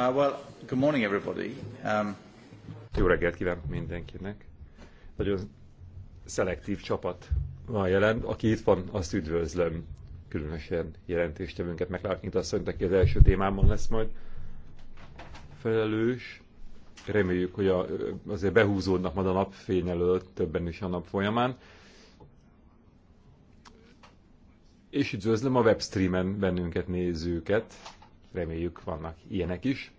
Uh, well, good morning everybody. Um... Jó reggelt kívánok mindenkinek. Nagyon szelektív csapat van jelen. Aki itt van, azt üdvözlöm. Különösen jelentéstevőnket meglátni asszonyt, aki az első témában lesz majd felelős. Reméljük, hogy a, azért behúzódnak majd a napfény előtt többen is a nap folyamán. És üdvözlöm a webstreamen bennünket nézőket reméljük vannak ilyenek is.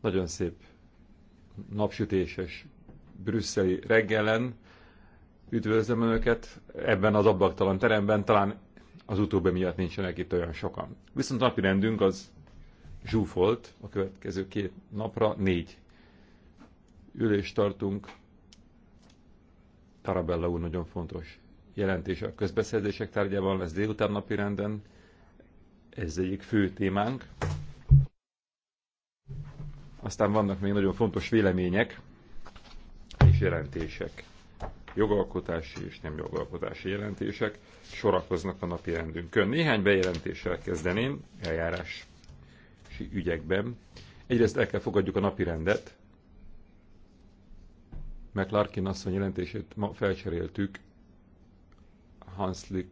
Nagyon szép napsütéses brüsszeli reggelen üdvözlöm Önöket ebben az ablaktalan teremben, talán az utóbbi miatt nincsenek itt olyan sokan. Viszont napi rendünk az zsúfolt, a következő két napra négy ülést tartunk. Tarabella úr nagyon fontos jelentése a közbeszerzések tárgyában lesz délután napi renden, ez egyik fő témánk. Aztán vannak még nagyon fontos vélemények és jelentések. Jogalkotási és nem jogalkotási jelentések sorakoznak a napi rendünkön. Néhány bejelentéssel kezdeném eljárási ügyekben. Egyrészt el kell fogadjuk a napi rendet, McLarkin asszony jelentését ma felcseréltük Hanslik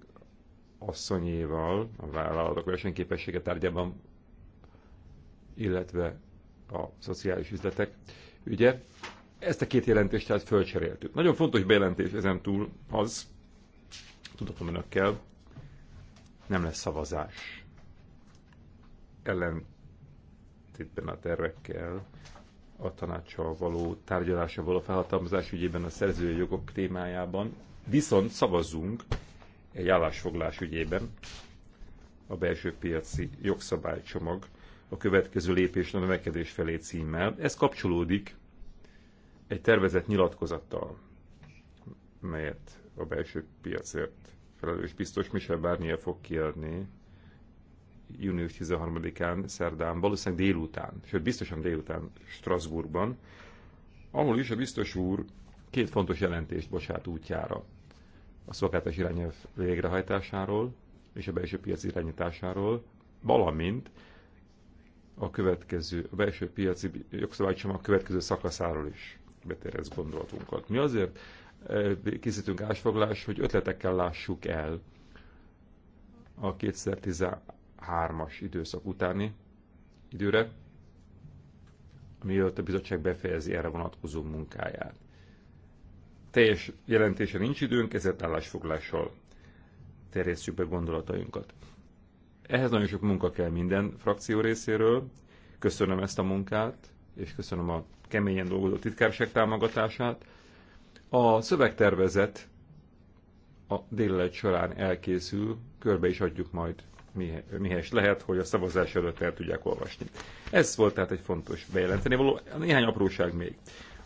asszonyéval a vállalatok versenyképessége tárgyában, illetve a szociális üzletek ügye. Ezt a két jelentést tehát fölcseréltük. Nagyon fontos bejelentés ezen túl az, tudatom önökkel, nem lesz szavazás. ellen a tervekkel, a tanácssal való tárgyalása való felhatalmazás ügyében a szerzői jogok témájában. Viszont szavazzunk egy állásfoglás ügyében a belső piaci jogszabálycsomag a következő lépés a növekedés felé címmel. Ez kapcsolódik egy tervezett nyilatkozattal, melyet a belső piacért felelős biztos Michel Barnier fog kiadni június 13-án, szerdán, valószínűleg délután, sőt biztosan délután Strasbourgban, ahol is a biztos úr két fontos jelentést bocsát útjára a szolgáltatás irányelv végrehajtásáról és a belső piac irányításáról, valamint a következő, a belső piaci a következő szakaszáról is beterez gondolatunkat. Mi azért eh, készítünk ásfoglalást, hogy ötletekkel lássuk el a 2013-as időszak utáni időre, mielőtt a bizottság befejezi erre vonatkozó munkáját teljes jelentése nincs időnk, ezért állásfoglással terjesszük be gondolatainkat. Ehhez nagyon sok munka kell minden frakció részéről. Köszönöm ezt a munkát, és köszönöm a keményen dolgozó titkárság támogatását. A szövegtervezet a délelőtt során elkészül, körbe is adjuk majd mihez lehet, hogy a szavazás előtt el tudják olvasni. Ez volt tehát egy fontos bejelenteni. Való, néhány apróság még.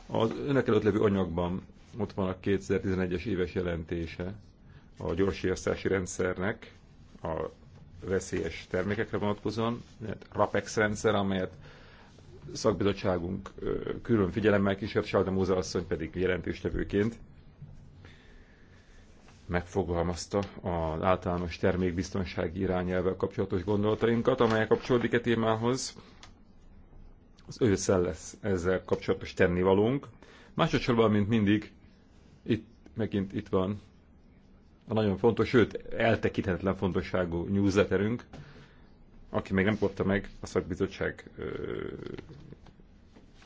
Az önök előtt levő anyagban ott van a 2011-es éves jelentése a gyorsírszási rendszernek a veszélyes termékekre vonatkozóan, RAPEX rendszer, amelyet szakbizottságunk külön figyelemmel kísért, Sajda Móza asszony pedig jelentéstevőként megfogalmazta az általános termékbiztonsági irányelvvel kapcsolatos gondolatainkat, amelyek kapcsolódik a e témához. Az ősszel lesz ezzel kapcsolatos tennivalónk. Másodszorban, mint mindig, itt megint itt van a nagyon fontos, sőt eltekinthetetlen fontosságú newsletterünk, aki még nem kapta meg a szakbizottság ö,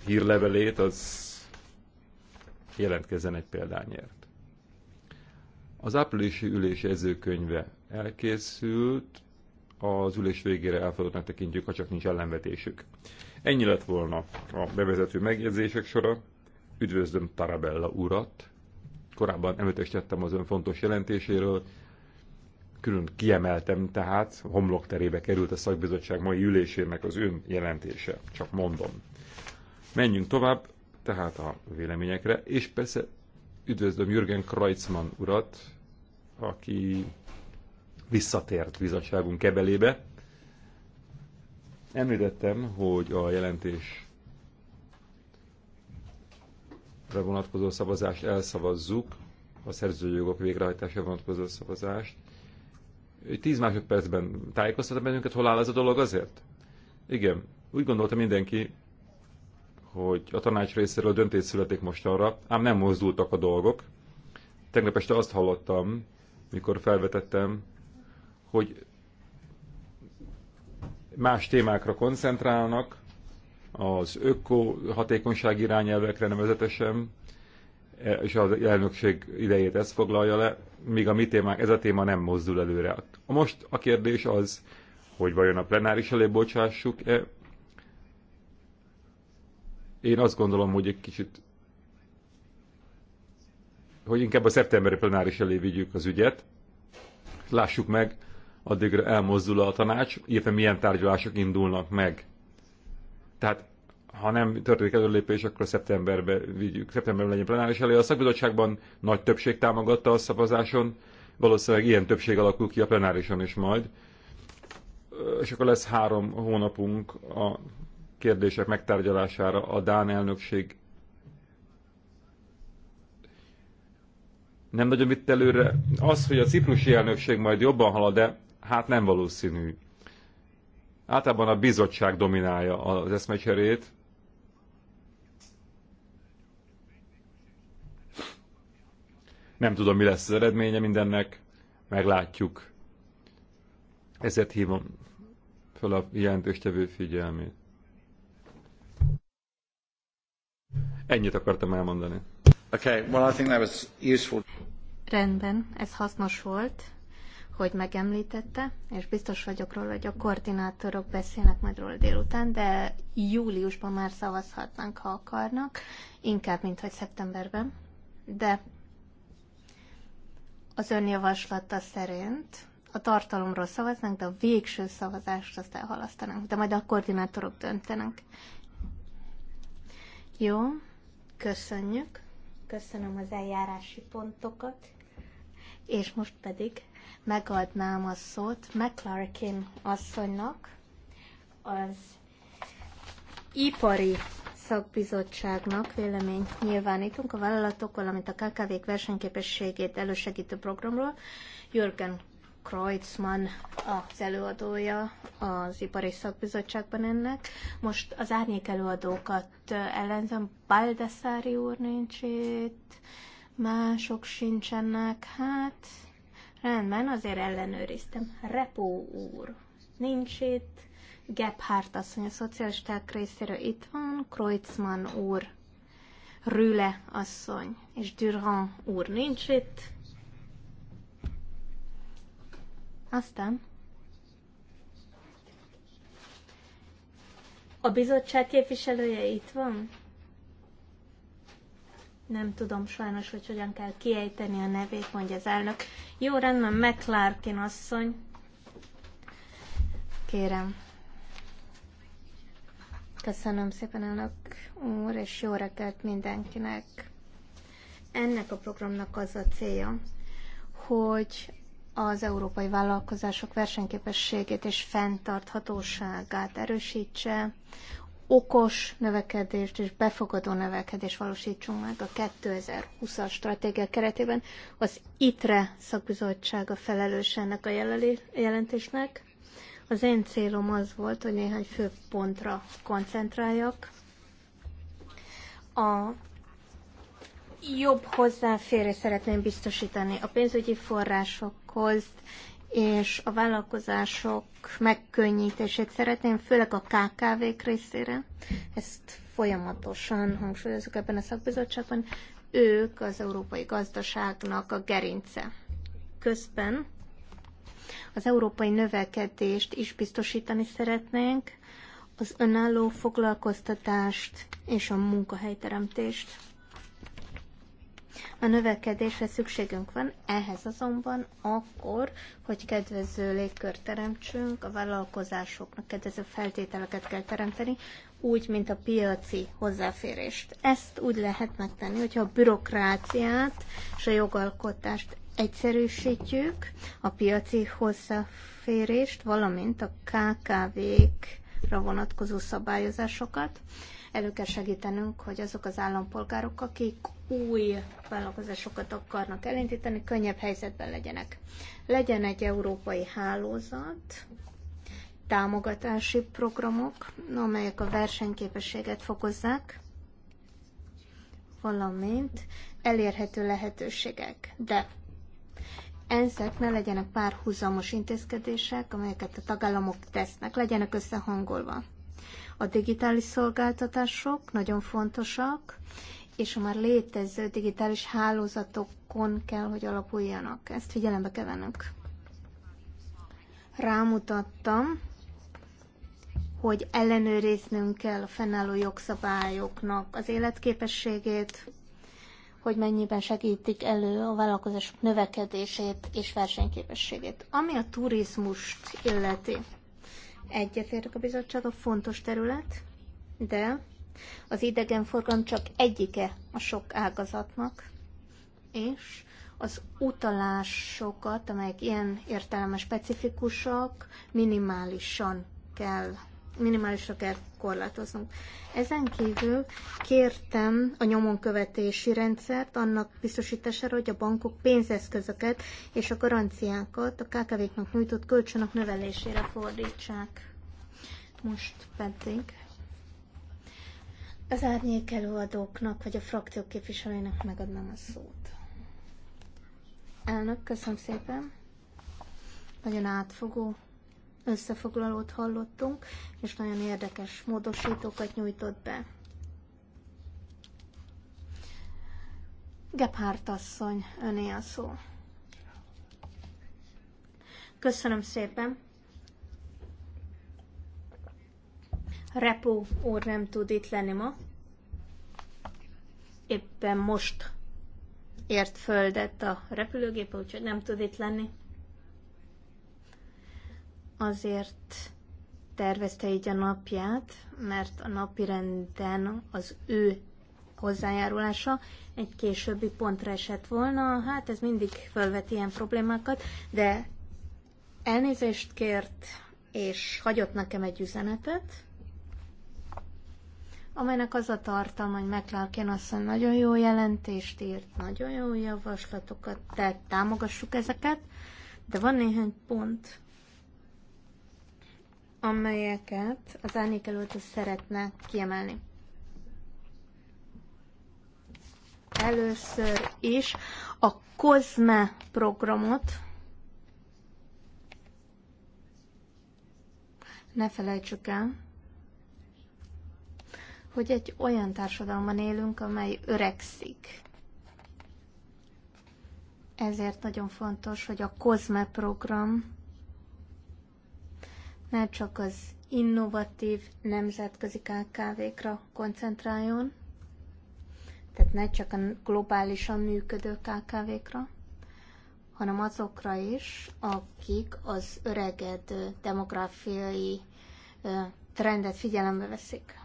hírlevelét, az jelentkezzen egy példányért. Az áprilisi ülés ezőkönyve elkészült, az ülés végére elfogadottnak tekintjük, ha csak nincs ellenvetésük. Ennyi lett volna a bevezető megjegyzések sora. Üdvözlöm Tarabella urat, Korábban említettem az ön fontos jelentéséről, külön kiemeltem tehát, homlokterébe került a szakbizottság mai ülésének az ön jelentése, csak mondom. Menjünk tovább, tehát a véleményekre, és persze üdvözlöm Jürgen Kreutzmann urat, aki visszatért bizottságunk kebelébe. Említettem, hogy a jelentés jogokra vonatkozó szavazást elszavazzuk, a szerződőjogok végrehajtásra vonatkozó szavazást. tíz másodpercben tájékoztat bennünket, hol áll ez a dolog azért? Igen, úgy gondolta mindenki, hogy a tanács részéről döntés születik most arra, ám nem mozdultak a dolgok. Tegnap este azt hallottam, mikor felvetettem, hogy más témákra koncentrálnak, az öko hatékonyság irányelvekre nevezetesen, e, és az elnökség idejét ezt foglalja le, míg a mi témánk, ez a téma nem mozdul előre. Most a kérdés az, hogy vajon a plenáris elé bocsássuk-e. Én azt gondolom, hogy egy kicsit hogy inkább a szeptemberi plenáris elé vigyük az ügyet. Lássuk meg, addigra elmozdul a tanács, illetve milyen tárgyalások indulnak meg tehát ha nem történik előlépés, akkor szeptemberben, vigyük, szeptemberben legyen plenáris elő. A szakbizottságban nagy többség támogatta a szavazáson, valószínűleg ilyen többség alakul ki a plenárison is majd. És akkor lesz három hónapunk a kérdések megtárgyalására a Dán elnökség nem nagyon vitt előre. Az, hogy a ciprusi elnökség majd jobban halad, de hát nem valószínű. Általában a bizottság dominálja az eszmecserét. Nem tudom, mi lesz az eredménye mindennek, meglátjuk. Ezért hívom fel a jelentőstevő figyelmét. Ennyit akartam elmondani. Okay, well, I think that was useful. Rendben, ez hasznos volt hogy megemlítette, és biztos vagyok róla, hogy a koordinátorok beszélnek majd róla délután, de júliusban már szavazhatnánk, ha akarnak, inkább, mint hogy szeptemberben. De az javaslata szerint a tartalomról szavaznánk, de a végső szavazást azt elhalasztanánk, de majd a koordinátorok döntenek. Jó, köszönjük. Köszönöm az eljárási pontokat. És most pedig megadnám a szót McClarkin asszonynak, az ipari szakbizottságnak véleményt nyilvánítunk a vállalatok, valamint a KKV-k versenyképességét elősegítő programról. Jürgen Kreutzmann az előadója az Ipari Szakbizottságban ennek. Most az árnyék előadókat eh, ellenzem, Baldessari úr nincs itt, mások sincsenek, hát Rendben, azért ellenőriztem. Repó úr. Nincs itt. Gebhardt asszony a szocialisták részéről itt van. Kreutzmann úr. Rüle asszony. És Durand úr nincs itt. Aztán a bizottság képviselője itt van? Nem tudom sajnos, hogy hogyan kell kiejteni a nevét, mondja az elnök. Jó, rendben, McClarkin asszony. Kérem. Köszönöm szépen, elnök úr, és jó reggelt mindenkinek. Ennek a programnak az a célja, hogy az európai vállalkozások versenyképességét és fenntarthatóságát erősítse, okos növekedést és befogadó növekedést valósítsunk meg a 2020-as stratégia keretében. Az ITRE szakbizottsága felelős ennek a jelentésnek. Az én célom az volt, hogy néhány fő pontra koncentráljak. A jobb hozzáférés szeretném biztosítani a pénzügyi forrásokhoz és a vállalkozások megkönnyítését szeretném, főleg a KKV-k részére. Ezt folyamatosan hangsúlyozok ebben a szakbizottságban. Ők az európai gazdaságnak a gerince. Közben az európai növekedést is biztosítani szeretnénk, az önálló foglalkoztatást és a munkahelyteremtést. A növekedésre szükségünk van, ehhez azonban akkor, hogy kedvező légkört teremtsünk, a vállalkozásoknak kedvező feltételeket kell teremteni, úgy, mint a piaci hozzáférést. Ezt úgy lehet megtenni, hogyha a bürokráciát és a jogalkotást egyszerűsítjük, a piaci hozzáférést, valamint a KKV-kra vonatkozó szabályozásokat, elő kell segítenünk, hogy azok az állampolgárok, akik új vállalkozásokat akarnak elindítani, könnyebb helyzetben legyenek. Legyen egy európai hálózat, támogatási programok, amelyek a versenyképességet fokozzák, valamint elérhető lehetőségek. De ezek ne legyenek párhuzamos intézkedések, amelyeket a tagállamok tesznek, legyenek összehangolva. A digitális szolgáltatások nagyon fontosak, és a már létező digitális hálózatokon kell, hogy alapuljanak. Ezt figyelembe kell vennünk. Rámutattam, hogy ellenőriznünk kell a fennálló jogszabályoknak az életképességét, hogy mennyiben segítik elő a vállalkozások növekedését és versenyképességét. Ami a turizmust illeti, Egyetértek a bizottság, a fontos terület, de az idegenforgalom csak egyike a sok ágazatnak, és az utalásokat, amelyek ilyen értelemben specifikusak, minimálisan kell minimálisra kell korlátoznunk. Ezen kívül kértem a nyomonkövetési rendszert annak biztosítására, hogy a bankok pénzeszközöket és a garanciákat a KKV-knak nyújtott kölcsönök növelésére fordítsák. Most pedig az árnyék előadóknak vagy a frakciók képviselőinek megadnám a szót. Elnök, köszönöm szépen. Nagyon átfogó összefoglalót hallottunk, és nagyon érdekes módosítókat nyújtott be. Gebhárt asszony, öné a szó. Köszönöm szépen. Repó úr nem tud itt lenni ma. Éppen most ért földet a repülőgép, úgyhogy nem tud itt lenni azért tervezte így a napját, mert a napi renden az ő hozzájárulása egy későbbi pontra esett volna. Hát ez mindig felvet ilyen problémákat, de elnézést kért, és hagyott nekem egy üzenetet, amelynek az a tartalma, hogy McLarkin asszony nagyon jó jelentést írt, nagyon jó javaslatokat tett, támogassuk ezeket, de van néhány pont, amelyeket az árnyékelőtő szeretne kiemelni. Először is a COSME programot, ne felejtsük el, hogy egy olyan társadalomban élünk, amely öregszik. Ezért nagyon fontos, hogy a COSME program ne csak az innovatív nemzetközi KKV-kra koncentráljon, tehát ne csak a globálisan működő KKV-kra, hanem azokra is, akik az öregedő demográfiai trendet figyelembe veszik.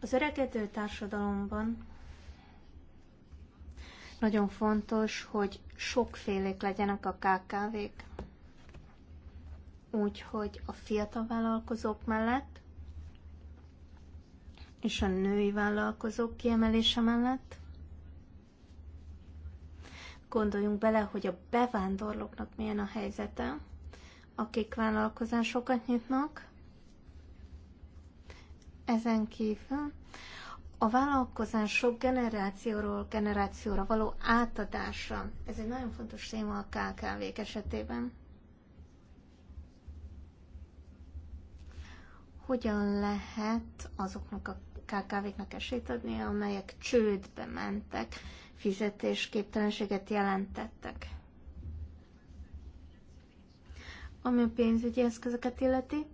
Az öregedő társadalomban nagyon fontos, hogy sokfélék legyenek a KKV-k. Úgyhogy a fiatal vállalkozók mellett és a női vállalkozók kiemelése mellett gondoljunk bele, hogy a bevándorlóknak milyen a helyzete, akik vállalkozásokat nyitnak. Ezen kívül a vállalkozások generációról generációra való átadása. Ez egy nagyon fontos téma a KKV-k esetében. hogyan lehet azoknak a KKV-knak esélyt adni, amelyek csődbe mentek, fizetésképtelenséget jelentettek. Ami a pénzügyi eszközöket illeti,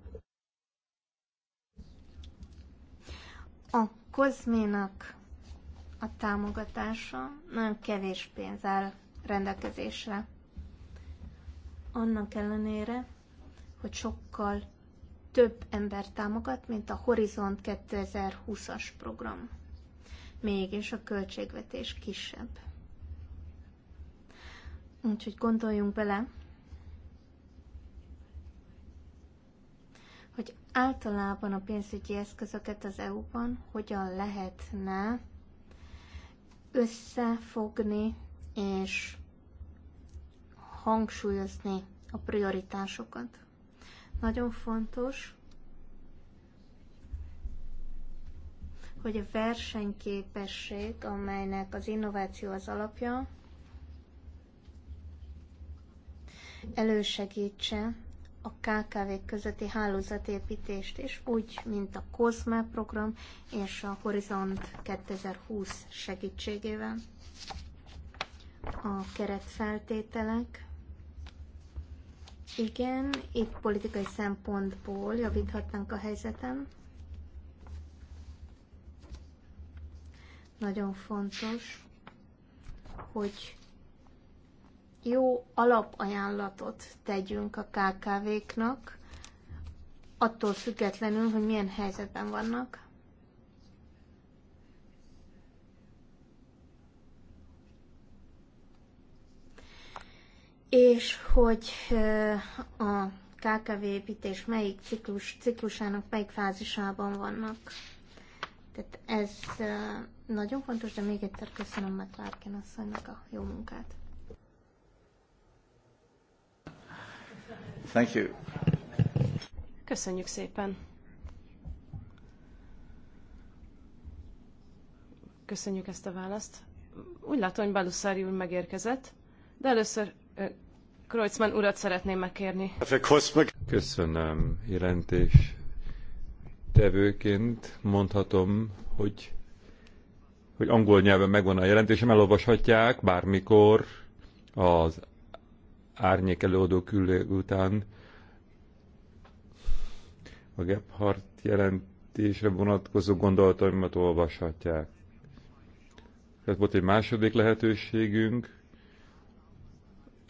a kozménak a támogatása nagyon kevés pénz áll rendelkezésre. Annak ellenére, hogy sokkal több ember támogat, mint a Horizont 2020-as program. Mégis a költségvetés kisebb. Úgyhogy gondoljunk bele, hogy általában a pénzügyi eszközöket az EU-ban hogyan lehetne összefogni és hangsúlyozni a prioritásokat. Nagyon fontos, hogy a versenyképesség, amelynek az innováció az alapja, elősegítse a KKV közötti hálózatépítést is, úgy, mint a COSME program és a Horizont 2020 segítségével. A keretfeltételek igen, itt politikai szempontból javíthatnánk a helyzetem. Nagyon fontos, hogy jó alapajánlatot tegyünk a KKV-knak, attól függetlenül, hogy milyen helyzetben vannak. és hogy a KKV építés melyik ciklus, ciklusának melyik fázisában vannak. Tehát ez nagyon fontos, de még egyszer köszönöm McLarkin asszonynak a jó munkát. Thank you. Köszönjük szépen. Köszönjük ezt a választ. Úgy látom, hogy Baluszári úr megérkezett, de először Kreuzmann urat szeretném megkérni. Köszönöm jelentés tevőként mondhatom, hogy, hogy angol nyelven megvan a jelentésem, elolvashatják bármikor az árnyék előadó után a Gebhardt jelentésre vonatkozó gondolataimat olvashatják. Tehát volt egy második lehetőségünk,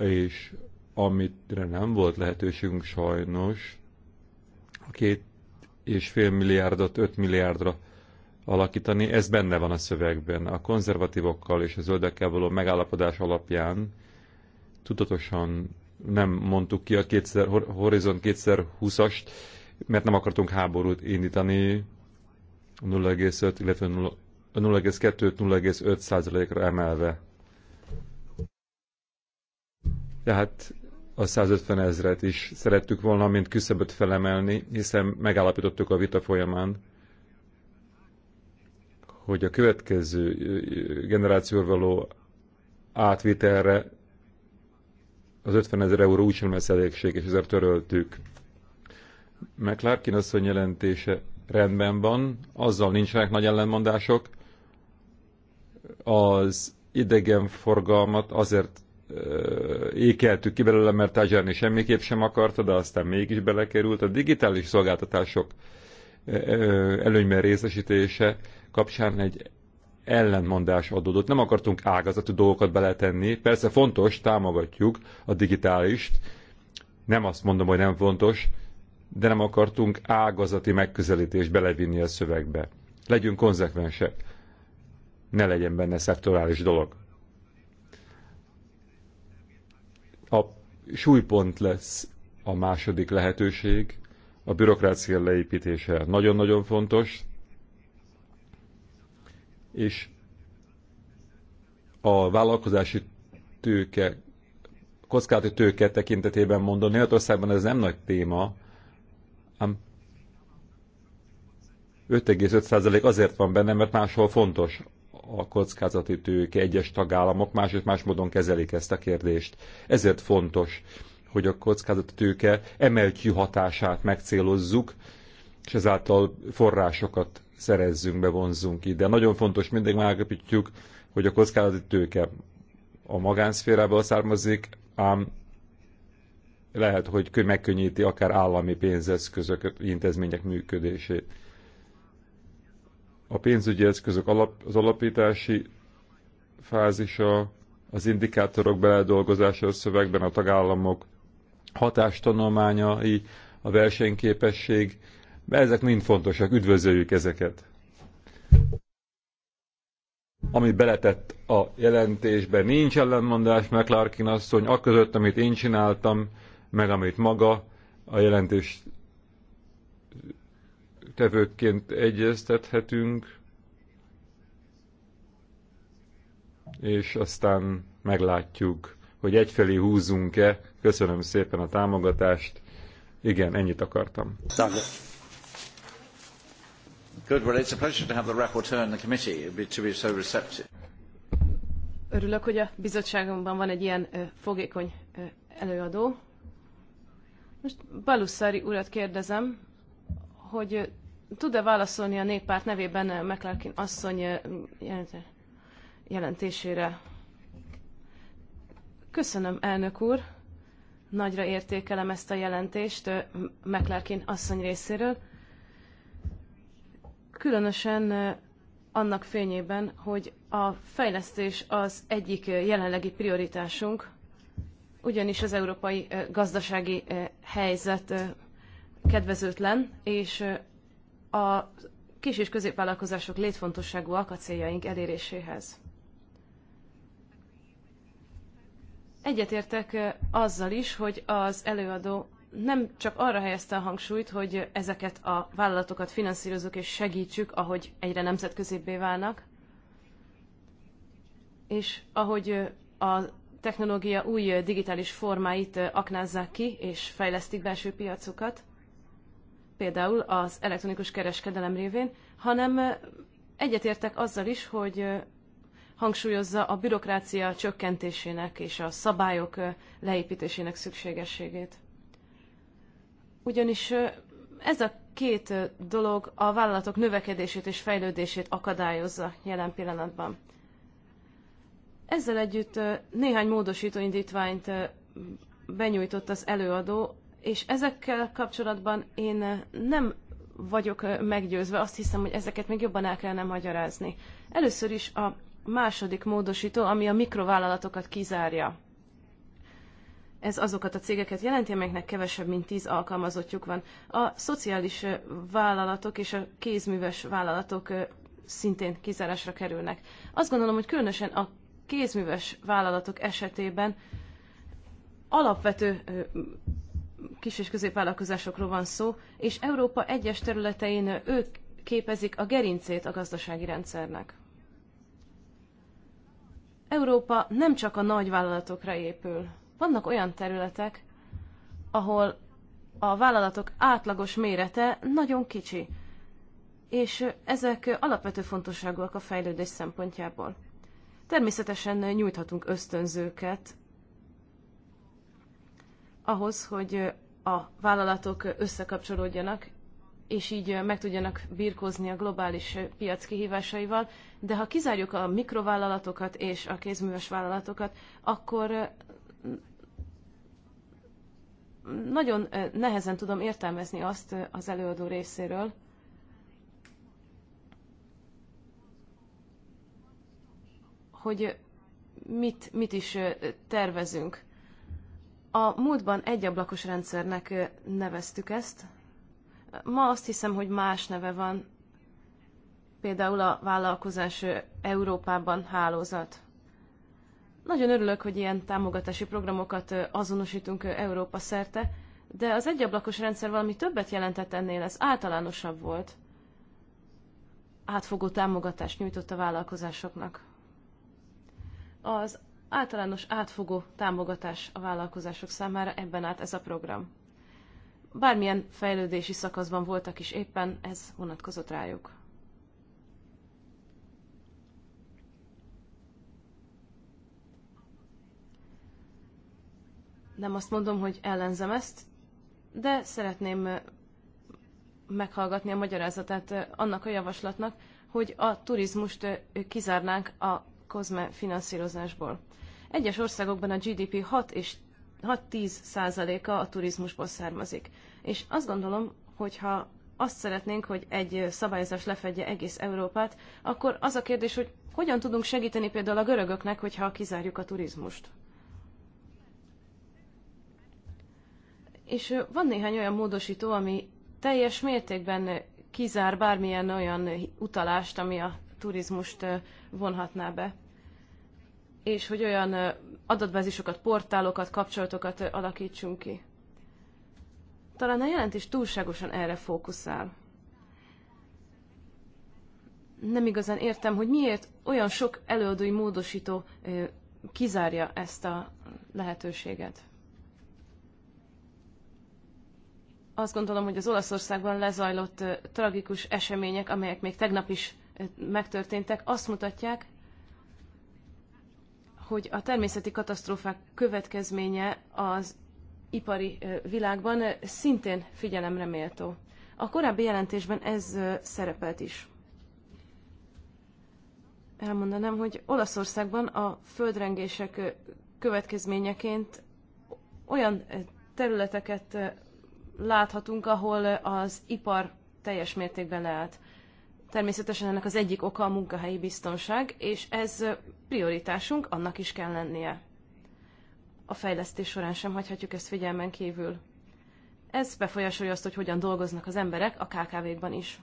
és amitre nem volt lehetőségünk sajnos, a két és fél milliárdot, öt milliárdra alakítani, ez benne van a szövegben. A konzervatívokkal és a zöldekkel való megállapodás alapján tudatosan nem mondtuk ki a 2000, Horizon 2020-ast, mert nem akartunk háborút indítani 0,5, illetve 0,2-0,5 százalékra emelve tehát a 150 ezret is szerettük volna, mint küszöböt felemelni, hiszen megállapítottuk a vita folyamán, hogy a következő generációra való átvitelre az 50 ezer euró úgysem lesz elégséges, és ezért töröltük. McClarkin asszony jelentése rendben van, azzal nincsenek nagy ellenmondások. Az idegenforgalmat azért ékeltük ki belőle, mert tárgyalni semmiképp sem akarta, de aztán mégis belekerült. A digitális szolgáltatások előnyben részesítése kapcsán egy ellenmondás adódott. Nem akartunk ágazatú dolgokat beletenni. Persze fontos, támogatjuk a digitálist. Nem azt mondom, hogy nem fontos, de nem akartunk ágazati megközelítést belevinni a szövegbe. Legyünk konzekvensek. Ne legyen benne szektorális dolog. a súlypont lesz a második lehetőség, a bürokrácia leépítése nagyon-nagyon fontos, és a vállalkozási tőke, kockázati tőke tekintetében mondom, Németországban ez nem nagy téma, ám 5,5% azért van benne, mert máshol fontos a kockázati tőke egyes tagállamok más és más módon kezelik ezt a kérdést. Ezért fontos, hogy a kockázati tőke MLQ hatását megcélozzuk, és ezáltal forrásokat szerezzünk, bevonzunk ide. Nagyon fontos, mindig megállapítjuk, hogy a kockázati tőke a magánszférából származik, ám lehet, hogy megkönnyíti akár állami pénzeszközök, intézmények működését a pénzügyi eszközök alap, az alapítási fázisa, az indikátorok beledolgozása a szövegben, a tagállamok hatástanulmányai, a versenyképesség, ezek mind fontosak, üdvözöljük ezeket. Ami beletett a jelentésbe, nincs ellenmondás Larkin asszony, a között, amit én csináltam, meg amit maga a jelentés tevőként egyeztethetünk, és aztán meglátjuk, hogy egyfelé húzunk-e. Köszönöm szépen a támogatást. Igen, ennyit akartam. Good. it's a pleasure to have the rapporteur in the committee to be so receptive. Örülök, hogy a bizottságomban van egy ilyen fogékony előadó. Most Balusszari urat kérdezem, hogy Tud-e válaszolni a néppárt nevében eh, McClarkin asszony eh, jelentésére? Köszönöm, elnök úr. Nagyra értékelem ezt a jelentést eh, McClarkin asszony részéről. Különösen annak fényében, hogy a fejlesztés az egyik jelenlegi prioritásunk, ugyanis az európai gazdasági helyzet kedvezőtlen, és a kis- és középvállalkozások létfontosságú akacéljaink eléréséhez. Egyetértek azzal is, hogy az előadó nem csak arra helyezte a hangsúlyt, hogy ezeket a vállalatokat finanszírozunk és segítsük, ahogy egyre nemzetközébbé válnak, és ahogy a technológia új digitális formáit aknázzák ki és fejlesztik belső piacokat, például az elektronikus kereskedelem révén, hanem egyetértek azzal is, hogy hangsúlyozza a bürokrácia csökkentésének és a szabályok leépítésének szükségességét. Ugyanis ez a két dolog a vállalatok növekedését és fejlődését akadályozza jelen pillanatban. Ezzel együtt néhány módosító indítványt benyújtott az előadó, és ezekkel kapcsolatban én eh, nem vagyok eh, meggyőzve, azt hiszem, hogy ezeket még jobban el kellene magyarázni. Először is a második módosító, ami a mikrovállalatokat kizárja. Ez azokat a cégeket jelenti, amelyeknek kevesebb, mint 10 alkalmazottjuk van. A szociális eh, vállalatok és a kézműves vállalatok szintén kizárásra kerülnek. Azt gondolom, hogy különösen a kézműves vállalatok esetében alapvető kis- és középvállalkozásokról van szó, és Európa egyes területein ők képezik a gerincét a gazdasági rendszernek. Európa nem csak a nagy vállalatokra épül. Vannak olyan területek, ahol a vállalatok átlagos mérete nagyon kicsi, és ezek alapvető fontosságúak a fejlődés szempontjából. Természetesen nyújthatunk ösztönzőket ahhoz, hogy a vállalatok összekapcsolódjanak, és így meg tudjanak birkózni a globális piac kihívásaival, de ha kizárjuk a mikrovállalatokat és a kézműves vállalatokat, akkor eh, nagyon eh, nehezen tudom értelmezni azt eh, az előadó részéről, hogy mit, mit is tervezünk. A múltban egyablakos rendszernek neveztük ezt. Ma azt hiszem, hogy más neve van. Például a vállalkozás Európában hálózat. Nagyon örülök, hogy ilyen támogatási programokat azonosítunk Európa szerte, de az egyablakos rendszer valami többet jelentett ennél, ez általánosabb volt. Átfogó támogatást nyújtott a vállalkozásoknak. Az általános átfogó támogatás a vállalkozások számára, ebben állt ez a program. Bármilyen fejlődési szakaszban voltak is éppen, ez vonatkozott rájuk. Nem azt mondom, hogy ellenzem ezt, de szeretném meghallgatni a magyarázatát annak a javaslatnak, hogy a turizmust kizárnánk a kozme finanszírozásból. Egyes országokban a GDP 6 és 6-10 százaléka a turizmusból származik. És azt gondolom, hogyha azt szeretnénk, hogy egy szabályozás lefedje egész Európát, akkor az a kérdés, hogy hogyan tudunk segíteni például a görögöknek, hogyha kizárjuk a turizmust. És van néhány olyan módosító, ami teljes mértékben kizár bármilyen olyan utalást, ami a turizmust vonhatná be és hogy olyan adatbázisokat, portálokat, kapcsolatokat alakítsunk ki. Talán a jelentés túlságosan erre fókuszál. Nem igazán értem, hogy miért olyan sok előadói módosító kizárja ezt a lehetőséget. Azt gondolom, hogy az Olaszországban lezajlott tragikus események, amelyek még tegnap is megtörténtek, azt mutatják, hogy a természeti katasztrófák következménye az ipari világban szintén figyelemre méltó. A korábbi jelentésben ez szerepelt is. Elmondanám, hogy Olaszországban a földrengések következményeként olyan területeket láthatunk, ahol az ipar teljes mértékben leállt. Természetesen ennek az egyik oka a munkahelyi biztonság, és ez prioritásunk, annak is kell lennie. A fejlesztés során sem hagyhatjuk ezt figyelmen kívül. Ez befolyásolja azt, hogy hogyan dolgoznak az emberek a KKV-kban is.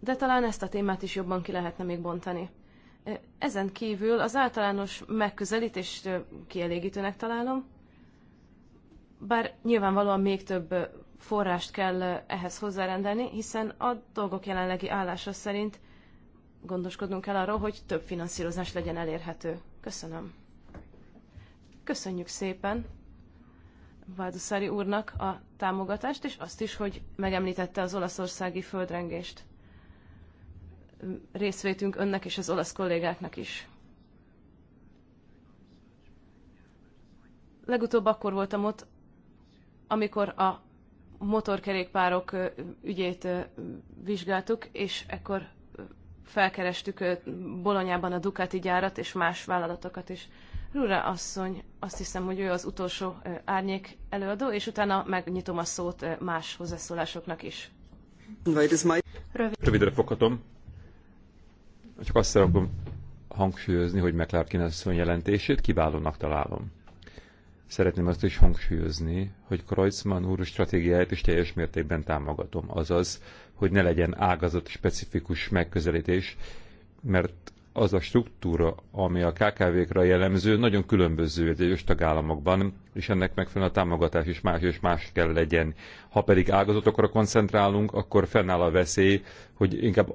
De talán ezt a témát is jobban ki lehetne még bontani. Ezen kívül az általános megközelítést kielégítőnek találom, bár nyilvánvalóan még több forrást kell ehhez hozzárendelni, hiszen a dolgok jelenlegi állása szerint gondoskodnunk kell arról, hogy több finanszírozás legyen elérhető. Köszönöm. Köszönjük szépen Váduszári úrnak a támogatást, és azt is, hogy megemlítette az olaszországi földrengést. Részvétünk önnek és az olasz kollégáknak is. Legutóbb akkor voltam ott, amikor a motorkerékpárok ügyét vizsgáltuk, és ekkor felkerestük Bolonyában a Ducati gyárat és más vállalatokat is. Rura asszony, azt hiszem, hogy ő az utolsó árnyék előadó, és utána megnyitom a szót más hozzászólásoknak is. Rövidre foghatom. Csak azt szeretném hangsúlyozni, hogy McClarkin asszony jelentését kiválónak találom. Szeretném azt is hangsúlyozni, hogy Kreuzmann úr stratégiáját is teljes mértékben támogatom, azaz, hogy ne legyen ágazat specifikus megközelítés, mert az a struktúra, ami a KKV-kra jellemző, nagyon különböző egyes tagállamokban, és ennek megfelelően a támogatás is más és más kell legyen. Ha pedig ágazatokra koncentrálunk, akkor fennáll a veszély, hogy inkább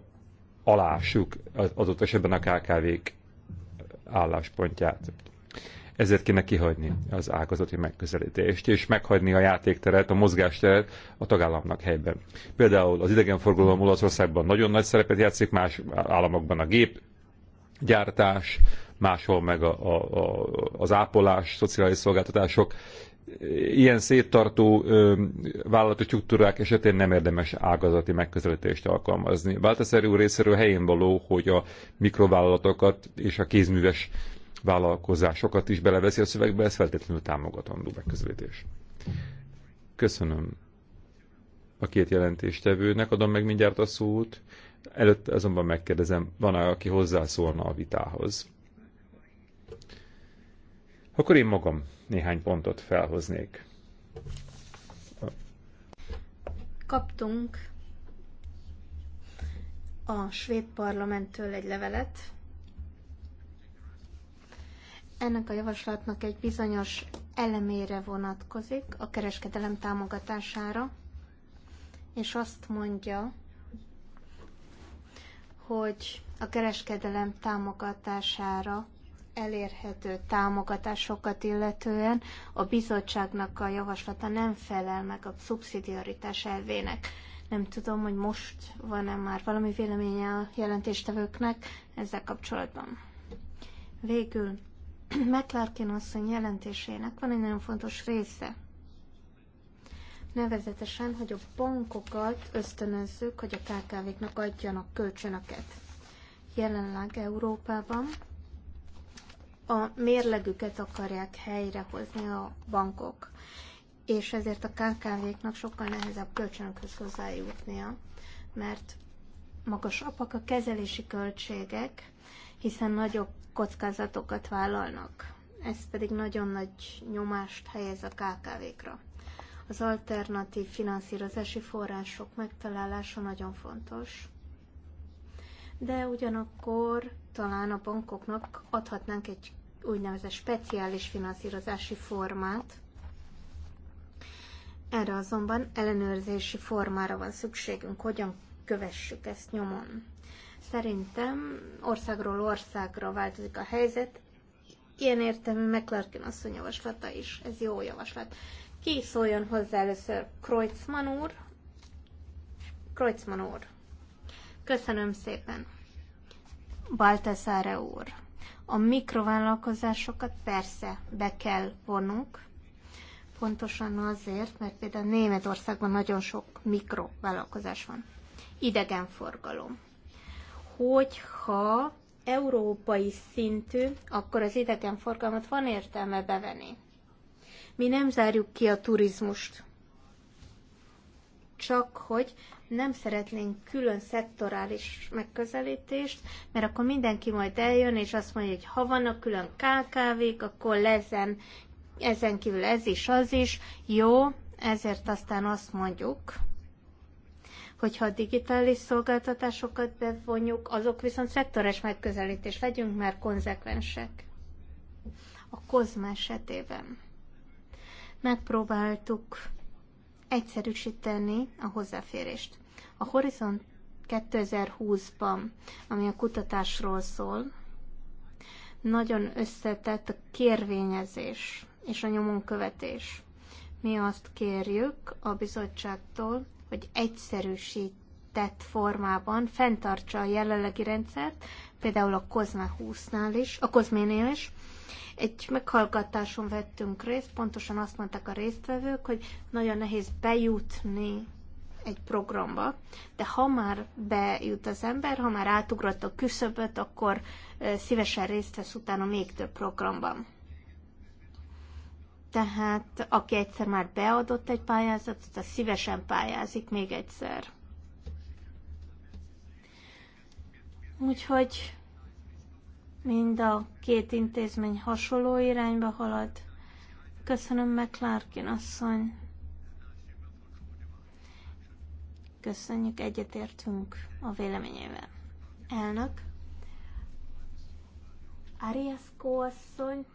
alássuk az ott esetben a KKV-k álláspontját ezért kéne kihagyni az ágazati megközelítést, és meghagyni a játékteret, a mozgásteret a tagállamnak helyben. Például az idegenforgalom Olaszországban nagyon nagy szerepet játszik, más államokban a gép, gyártás, máshol meg a, a, a, az ápolás, szociális szolgáltatások. Ilyen széttartó ö, vállalati struktúrák esetén nem érdemes ágazati megközelítést alkalmazni. Váltaszerű részéről helyén való, hogy a mikrovállalatokat és a kézműves vállalkozásokat is beleveszi a szövegbe, ez feltétlenül támogatandó megközelítés. Köszönöm a két jelentéstevőnek, adom meg mindjárt a szót. Előtt azonban megkérdezem, van-e, aki hozzászólna a vitához? Akkor én magam néhány pontot felhoznék. Kaptunk a svéd parlamenttől egy levelet, ennek a javaslatnak egy bizonyos elemére vonatkozik, a kereskedelem támogatására, és azt mondja, hogy a kereskedelem támogatására elérhető támogatásokat illetően a bizottságnak a javaslata nem felel meg a szubszidiaritás elvének. Nem tudom, hogy most van-e már valami véleménye a jelentéstevőknek ezzel kapcsolatban. Végül McClarkin asszony jelentésének van egy nagyon fontos része. Nevezetesen, hogy a bankokat ösztönözzük, hogy a KKV-knak adjanak kölcsönöket. Jelenleg Európában a mérlegüket akarják helyrehozni a bankok, és ezért a KKV-knak sokkal nehezebb kölcsönökhöz hozzájutnia, mert magasabbak a kezelési költségek, hiszen nagyobb kockázatokat vállalnak. Ez pedig nagyon nagy nyomást helyez a KKV-kra. Az alternatív finanszírozási források megtalálása nagyon fontos, de ugyanakkor talán a bankoknak adhatnánk egy úgynevezett speciális finanszírozási formát, erre azonban ellenőrzési formára van szükségünk, hogyan kövessük ezt nyomon. Szerintem országról országra változik a helyzet. Ilyen értelmű McClarkin asszony javaslata is. Ez jó javaslat. Ki szóljon hozzá először? Kreutzmann úr? Kreutzmann úr. Köszönöm szépen. Baltasáre úr. A mikrovállalkozásokat persze be kell vonnunk, pontosan azért, mert például Németországban nagyon sok mikrovállalkozás van. Idegenforgalom hogyha európai szintű, akkor az idegenforgalmat van értelme bevenni. Mi nem zárjuk ki a turizmust. Csak hogy nem szeretnénk külön szektorális megközelítést, mert akkor mindenki majd eljön, és azt mondja, hogy ha vannak külön KKV-k, akkor lezen, ezen kívül ez is, az is. Jó, ezért aztán azt mondjuk, Hogyha a digitális szolgáltatásokat bevonjuk, azok viszont szektores megközelítés. Legyünk már konzekvensek. A kozma esetében megpróbáltuk egyszerűsíteni a hozzáférést. A Horizont 2020-ban, ami a kutatásról szól, nagyon összetett a kérvényezés és a nyomonkövetés. Mi azt kérjük a bizottságtól, hogy egyszerűsített formában fenntartsa a jelenlegi rendszert, például a Kozme 20-nál is, a Kozménél is. Egy meghallgatáson vettünk részt, pontosan azt mondták a résztvevők, hogy nagyon nehéz bejutni egy programba, de ha már bejut az ember, ha már átugrott a küszöböt, akkor szívesen részt vesz utána még több programban. Tehát aki egyszer már beadott egy pályázatot, az szívesen pályázik még egyszer. Úgyhogy mind a két intézmény hasonló irányba halad. Köszönöm meg, Clarkin asszony. Köszönjük, egyetértünk a véleményével. Elnök. Ariaszkó asszony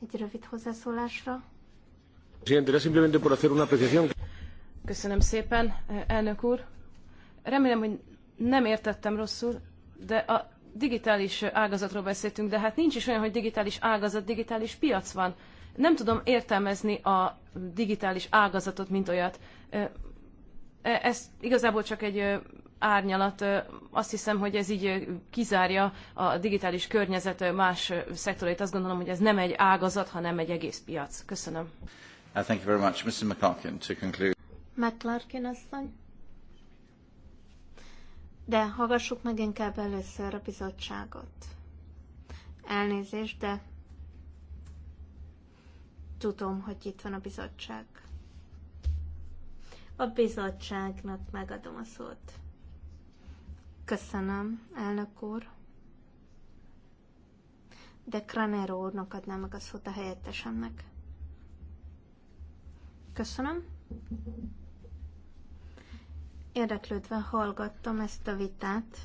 egy rövid hozzászólásra. Köszönöm szépen, elnök úr. Remélem, hogy nem értettem rosszul, de a digitális ágazatról beszéltünk, de hát nincs is olyan, hogy digitális ágazat, digitális piac van. Nem tudom értelmezni a digitális ágazatot, mint olyat. E, ez igazából csak egy árnyalat, azt hiszem, hogy ez így kizárja a digitális környezet más szektorait. Azt gondolom, hogy ez nem egy ágazat, hanem egy egész piac. Köszönöm. Uh, thank you very much. Mr. McClarkin, to conclude. McClarkin asszony. De hallgassuk meg inkább először a bizottságot. Elnézést, de tudom, hogy itt van a bizottság. A bizottságnak megadom a szót. Köszönöm, elnök úr. De Kranero úrnak adnám meg a szót a helyettesemnek. Köszönöm. Érdeklődve hallgattam ezt a vitát.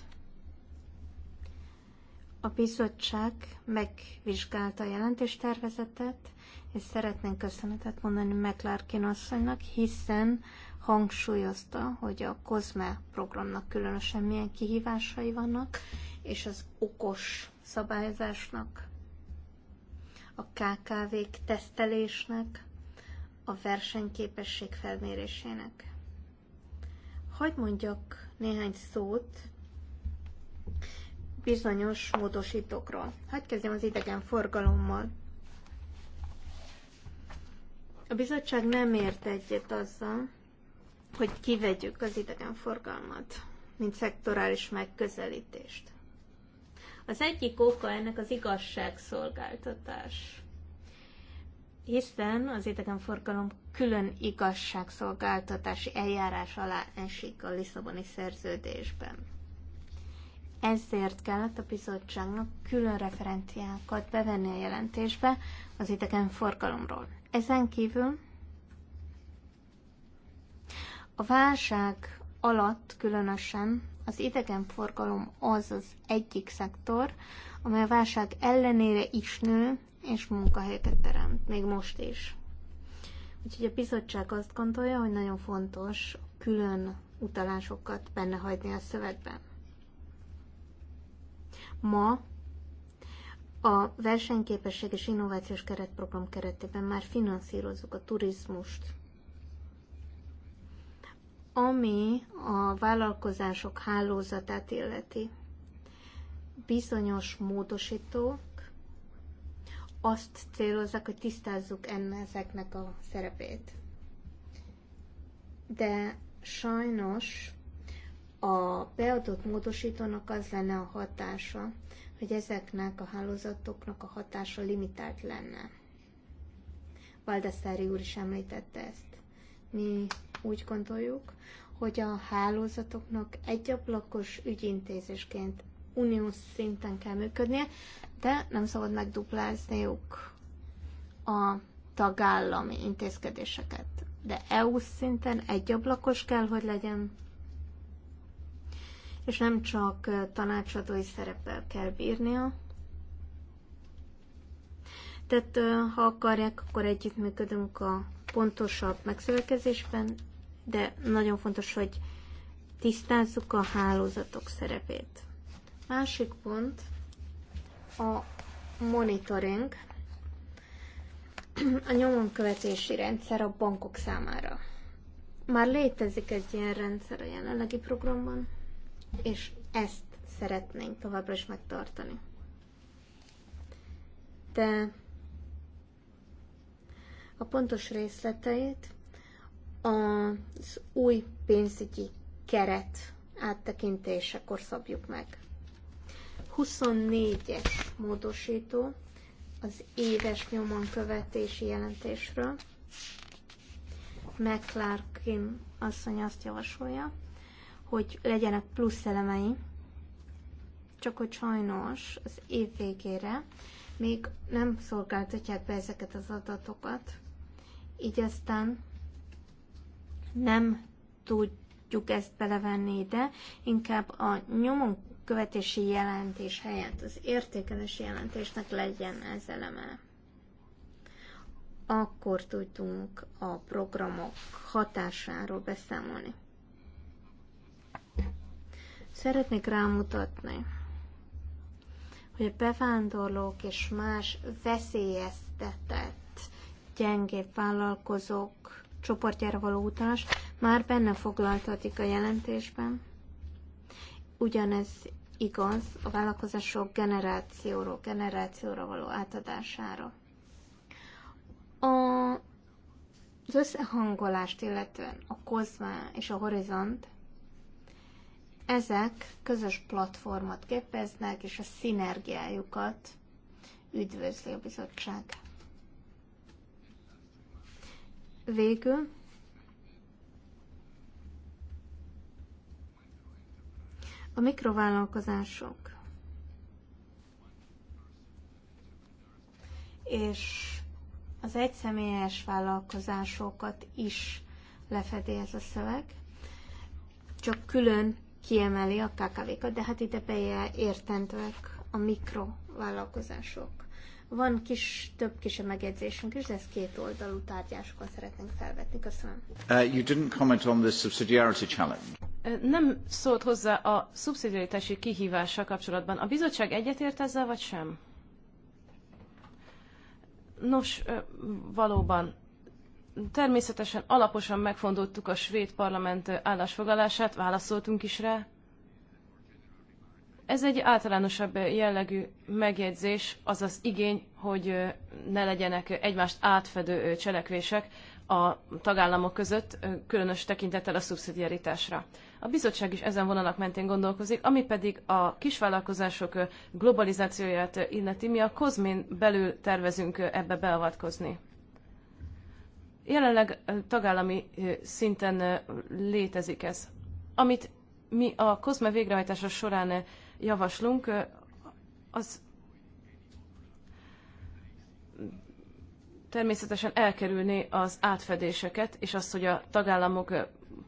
A bizottság megvizsgálta a jelentéstervezetet, és szeretnénk köszönetet mondani McLarkin asszonynak, hiszen hangsúlyozta, hogy a COSME programnak különösen milyen kihívásai vannak, és az okos szabályozásnak, a KKV-k tesztelésnek, a versenyképesség felmérésének. Hagy mondjak néhány szót bizonyos módosítókról. Hagy kezdjem az idegen forgalommal. A bizottság nem ért egyet azzal, hogy kivegyük az idegenforgalmat, mint szektorális megközelítést. Az egyik oka ennek az igazságszolgáltatás. Hiszen az idegenforgalom külön igazságszolgáltatási eljárás alá esik a Lisszaboni szerződésben. Ezért kellett a bizottságnak külön referenciákat bevenni a jelentésbe az idegenforgalomról. Ezen kívül a válság alatt különösen az idegenforgalom az az egyik szektor, amely a válság ellenére is nő, és munkahelyeket teremt, még most is. Úgyhogy a bizottság azt gondolja, hogy nagyon fontos külön utalásokat benne hagyni a szövegben. Ma a versenyképesség és innovációs keretprogram keretében már finanszírozzuk a turizmust, ami a vállalkozások hálózatát illeti, bizonyos módosítók azt célozzák, hogy tisztázzuk enne ezeknek a szerepét. De sajnos a beadott módosítónak az lenne a hatása, hogy ezeknek a hálózatoknak a hatása limitált lenne. Valdeszári úr is említette ezt. Mi úgy gondoljuk, hogy a hálózatoknak egy ablakos ügyintézésként uniós szinten kell működnie, de nem szabad megduplázniuk a tagállami intézkedéseket. De EU szinten egy ablakos kell, hogy legyen, és nem csak tanácsadói szereppel kell bírnia, tehát ha akarják, akkor együttműködünk a pontosabb megszövekezésben, de nagyon fontos, hogy tisztázzuk a hálózatok szerepét. Másik pont a monitoring, a nyomonkövetési rendszer a bankok számára. Már létezik egy ilyen rendszer a jelenlegi programban, és ezt szeretnénk továbbra is megtartani. De a pontos részleteit az új pénzügyi keret áttekintésekor szabjuk meg. 24-es módosító az éves nyomon követési jelentésről. McClarkin asszony azt javasolja, hogy legyenek plusz elemei, csak hogy sajnos az év végére még nem szolgáltatják be ezeket az adatokat, így aztán nem tudjuk ezt belevenni ide, inkább a nyomon követési jelentés helyett az értékelési jelentésnek legyen ez eleme. Akkor tudtunk a programok hatásáról beszámolni. Szeretnék rámutatni, hogy a bevándorlók és más veszélyeztetett gyengébb vállalkozók csoportjára való utalás már benne foglaltatik a jelentésben. Ugyanez igaz a vállalkozások generációról generációra való átadására. A, az összehangolást illetően a Kozma és a Horizont ezek közös platformot képeznek, és a szinergiájukat üdvözli a bizottság. Végül a mikrovállalkozások és az egyszemélyes vállalkozásokat is lefedi ez a szöveg, csak külön kiemeli a KKV-kat, de hát ide beértendőek a mikrovállalkozások. Van kis, több kisebb megjegyzésünk is, de ezt két oldalú tárgyásokon szeretnénk felvetni. Köszönöm. Uh, you didn't comment on the subsidiarity challenge. Nem szólt hozzá a szubszidiaritási kihívással kapcsolatban. A bizottság egyetért ezzel, vagy sem? Nos, valóban természetesen alaposan megfontoltuk a svéd parlament állásfoglalását, válaszoltunk is rá. Ez egy általánosabb jellegű megjegyzés, az az igény, hogy ne legyenek egymást átfedő cselekvések a tagállamok között, különös tekintettel a szubszidiaritásra. A bizottság is ezen vonalak mentén gondolkozik, ami pedig a kisvállalkozások globalizációját illeti, mi a kozmin belül tervezünk ebbe beavatkozni. Jelenleg tagállami szinten létezik ez. Amit mi a COSME végrehajtása során javaslunk, az természetesen elkerülni az átfedéseket, és azt, hogy a tagállamok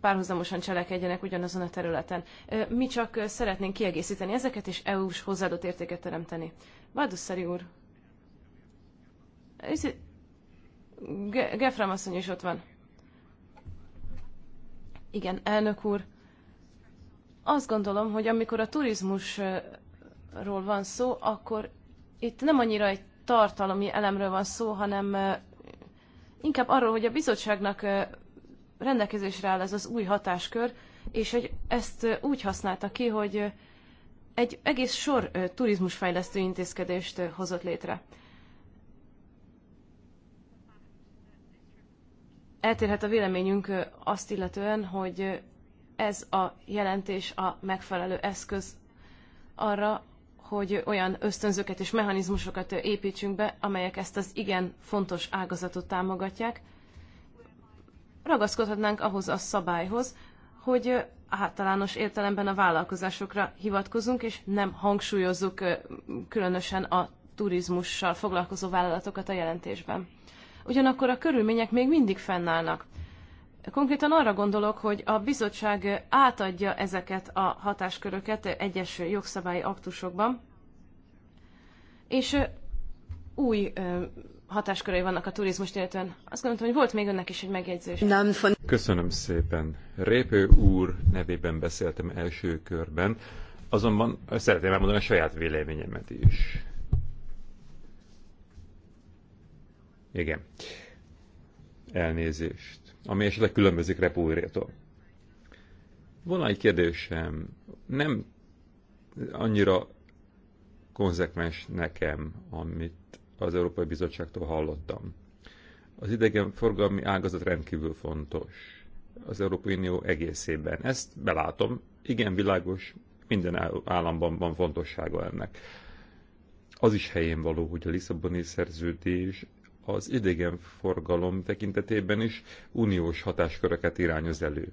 párhuzamosan cselekedjenek ugyanazon a területen. Mi csak szeretnénk kiegészíteni ezeket, és EU-s hozzáadott értéket teremteni. Vádusszeri úr! Gefram asszony is ott van. Igen, elnök úr, azt gondolom, hogy amikor a turizmusról van szó, akkor itt nem annyira egy tartalmi elemről van szó, hanem inkább arról, hogy a bizottságnak rendelkezésre áll ez az új hatáskör, és hogy ezt úgy használta ki, hogy egy egész sor turizmusfejlesztő intézkedést hozott létre. Eltérhet a véleményünk azt illetően, hogy ez a jelentés a megfelelő eszköz arra, hogy olyan ösztönzőket és mechanizmusokat építsünk be, amelyek ezt az igen fontos ágazatot támogatják. Ragaszkodhatnánk ahhoz a szabályhoz, hogy általános értelemben a vállalkozásokra hivatkozunk, és nem hangsúlyozzuk különösen a turizmussal foglalkozó vállalatokat a jelentésben. Ugyanakkor a körülmények még mindig fennállnak. Konkrétan arra gondolok, hogy a bizottság átadja ezeket a hatásköröket egyes jogszabályi aktusokban, és új hatáskörei vannak a turizmus illetően. Azt gondoltam, hogy volt még önnek is egy megjegyzés. Köszönöm szépen. Répő úr nevében beszéltem első körben, azonban szeretném elmondani a saját véleményemet is. Igen. Elnézést ami esetleg különbözik repúrétól. Volna egy kérdésem, nem annyira konzekvens nekem, amit az Európai Bizottságtól hallottam. Az idegenforgalmi ágazat rendkívül fontos az Európai Unió egészében. Ezt belátom, igen világos, minden államban van fontossága ennek. Az is helyén való, hogy a Lisszaboni szerződés az idegenforgalom tekintetében is uniós hatásköröket irányoz elő.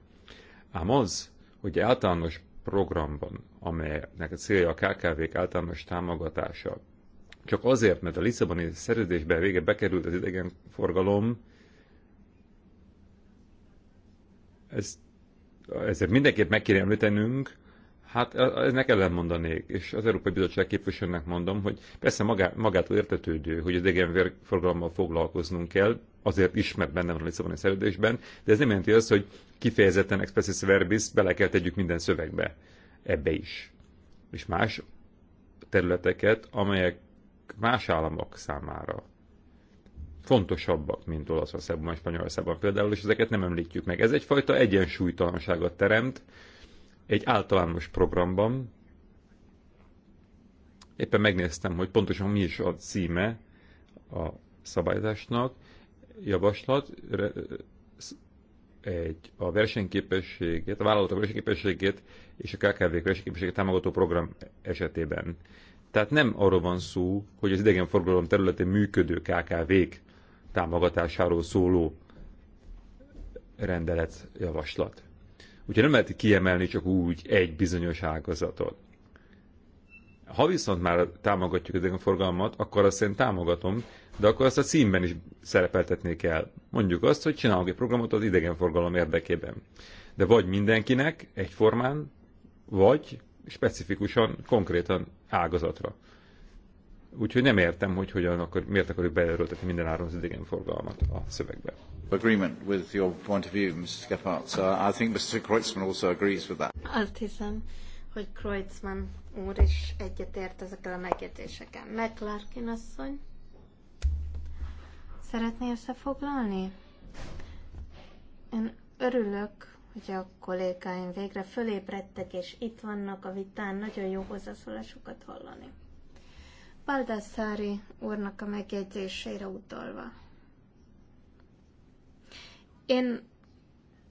Ám az, hogy általános programban, amelynek a célja a KKV-k általános támogatása, csak azért, mert a Lisszaboni szerződésben vége bekerült az idegenforgalom, ez, ezért mindenképp meg kéne említenünk, Hát ennek ellen mondanék, és az Európai Bizottság képviselőnek mondom, hogy persze magá, magától értetődő, hogy az idegenforgalommal foglalkoznunk kell, azért is, mert benne van a Lisszaboni szerződésben, de ez nem jelenti azt, hogy kifejezetten expressis verbis bele kell tegyük minden szövegbe, ebbe is. És más területeket, amelyek más államok számára fontosabbak, mint Olaszországban, Spanyolországban például, és ezeket nem említjük meg. Ez egyfajta egyensúlytalanságot teremt, egy általános programban. Éppen megnéztem, hogy pontosan mi is a címe a szabályzásnak. Javaslat egy a versenyképességét, a vállalatok versenyképességét és a KKV versenyképességét támogató program esetében. Tehát nem arról van szó, hogy az idegenforgalom területén működő KKV-k támogatásáról szóló rendelet javaslat. Úgyhogy nem lehet kiemelni csak úgy egy bizonyos ágazatot. Ha viszont már támogatjuk ezeket a forgalmat, akkor azt én támogatom, de akkor azt a címben is szerepeltetni kell. Mondjuk azt, hogy csinálok egy programot az idegenforgalom érdekében. De vagy mindenkinek egyformán, vagy specifikusan, konkrétan ágazatra. Úgyhogy nem értem, hogy hogyan akar, miért akarjuk beerőltetni minden áron az idegenforgalmat a szövegbe. Agreement with your point of view, Mr. Gephardt. So I think Mr. Kreutzmann also agrees with that. Azt hiszem, hogy Kreutzmann úr is egyetért ezekkel a megjegyzéseken. McClarkin asszony, szeretné összefoglalni? Én örülök, hogy a kollégáim végre fölébredtek, és itt vannak a vitán, nagyon jó hozzászólásokat hallani. Baldassari úrnak a megjegyzésére utalva. Én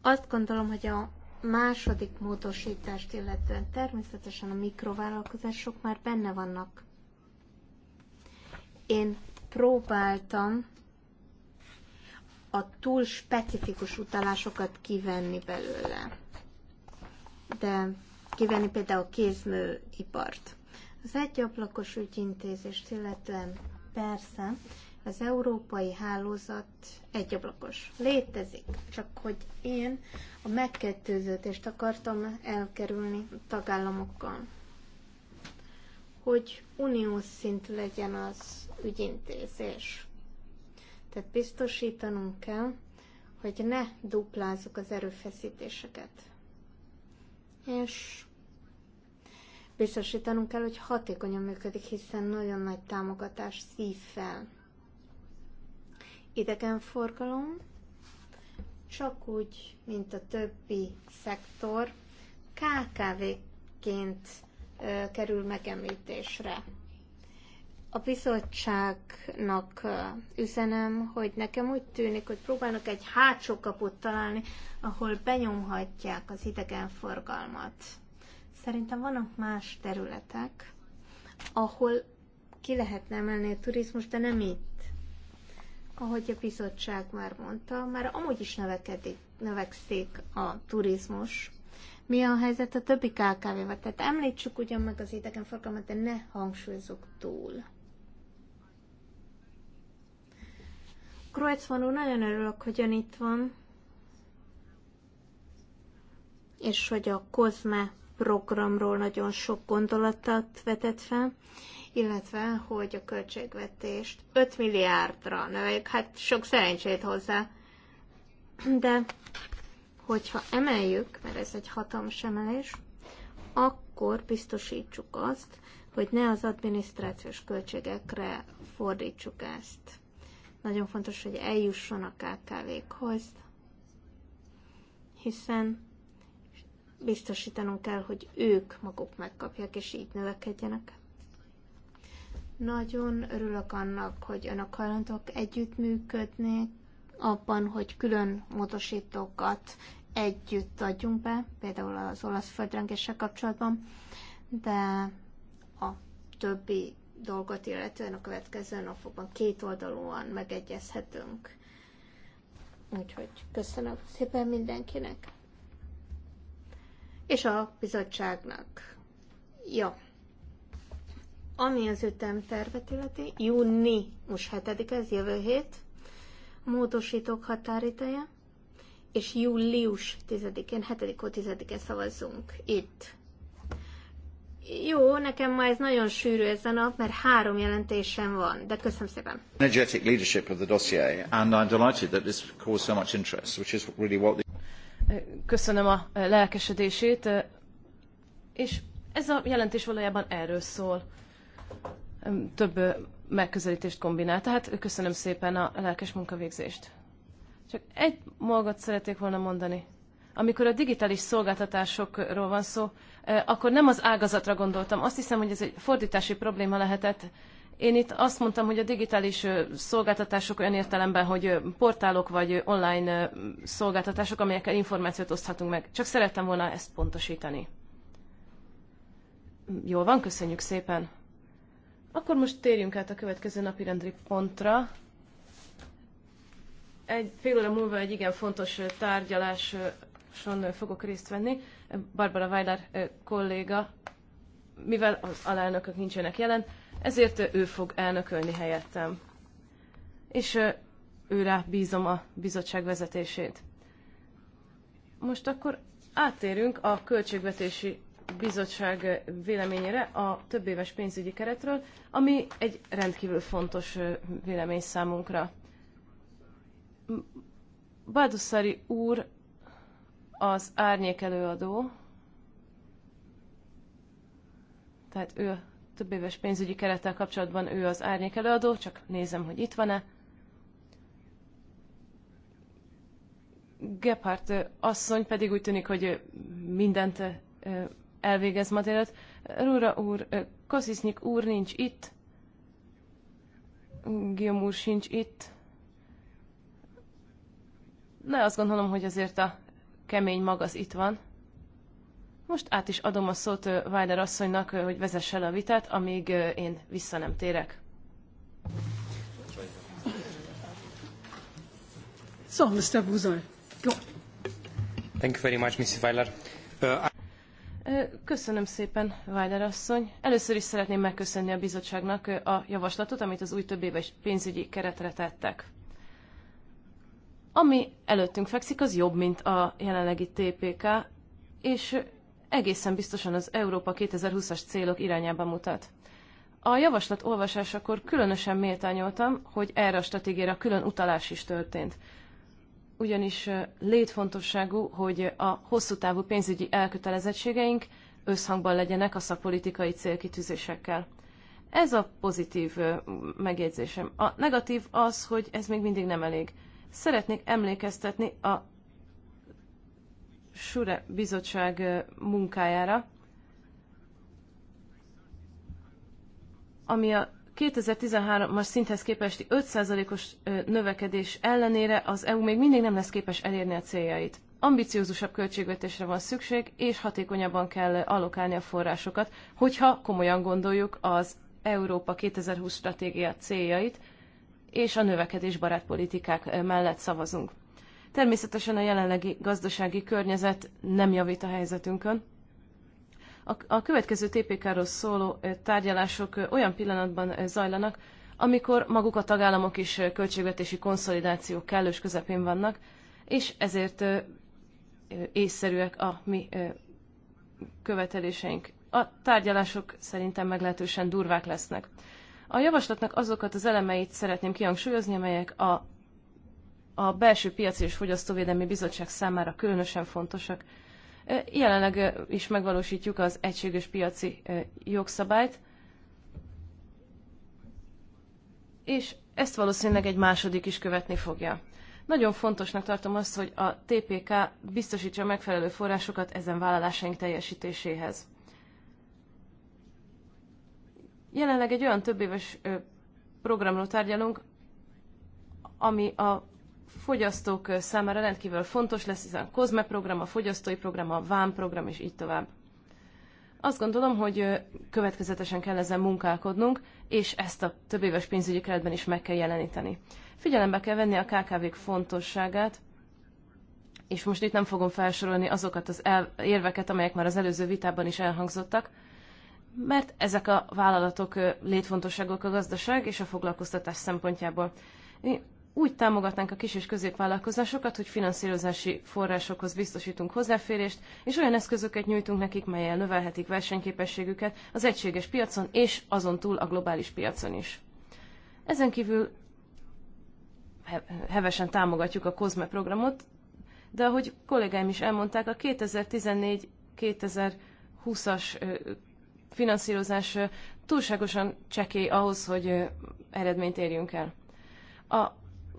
azt gondolom, hogy a második módosítást illetően természetesen a mikrovállalkozások már benne vannak. Én próbáltam a túl specifikus utalásokat kivenni belőle. De kivenni például a kézműipart. Az egyablakos ügyintézést illetve persze az európai hálózat egyablakos. Létezik, csak hogy én a megkettőződést akartam elkerülni tagállamokkal. Hogy uniós szintű legyen az ügyintézés. Tehát biztosítanunk kell, hogy ne duplázzuk az erőfeszítéseket. És biztosítanunk kell, hogy hatékonyan működik, hiszen nagyon nagy támogatás szív fel. Idegenforgalom csak úgy, mint a többi szektor, KKV-ként kerül megemlítésre. A bizottságnak üzenem, hogy nekem úgy tűnik, hogy próbálnak egy hátsó kaput találni, ahol benyomhatják az idegenforgalmat Szerintem vannak más területek, ahol ki lehetne emelni a turizmus, de nem itt. Ahogy a bizottság már mondta, már amúgy is növekedik, növekszik a turizmus. Mi a helyzet a többi KKV-vel? Tehát említsük ugyan meg az idegenforgalmat, de ne hangsúlyozok túl. Kreuzmann úr, nagyon örülök, hogy ön itt van, és hogy a Kozme programról nagyon sok gondolatot vetett fel, illetve hogy a költségvetést 5 milliárdra növeljük. Hát sok szerencsét hozzá, de hogyha emeljük, mert ez egy hatalmas emelés, akkor biztosítsuk azt, hogy ne az adminisztrációs költségekre fordítsuk ezt. Nagyon fontos, hogy eljusson a KKV-khoz, hiszen biztosítanunk kell, hogy ők maguk megkapják, és így növekedjenek. Nagyon örülök annak, hogy önök hajlandók együttműködni abban, hogy külön módosítókat együtt adjunk be, például az olasz földrengéssel kapcsolatban, de a többi dolgot illetően a következő napokban két oldalúan megegyezhetünk. Úgyhogy köszönöm szépen mindenkinek! és a bizottságnak. Ja. Ami az ütem ütemtervet illeti, most hetedik ez jövő hét, módosítók határideje, és július 10-én, 7-10-én szavazzunk itt. Jó, nekem ma ez nagyon sűrű ez a nap, mert három jelentésem van, de köszönöm szépen. Energetic leadership of the dossier, and I'm delighted that this caused so much interest, which is really what köszönöm a eh, lelkesedését, eh, és ez a jelentés valójában erről szól. Több eh, megközelítést kombinál, tehát köszönöm szépen a lelkes munkavégzést. Csak egy magat szeretnék volna mondani. Amikor a digitális szolgáltatásokról van szó, akkor nem az ágazatra gondoltam. Azt hiszem, hogy ez egy fordítási probléma lehetett, én itt azt mondtam, hogy a digitális szolgáltatások olyan értelemben, hogy portálok vagy online szolgáltatások, amelyekkel információt oszthatunk meg. Csak szerettem volna ezt pontosítani. Jól van, köszönjük szépen. Akkor most térjünk át a következő napi rendri pontra. Egy fél óra múlva egy igen fontos tárgyaláson fogok részt venni. Barbara Weiler kolléga, mivel az alelnökök nincsenek jelen, ezért ő fog elnökölni helyettem. És őre bízom a bizottság vezetését. Most akkor áttérünk a Költségvetési Bizottság véleményére a több éves pénzügyi keretről, ami egy rendkívül fontos vélemény számunkra. Báduszari úr az árnyék előadó, tehát ő több éves pénzügyi kerettel kapcsolatban ő az árnyék előadó, csak nézem, hogy itt van-e. Gephardt asszony pedig úgy tűnik, hogy mindent elvégez ma délután. Rúra úr, Kosisznyik úr nincs itt, Guillaume úr sincs itt. Ne azt gondolom, hogy azért a kemény magaz itt van. Most át is adom a szót Weiler asszonynak, hogy vezesse le a vitát, amíg én vissza nem térek. So, Mr. Buzoy, go. Thank you very much, Mrs. Weiler. Uh, Köszönöm szépen, Weiler asszony. Először is szeretném megköszönni a bizottságnak a javaslatot, amit az új többéves pénzügyi keretre tettek. Ami előttünk fekszik, az jobb, mint a jelenlegi TPK, és egészen biztosan az Európa 2020-as célok irányába mutat. A javaslat olvasásakor különösen méltányoltam, hogy erre a stratégiára külön utalás is történt. Ugyanis létfontosságú, hogy a hosszú távú pénzügyi elkötelezettségeink összhangban legyenek a szakpolitikai célkitűzésekkel. Ez a pozitív megjegyzésem. A negatív az, hogy ez még mindig nem elég. Szeretnék emlékeztetni a Sure bizottság munkájára, ami a 2013-as szinthez képesti 5%-os növekedés ellenére az EU még mindig nem lesz képes elérni a céljait. Ambiciózusabb költségvetésre van szükség, és hatékonyabban kell allokálni a forrásokat, hogyha komolyan gondoljuk az Európa 2020 stratégia céljait, és a növekedésbarát politikák mellett szavazunk. Természetesen a jelenlegi gazdasági környezet nem javít a helyzetünkön. A, következő TPK-ról szóló tárgyalások olyan pillanatban zajlanak, amikor maguk a tagállamok is költségvetési konszolidáció kellős közepén vannak, és ezért észszerűek a mi követeléseink. A tárgyalások szerintem meglehetősen durvák lesznek. A javaslatnak azokat az elemeit szeretném kihangsúlyozni, amelyek a a belső piaci és fogyasztóvédelmi bizottság számára különösen fontosak. E, jelenleg e, is megvalósítjuk az egységes piaci e, jogszabályt, és ezt valószínűleg egy második is követni fogja. Nagyon fontosnak tartom azt, hogy a TPK biztosítsa a megfelelő forrásokat ezen vállalásaink teljesítéséhez. Jelenleg egy olyan többéves programról tárgyalunk, ami a fogyasztók számára rendkívül fontos lesz, hiszen a COSME program, a fogyasztói program, a VAM program, és így tovább. Azt gondolom, hogy következetesen kell ezen munkálkodnunk, és ezt a több éves pénzügyi keretben is meg kell jeleníteni. Figyelembe kell venni a KKV-k fontosságát, és most itt nem fogom felsorolni azokat az érveket, amelyek már az előző vitában is elhangzottak, mert ezek a vállalatok létfontosságok a gazdaság és a foglalkoztatás szempontjából úgy támogatnánk a kis és középvállalkozásokat, hogy finanszírozási forrásokhoz biztosítunk hozzáférést, és olyan eszközöket nyújtunk nekik, melyel növelhetik versenyképességüket az egységes piacon és azon túl a globális piacon is. Ezen kívül hevesen támogatjuk a COSME programot, de ahogy kollégáim is elmondták, a 2014-2020-as finanszírozás túlságosan csekély ahhoz, hogy eredményt érjünk el. A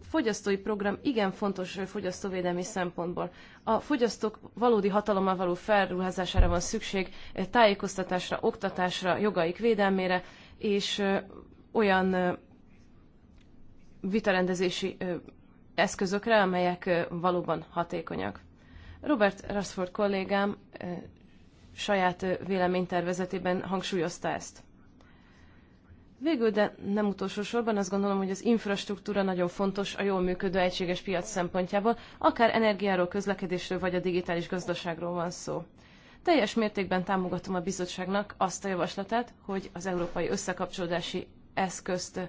fogyasztói program igen fontos fogyasztóvédelmi szempontból. A fogyasztók valódi hatalommal való felruházására van szükség, tájékoztatásra, oktatásra, jogaik védelmére, és olyan vitarendezési eszközökre, amelyek valóban hatékonyak. Robert Rashford kollégám saját véleménytervezetében hangsúlyozta ezt. Végül, de nem utolsó sorban azt gondolom, hogy az infrastruktúra nagyon fontos a jól működő egységes piac szempontjából, akár energiáról, közlekedésről vagy a digitális gazdaságról van szó. Teljes mértékben támogatom a bizottságnak azt a javaslatát, hogy az európai összekapcsolódási eszközt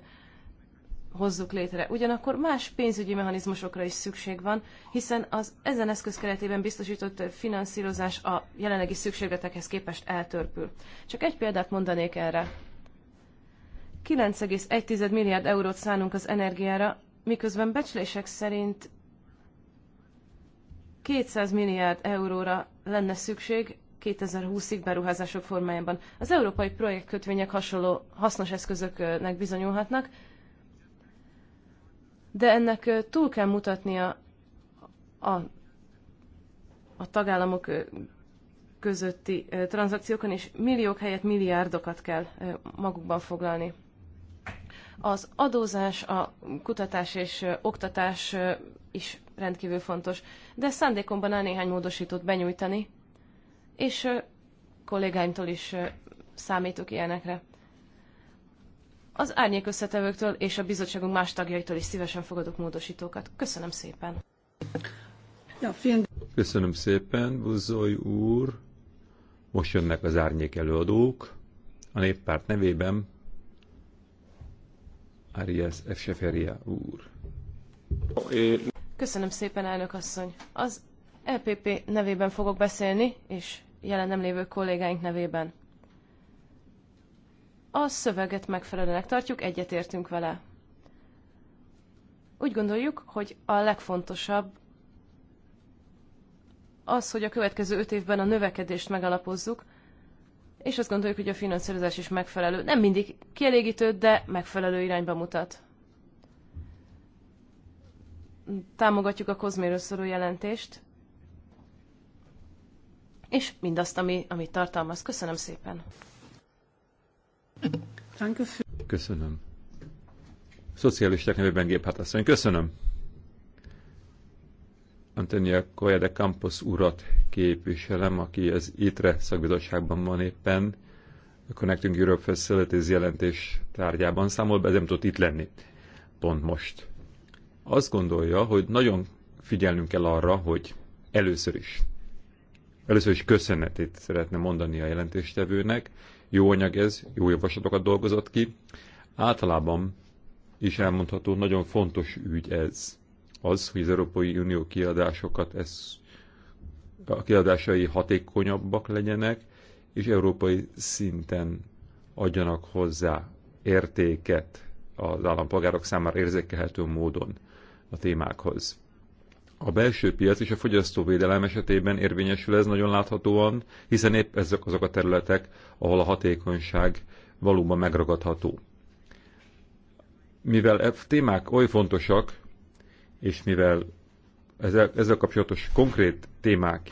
hozzuk létre. Ugyanakkor más pénzügyi mechanizmusokra is szükség van, hiszen az ezen eszköz keretében biztosított finanszírozás a jelenlegi szükségletekhez képest eltörpül. Csak egy példát mondanék erre. 9,1 milliárd eurót szánunk az energiára, miközben becslések szerint 200 milliárd euróra lenne szükség 2020-ig beruházások formájában. Az európai projektkötvények hasonló hasznos eszközöknek bizonyulhatnak, de ennek túl kell mutatnia a, a tagállamok közötti tranzakciókon, és milliók helyett milliárdokat kell magukban foglalni. Az adózás, a kutatás és oktatás is rendkívül fontos, de szándékomban el néhány módosítót benyújtani, és kollégáimtól is számítok ilyenekre. Az árnyék összetevőktől és a bizottságunk más tagjaitól is szívesen fogadok módosítókat. Köszönöm szépen! Köszönöm szépen, Buzoly úr! Most jönnek az árnyék előadók. A néppárt nevében Arias Efseferia úr. Köszönöm szépen, elnök asszony. Az EPP nevében fogok beszélni, és jelen nem lévő kollégáink nevében. A szöveget megfelelőnek tartjuk, egyetértünk vele. Úgy gondoljuk, hogy a legfontosabb az, hogy a következő öt évben a növekedést megalapozzuk, és azt gondoljuk, hogy a finanszírozás is megfelelő. Nem mindig kielégítő, de megfelelő irányba mutat. Támogatjuk a kozméről szóló jelentést, és mindazt, ami, ami tartalmaz. Köszönöm szépen! Köszönöm. Szocialisták nevében Géphátasszony, köszönöm. Antonia Coya de Campos urat képviselem, aki az ITRE szakbizottságban van éppen, a Connecting Europe Facilities jelentés tárgyában számol be, nem tudott itt lenni pont most. Azt gondolja, hogy nagyon figyelnünk kell arra, hogy először is, először is köszönetét szeretne mondani a jelentéstevőnek, jó anyag ez, jó javaslatokat dolgozott ki, általában is elmondható, nagyon fontos ügy ez az, hogy az Európai Unió kiadásokat ez, a kiadásai hatékonyabbak legyenek, és európai szinten adjanak hozzá értéket az állampolgárok számára érzékelhető módon a témákhoz. A belső piac és a fogyasztóvédelem esetében érvényesül ez nagyon láthatóan, hiszen épp ezek azok a területek, ahol a hatékonyság valóban megragadható. Mivel e témák oly fontosak, és mivel ezzel, ezzel kapcsolatos konkrét témák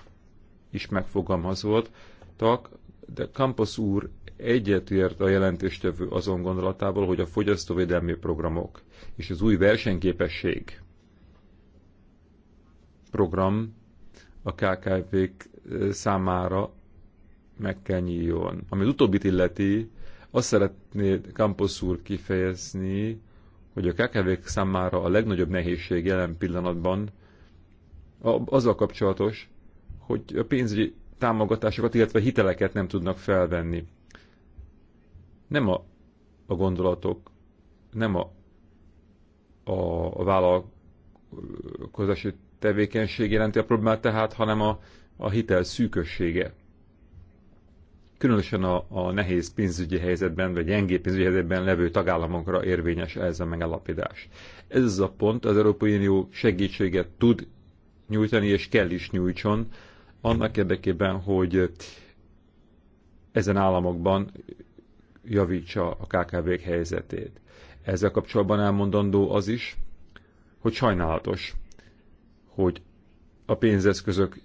is megfogalmazódtak, de Campos úr egyetért a jelentéstevő azon gondolatával, hogy a fogyasztóvédelmi programok és az új versenyképesség program a KKV-k számára meg kell nyíljon. Ami az utóbbit illeti, azt szeretné Campos úr kifejezni, hogy a kkv számára a legnagyobb nehézség jelen pillanatban azzal kapcsolatos, hogy a pénzügyi támogatásokat, illetve hiteleket nem tudnak felvenni. Nem a, a gondolatok, nem a, a, a vállalkozási tevékenység jelenti a problémát tehát, hanem a, a hitel szűkössége különösen a, a nehéz pénzügyi helyzetben, vagy gyengé pénzügyi helyzetben levő tagállamokra érvényes ez a megállapítás. Ez az a pont, az Európai Unió segítséget tud nyújtani, és kell is nyújtson, annak érdekében, hogy ezen államokban javítsa a KKV-k helyzetét. Ezzel kapcsolatban elmondandó az is, hogy sajnálatos, hogy a pénzeszközök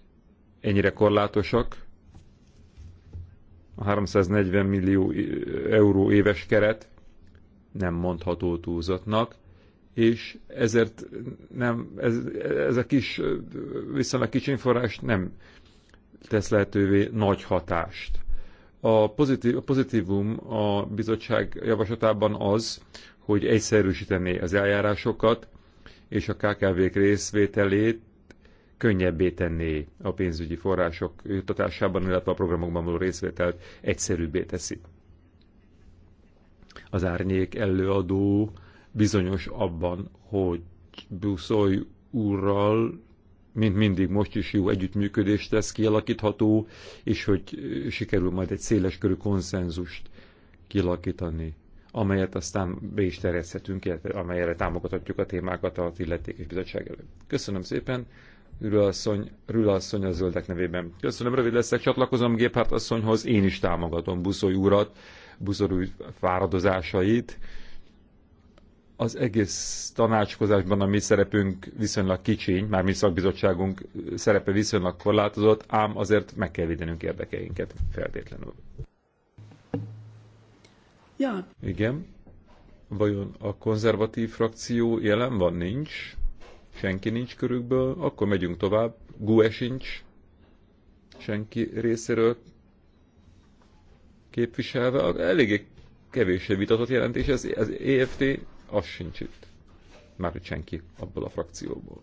ennyire korlátosak, a 340 millió euró éves keret nem mondható túlzatnak, és ezért nem, ez, ez a kis, viszonylag kicsi forrás nem tesz lehetővé nagy hatást. A, pozitív, a pozitívum a bizottság javaslatában az, hogy egyszerűsítené az eljárásokat, és a KKV-k részvételét könnyebbé tenné a pénzügyi források juttatásában, illetve a programokban való részvételt egyszerűbbé teszi. Az árnyék előadó bizonyos abban, hogy Buszoly úrral, mint mindig most is jó együttműködést tesz kialakítható, és hogy sikerül majd egy körű konszenzust kialakítani amelyet aztán be is terjeszthetünk, amelyre támogathatjuk a témákat az illetékes bizottság előtt. Köszönöm szépen, Rülasszony, Rülasszony a zöldek nevében. Köszönöm, rövid leszek, csatlakozom Géphárt asszonyhoz, én is támogatom Buszoly urat, Buszoly úr fáradozásait. Az egész tanácskozásban a mi szerepünk viszonylag kicsiny, már mi szakbizottságunk szerepe viszonylag korlátozott, ám azért meg kell védenünk érdekeinket feltétlenül. Ja. Igen. Vajon a konzervatív frakció jelen van? Nincs senki nincs körükből, akkor megyünk tovább, GUE sincs senki részéről képviselve, eléggé kevésbé vitatott jelentés, ez, ez EFT, az sincs itt. Már senki abból a frakcióból.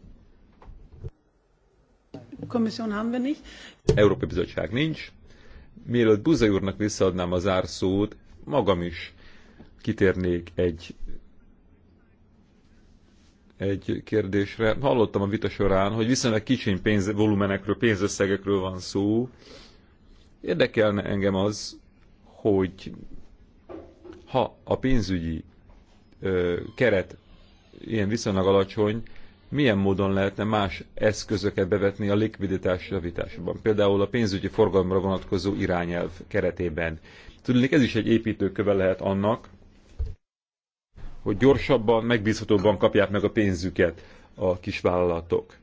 Kommission haben wir nicht. Európai Bizottság nincs. Mielőtt Buzai úrnak visszaadnám a zárszót, magam is kitérnék egy egy kérdésre. Hallottam a vita során, hogy viszonylag kicsiny pénz, volumenekről, pénzösszegekről van szó. Érdekelne engem az, hogy ha a pénzügyi ö, keret ilyen viszonylag alacsony, milyen módon lehetne más eszközöket bevetni a likviditás javításában. Például a pénzügyi forgalomra vonatkozó irányelv keretében. Tudnék, ez is egy építőköve lehet annak, hogy gyorsabban, megbízhatóbban kapják meg a pénzüket a kisvállalatok.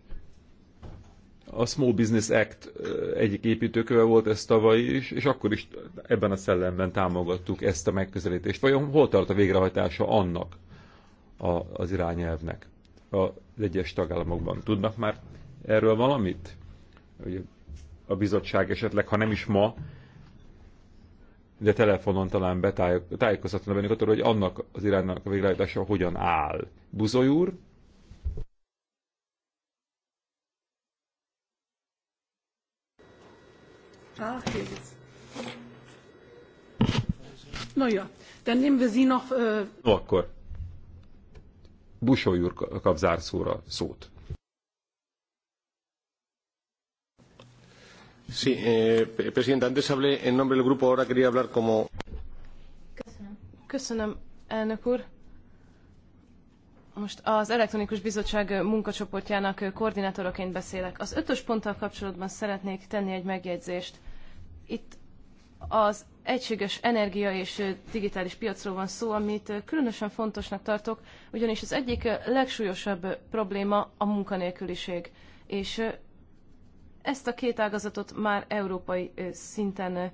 A Small Business Act egyik építőköve volt ez tavaly is, és akkor is ebben a szellemben támogattuk ezt a megközelítést. Vajon hol tart a végrehajtása annak a, az irányelvnek a egyes tagállamokban? Tudnak már erről valamit? a bizottság esetleg, ha nem is ma, de telefonon talán betájékoztatna bennük attól, hogy annak az iránynak a végrehajtása hogyan áll. Buzoly úr? Ah, Na ja, de nem vezin a... No akkor. Busoly úr kap zárszóra szót. Sí, eh, antes hablé en nombre del grupo, ahora quería hablar como... elnök úr. Most az Elektronikus Bizottság munkacsoportjának koordinátoraként beszélek. Az ötös ponttal kapcsolatban szeretnék tenni egy megjegyzést. Itt az egységes energia és digitális piacról van szó, amit különösen fontosnak tartok, ugyanis az egyik legsúlyosabb probléma a munkanélküliség. És ezt a két ágazatot már európai szinten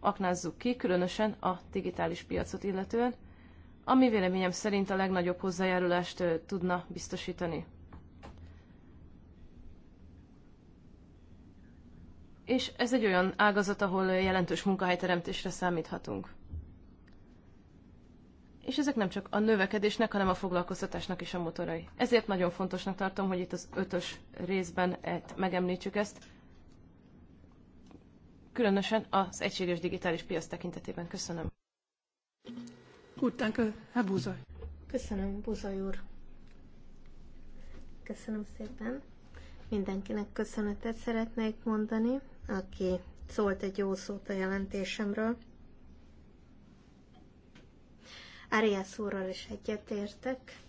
aknázzuk ki, különösen a digitális piacot illetően, ami véleményem szerint a legnagyobb hozzájárulást tudna biztosítani. És ez egy olyan ágazat, ahol jelentős munkahelyteremtésre számíthatunk és ezek nem csak a növekedésnek, hanem a foglalkoztatásnak is a motorai. Ezért nagyon fontosnak tartom, hogy itt az ötös részben megemlítsük ezt, különösen az egységes digitális piac tekintetében. Köszönöm. Köszönöm, Búzaj úr. Köszönöm szépen. Mindenkinek köszönetet szeretnék mondani, aki szólt egy jó szót a jelentésemről. Arias úrral is egyetértek,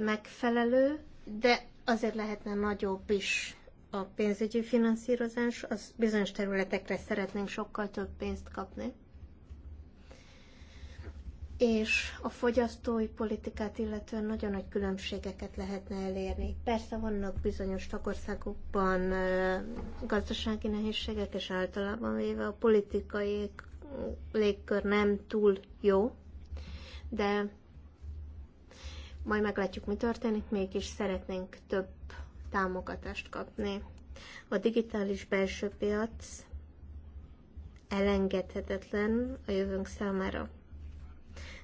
megfelelő, de azért lehetne nagyobb is a pénzügyi finanszírozás, az bizonyos területekre szeretnénk sokkal több pénzt kapni. És a fogyasztói politikát illetően nagyon nagy különbségeket lehetne elérni. Persze vannak bizonyos tagországokban gazdasági nehézségek, és általában véve a politikai légkör nem túl jó, de majd meglátjuk, mi történik, mégis szeretnénk több támogatást kapni. A digitális belső piac elengedhetetlen a jövőnk számára.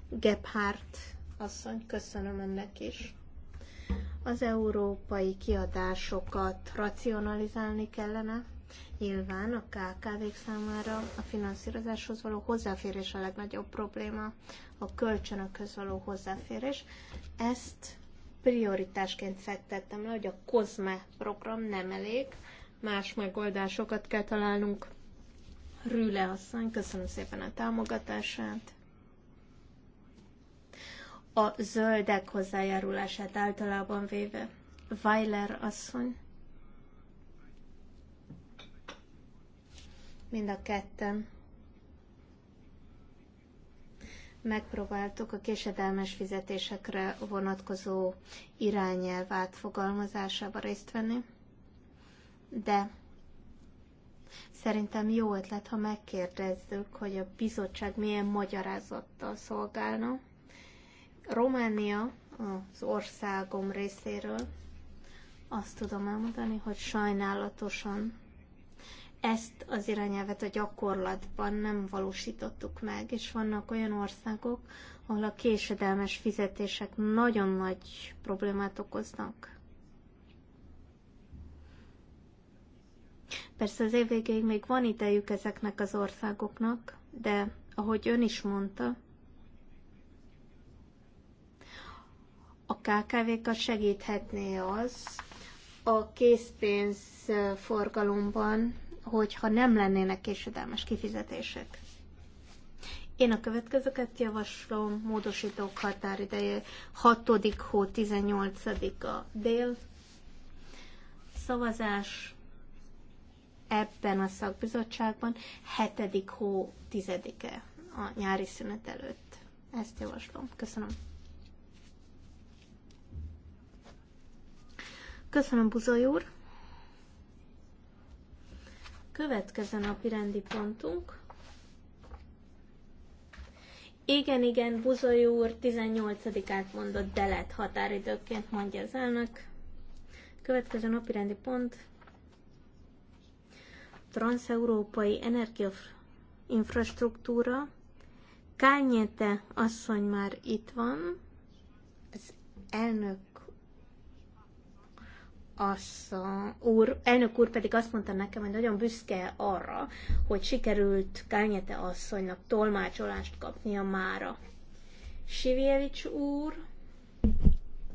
Gebhardt asszony, köszönöm ennek is. Az európai kiadásokat racionalizálni kellene, Nyilván a kkv számára a finanszírozáshoz való hozzáférés a legnagyobb probléma, a kölcsönökhöz való hozzáférés. Ezt prioritásként fektettem le, hogy a COSME program nem elég, más megoldásokat kell találnunk. Rüle asszony, köszönöm szépen a támogatását. A zöldek hozzájárulását általában véve. Weiler asszony. mind a ketten megpróbáltuk a késedelmes fizetésekre vonatkozó irányelv átfogalmazásába részt venni, de szerintem jó ötlet, ha megkérdezzük, hogy a bizottság milyen magyarázattal szolgálna. Románia az országom részéről azt tudom elmondani, hogy sajnálatosan ezt az irányelvet a gyakorlatban nem valósítottuk meg, és vannak olyan országok, ahol a késedelmes fizetések nagyon nagy problémát okoznak. Persze az év végéig még van idejük ezeknek az országoknak, de ahogy ön is mondta, a KKV-kat segíthetné az a készpénz forgalomban, hogyha nem lennének késedelmes kifizetések. Én a következőket javaslom, módosítók határideje 6. hó 18-a dél. Szavazás ebben a szakbizottságban 7. hó 10-e a nyári szünet előtt. Ezt javaslom. Köszönöm. Köszönöm, Buzoly úr. Következő napi rendi pontunk. Igen, igen, Buzoly úr 18-át mondott delet határidőként, mondja az elnök. Következő napi rendi pont. Transeurópai energiainfrastruktúra. Kányete asszony már itt van. Az elnök asszony, úr, elnök úr pedig azt mondta nekem, hogy nagyon büszke arra, hogy sikerült Kányete asszonynak tolmácsolást kapnia mára. Sivjevics úr,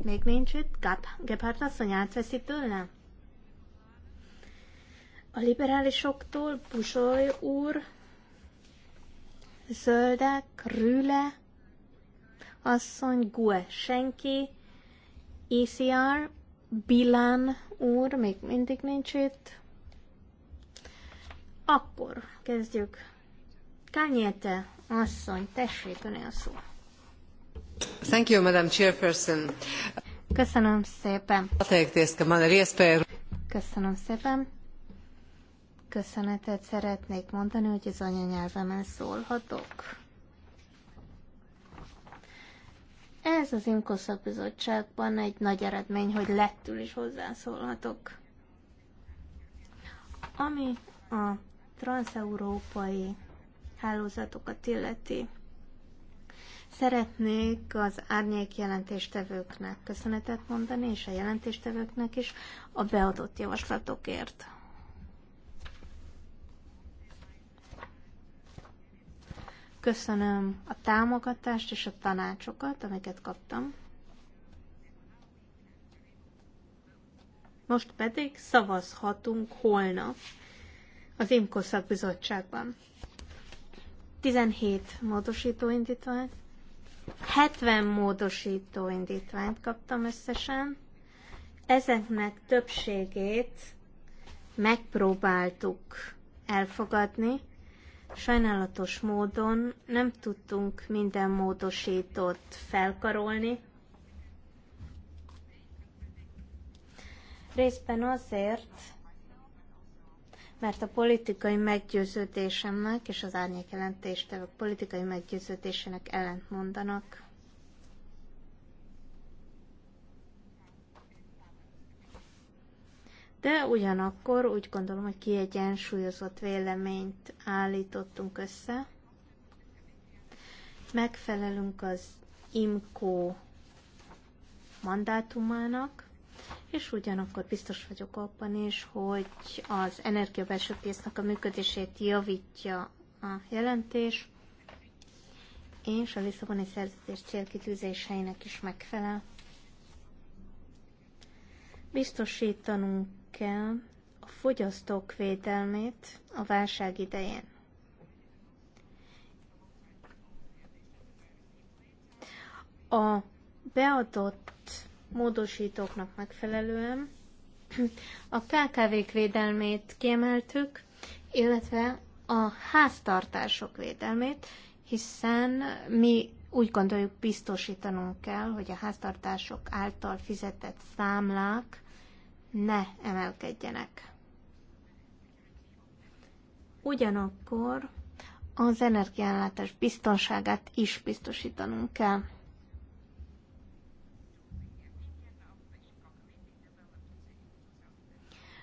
még nincs itt? Gephardt asszony átveszi tőle? A liberálisoktól Busoly úr, Zöldek, Rüle, asszony, Gue, senki, ECR, Bilán úr még mindig nincs itt. Akkor kezdjük. Kányéte asszony, tessék öné a szó. Thank you, Madam Chairperson. Köszönöm szépen. Köszönöm szépen. Köszönetet szeretnék mondani, hogy az anyanyelvemen szólhatok. Ez az IMKO bizottságban egy nagy eredmény, hogy lettül is hozzászólhatok. Ami a transeurópai hálózatokat illeti, Szeretnék az árnyék jelentéstevőknek köszönetet mondani, és a jelentéstevőknek is a beadott javaslatokért. Köszönöm a támogatást és a tanácsokat, amiket kaptam. Most pedig szavazhatunk holnap az IMCO szakbizottságban. 17 módosító indítványt, 70 módosító indítványt kaptam összesen. Ezeknek többségét megpróbáltuk elfogadni, Sajnálatos módon nem tudtunk minden módosítót felkarolni, Részben azért, mert a politikai meggyőződésemnek és az a politikai meggyőződésének ellent mondanak. de ugyanakkor úgy gondolom, hogy kiegyensúlyozott véleményt állítottunk össze. Megfelelünk az IMCO mandátumának, és ugyanakkor biztos vagyok abban is, hogy az energia a működését javítja a jelentés, és a Lisszaboni szerződés célkitűzéseinek is megfelel. Biztosítanunk kell a fogyasztók védelmét a válság idején. A beadott módosítóknak megfelelően a KKV-k védelmét kiemeltük, illetve a háztartások védelmét, hiszen mi úgy gondoljuk biztosítanunk kell, hogy a háztartások által fizetett számlák ne emelkedjenek. Ugyanakkor az energiállátás biztonságát is biztosítanunk kell.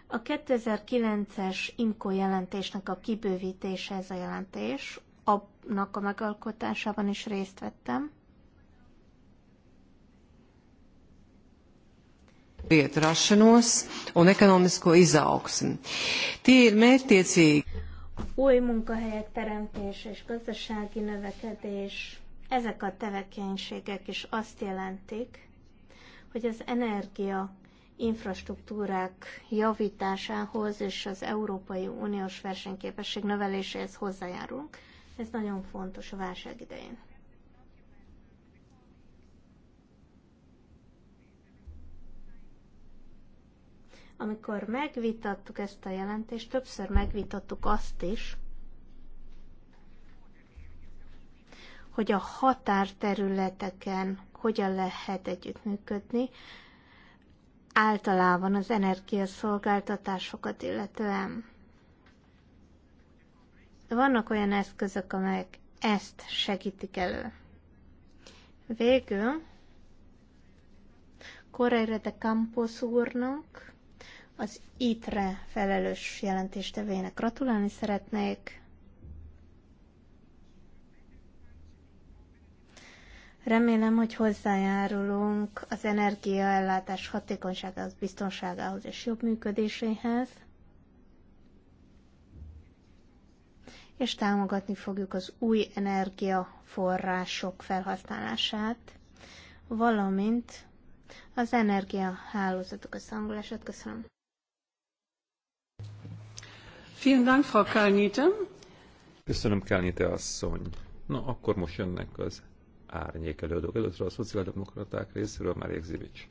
A 2009-es IMCO jelentésnek a kibővítése ez a jelentés, annak a megalkotásában is részt vettem. vietu rašanos un ekonomisko izaugsmi. Tie ir Új munkahelyek teremtés és gazdasági növekedés, ezek a tevékenységek is azt jelentik, hogy az energia infrastruktúrák javításához és az Európai Uniós versenyképesség növeléséhez hozzájárulunk. Ez nagyon fontos a válság idején. Amikor megvitattuk ezt a jelentést, többször megvitattuk azt is, hogy a határterületeken hogyan lehet együttműködni, általában az energiaszolgáltatásokat illetően. Vannak olyan eszközök, amelyek ezt segítik elő. Végül Correire de Campos úrnak az ITRE felelős jelentéstevének gratulálni szeretnék. Remélem, hogy hozzájárulunk az energiaellátás hatékonyságához, biztonságához és jobb működéséhez, és támogatni fogjuk az új energiaforrások felhasználását, valamint az energiahálózatok összehangolását. Köszönöm. Vielen Dank, Frau Kalnite. Köszönöm, Kálnyite asszony. Na, akkor most jönnek az árnyék előadók. Először a szociáldemokraták részéről már Zivics.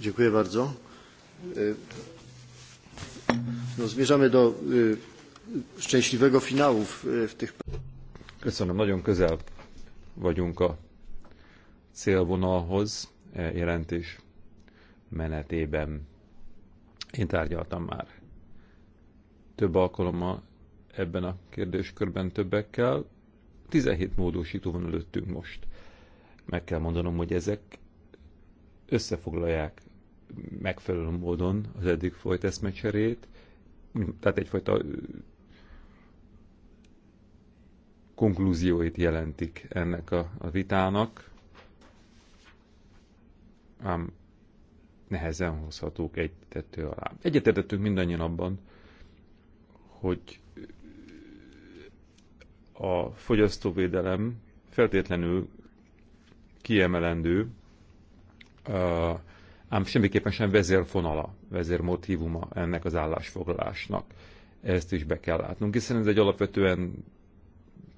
Dziękuję bardzo. E, no, zmierzamy do e, szczęśliwego finału e, w tych... Köszönöm, nagyon közel vagyunk a célvonalhoz jelentés menetében. Én tárgyaltam már több alkalommal ebben a kérdéskörben többekkel. 17 módosító van előttünk most. Meg kell mondanom, hogy ezek összefoglalják megfelelő módon az eddig folyt eszmecserét, tehát egyfajta konklúzióit jelentik ennek a, a vitának, ám nehezen hozhatók egy tető alá. Egyetértettünk mindannyian abban, hogy a fogyasztóvédelem feltétlenül kiemelendő, ám semmiképpen sem vezérfonala, vezérmotívuma ennek az állásfoglalásnak. Ezt is be kell látnunk, hiszen ez egy alapvetően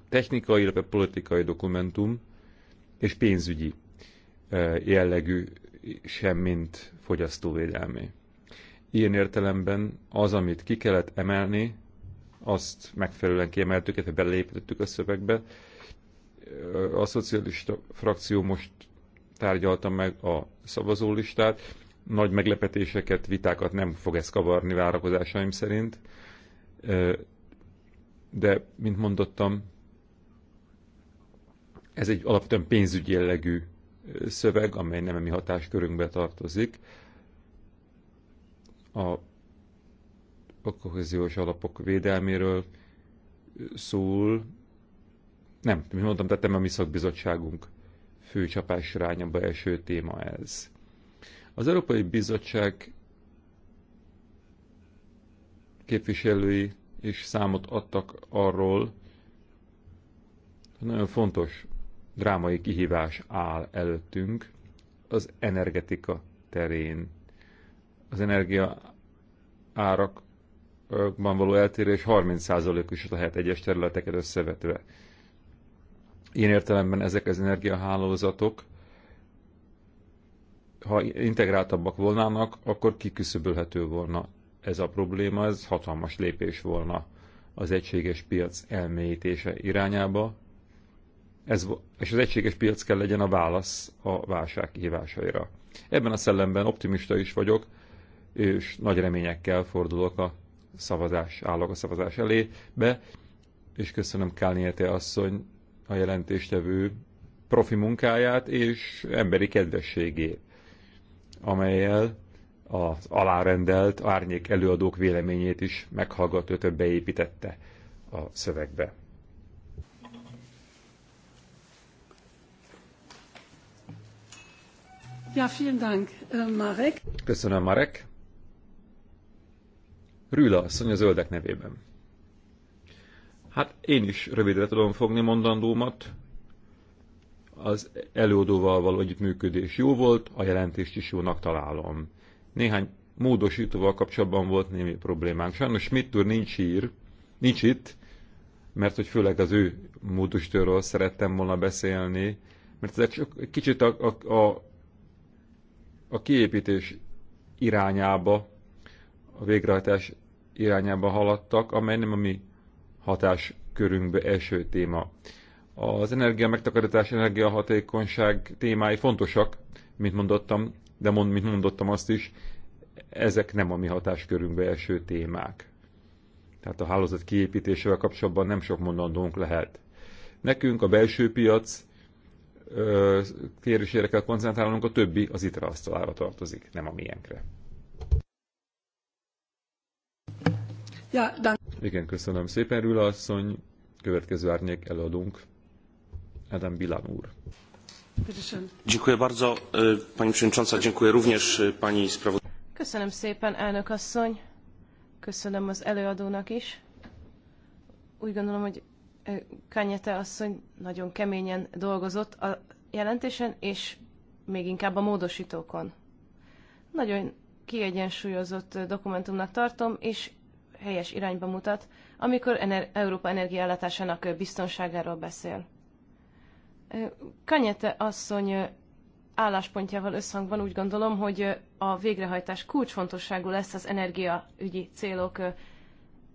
technikai, illetve politikai dokumentum, és pénzügyi e, jellegű sem, mint fogyasztóvédelmi. Ilyen értelemben az, amit ki kellett emelni, azt megfelelően kiemeltük, illetve belépítettük a szövegbe. A szocialista frakció most tárgyalta meg a szavazólistát. Nagy meglepetéseket, vitákat nem fog ez kavarni várakozásaim szerint. De, mint mondottam, ez egy alapvetően pénzügyi jellegű szöveg, amely nem a mi hatáskörünkbe tartozik. A a kohéziós alapok védelméről szól. Nem, mi mondtam, tettem a mi szakbizottságunk főcsapás irányába első téma ez. Az Európai Bizottság képviselői is számot adtak arról, hogy nagyon fontos drámai kihívás áll előttünk az energetika terén. Az energia árak ban való eltérés 30%-os lehet egyes területeket összevetve. Én értelemben ezek az energiahálózatok, ha integráltabbak volnának, akkor kiküszöbölhető volna ez a probléma, ez hatalmas lépés volna az egységes piac elmélyítése irányába, ez, és az egységes piac kell legyen a válasz a válság kihívásaira. Ebben a szellemben optimista is vagyok, és nagy reményekkel fordulok a szavazás, állok a szavazás elé be, és köszönöm Kálniete asszony a jelentéstevő profi munkáját és emberi kedvességét, amelyel az alárendelt árnyék előadók véleményét is meghallgató több beépítette a szövegbe. Ja, vielen Dank, Marek. Köszönöm, Marek. Rüla asszony a zöldek nevében. Hát én is rövidre tudom fogni mondandómat. Az előadóval való együttműködés jó volt, a jelentést is jónak találom. Néhány módosítóval kapcsolatban volt némi problémánk. Sajnos mit úr nincs, ír, nincs itt, mert hogy főleg az ő módosítóról szerettem volna beszélni, mert ezek csak kicsit a, a, a, a kiépítés irányába, a végrehajtás irányába haladtak, amely nem a mi hatáskörünkbe eső téma. Az energia megtakarítás, energiahatékonyság témái fontosak, mint mondottam, de mond, mint mondottam azt is, ezek nem a mi hatáskörünkbe eső témák. Tehát a hálózat kiépítésével kapcsolatban nem sok mondandónk lehet. Nekünk a belső piac kérdésére kell koncentrálnunk, a többi az ITRA asztalára tartozik, nem a miénkre. Ja, Igen, köszönöm szépen, Rüla asszony. Következő árnyék előadunk. Adam Bilan úr. Dziękuję bardzo, e, pani przewodnicząca, dziękuję również e, pani sprawozdawczyni. Köszönöm szépen, elnök asszony. Köszönöm az előadónak is. Úgy gondolom, hogy e, Kanyete asszony nagyon keményen dolgozott a jelentésen, és még inkább a módosítókon. Nagyon kiegyensúlyozott dokumentumnak tartom, és helyes irányba mutat, amikor ener- Európa energiállátásának biztonságáról beszél. Kanyete asszony álláspontjával összhangban úgy gondolom, hogy a végrehajtás kulcsfontosságú lesz az energiaügyi célok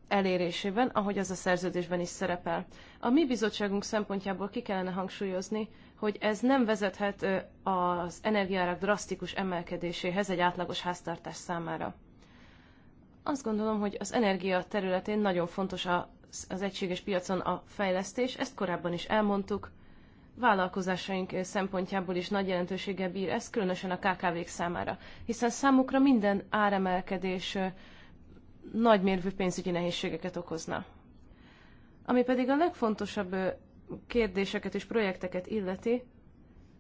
elérésében, ahogy az a szerződésben is szerepel. A mi bizottságunk szempontjából ki kellene hangsúlyozni, hogy ez nem vezethet az energiárak drasztikus emelkedéséhez egy átlagos háztartás számára. Azt gondolom, hogy az energia területén nagyon fontos az egységes piacon a fejlesztés, ezt korábban is elmondtuk. Vállalkozásaink szempontjából is nagy jelentősége bír ez, különösen a KKV-k számára, hiszen számukra minden áremelkedés nagymérvű pénzügyi nehézségeket okozna. Ami pedig a legfontosabb kérdéseket és projekteket illeti,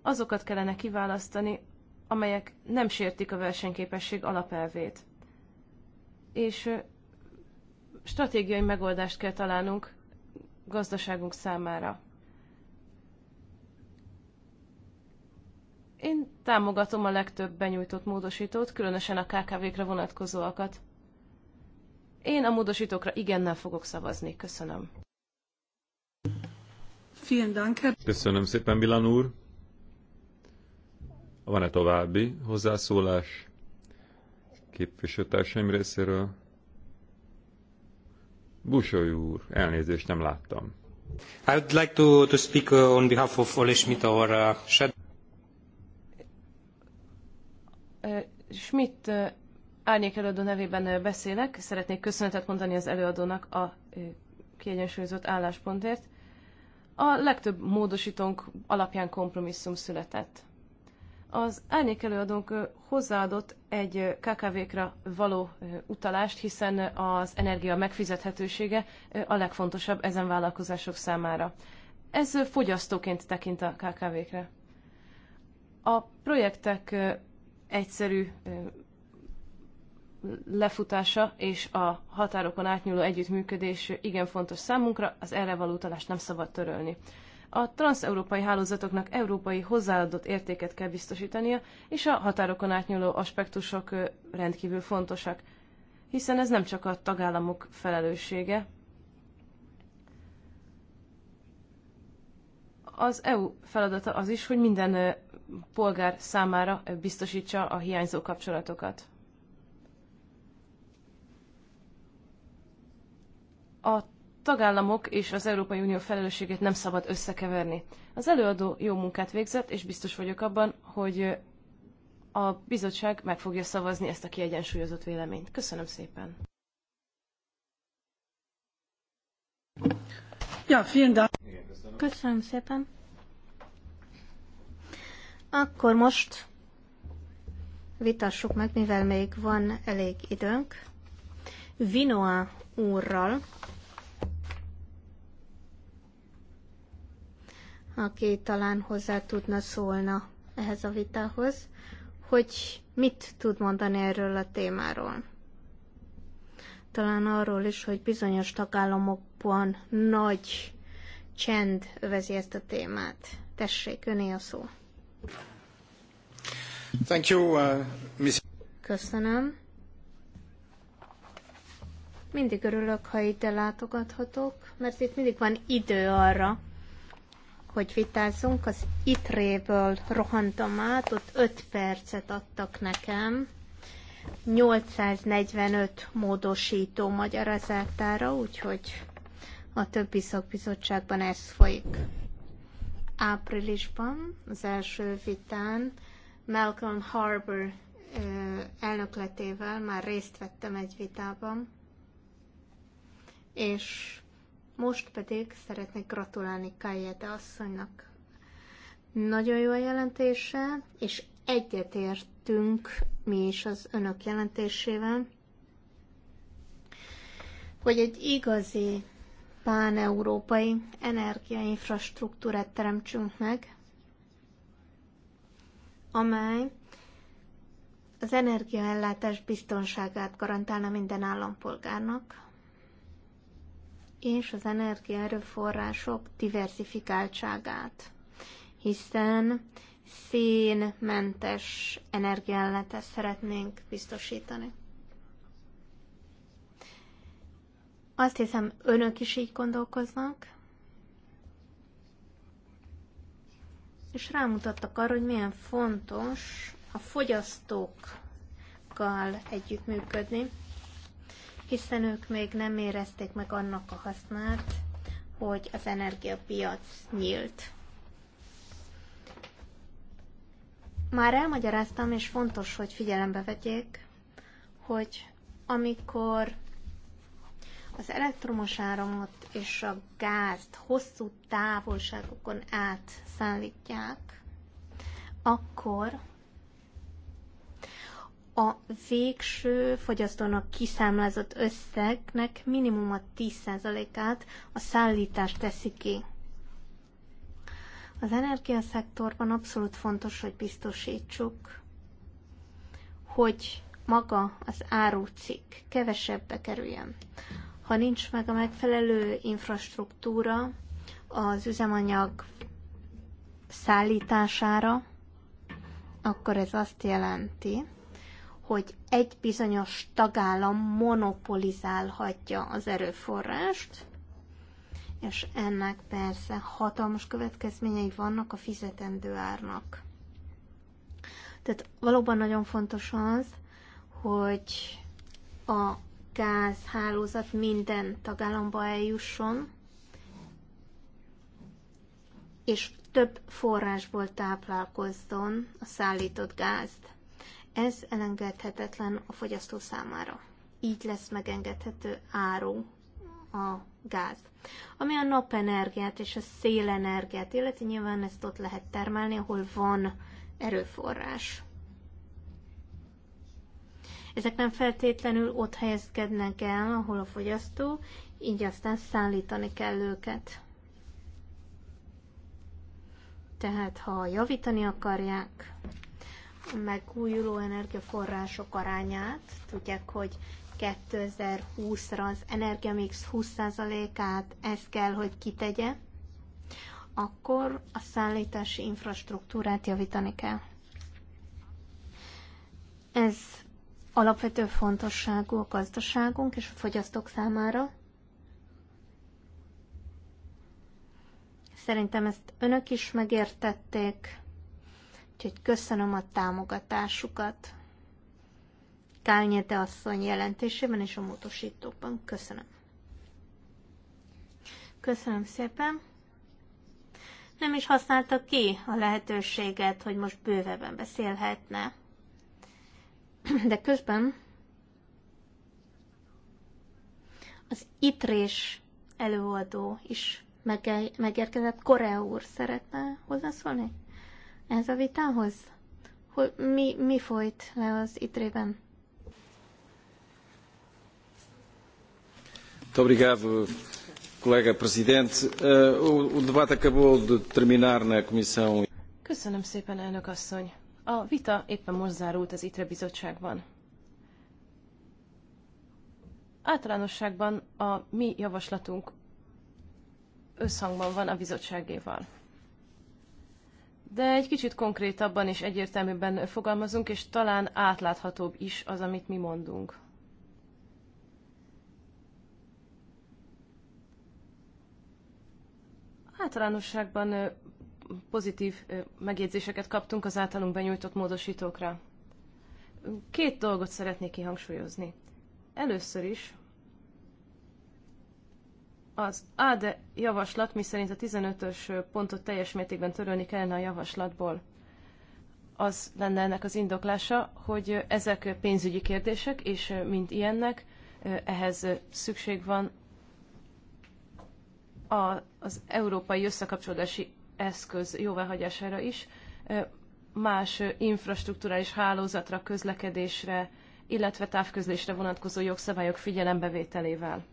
azokat kellene kiválasztani, amelyek nem sértik a versenyképesség alapelvét és stratégiai megoldást kell találnunk gazdaságunk számára. Én támogatom a legtöbb benyújtott módosítót, különösen a KKV-kra vonatkozóakat. Én a módosítókra igennel fogok szavazni. Köszönöm. Köszönöm szépen, Milan úr. Van-e további hozzászólás? képviselőtársaim részéről. Busoly úr, elnézést nem láttam. I would like to, to speak uh, on behalf of Ole Schmidt, our uh, Schmidt árnyék előadó nevében beszélek. Szeretnék köszönetet mondani az előadónak a kiegyensúlyozott álláspontért. A legtöbb módosítónk alapján kompromisszum született. Az árnyék előadónk hozzáadott egy KKV-kra való utalást, hiszen az energia megfizethetősége a legfontosabb ezen vállalkozások számára. Ez fogyasztóként tekint a KKV-kre. A projektek egyszerű lefutása és a határokon átnyúló együttműködés igen fontos számunkra, az erre való utalást nem szabad törölni a transeurópai hálózatoknak európai hozzáadott értéket kell biztosítania, és a határokon átnyúló aspektusok rendkívül fontosak, hiszen ez nem csak a tagállamok felelőssége. Az EU feladata az is, hogy minden polgár számára biztosítsa a hiányzó kapcsolatokat. A tagállamok és az Európai Unió felelősségét nem szabad összekeverni. Az előadó jó munkát végzett, és biztos vagyok abban, hogy a bizottság meg fogja szavazni ezt a kiegyensúlyozott véleményt. Köszönöm szépen! Ja, vielen Dank. Köszönöm szépen. Akkor most vitassuk meg, mivel még van elég időnk. Vinoa úrral, aki talán hozzá tudna szólna ehhez a vitához, hogy mit tud mondani erről a témáról. Talán arról is, hogy bizonyos tagállamokban nagy csend övezi ezt a témát. Tessék, öné a szó. Thank you, uh, Miss... Köszönöm. Mindig örülök, ha ide látogathatok, mert itt mindig van idő arra, hogy vitázzunk. Az itréből rohantam át, ott 5 percet adtak nekem. 845 módosító magyarázátára, úgyhogy a többi szakbizottságban ez folyik. Áprilisban az első vitán Malcolm Harbour elnökletével már részt vettem egy vitában, és most pedig szeretnék gratulálni Kajete asszonynak. Nagyon jó a jelentése, és egyetértünk mi is az önök jelentésével, hogy egy igazi páneurópai energiainfrastruktúrát teremtsünk meg, amely az energiaellátás biztonságát garantálna minden állampolgárnak, és az energiaerőforrások diversifikáltságát, hiszen szénmentes energiállátást szeretnénk biztosítani. Azt hiszem, önök is így gondolkoznak, és rámutattak arra, hogy milyen fontos a fogyasztókkal együttműködni, hiszen ők még nem érezték meg annak a hasznát, hogy az energiapiac nyílt. Már elmagyaráztam, és fontos, hogy figyelembe vegyék, hogy amikor az elektromos áramot és a gázt hosszú távolságokon át szállítják, akkor a végső fogyasztónak kiszámlázott összegnek minimum a 10%-át a szállítás teszi ki. Az energiaszektorban abszolút fontos, hogy biztosítsuk, hogy maga az árucikk kevesebbe kerüljön. Ha nincs meg a megfelelő infrastruktúra az üzemanyag szállítására, akkor ez azt jelenti, hogy egy bizonyos tagállam monopolizálhatja az erőforrást, és ennek persze hatalmas következményei vannak a fizetendő árnak. Tehát valóban nagyon fontos az, hogy a gázhálózat minden tagállamba eljusson, és több forrásból táplálkozzon a szállított gázt. Ez elengedhetetlen a fogyasztó számára. Így lesz megengedhető áru a gáz. Ami a napenergiát és a szélenergiát illeti, nyilván ezt ott lehet termelni, ahol van erőforrás. Ezek nem feltétlenül ott helyezkednek el, ahol a fogyasztó, így aztán szállítani kell őket. Tehát, ha javítani akarják megújuló energiaforrások arányát. Tudják, hogy 2020-ra az energiamix 20%-át ez kell, hogy kitegye, akkor a szállítási infrastruktúrát javítani kell. Ez alapvető fontosságú a gazdaságunk és a fogyasztók számára. Szerintem ezt önök is megértették Úgyhogy köszönöm a támogatásukat Kányete asszony jelentésében és a módosítókban. Köszönöm. Köszönöm szépen. Nem is használta ki a lehetőséget, hogy most bővebben beszélhetne. De közben az itrés előadó is megérkezett. Korea úr szeretne hozzászólni? ez a vitához? Hogy mi, mi folyt le az itrében? Muito obrigado, colega presidente. Uh, o, o debate acabou de terminar na comissão. Köszönöm szépen, elnök asszony. A vita éppen most zárult az ITRE bizottságban. Általánosságban a mi javaslatunk összhangban van a bizottságéval de egy kicsit konkrétabban és egyértelműbben fogalmazunk, és talán átláthatóbb is az, amit mi mondunk. Általánosságban pozitív megjegyzéseket kaptunk az általunk benyújtott módosítókra. Két dolgot szeretnék kihangsúlyozni. Először is az AD javaslat, miszerint a 15-ös pontot teljes mértékben törölni kellene a javaslatból. Az lenne ennek az indoklása, hogy ezek pénzügyi kérdések, és mint ilyennek ehhez szükség van a, az európai összekapcsolódási eszköz jóváhagyására is, más infrastruktúrális hálózatra, közlekedésre, illetve távközlésre vonatkozó jogszabályok figyelembevételével.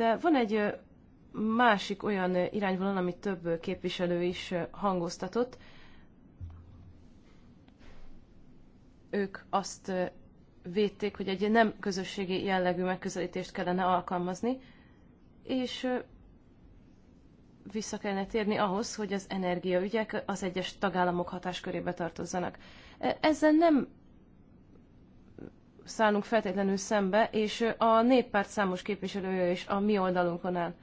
De van egy másik olyan irányvonal, amit több képviselő is hangoztatott. Ők azt védték, hogy egy nem közösségi jellegű megközelítést kellene alkalmazni, és vissza kellene térni ahhoz, hogy az energiaügyek az egyes tagállamok hatáskörébe tartozzanak. E, ezzel nem szállunk feltétlenül szembe, és a néppárt számos képviselője is a mi oldalunkon áll.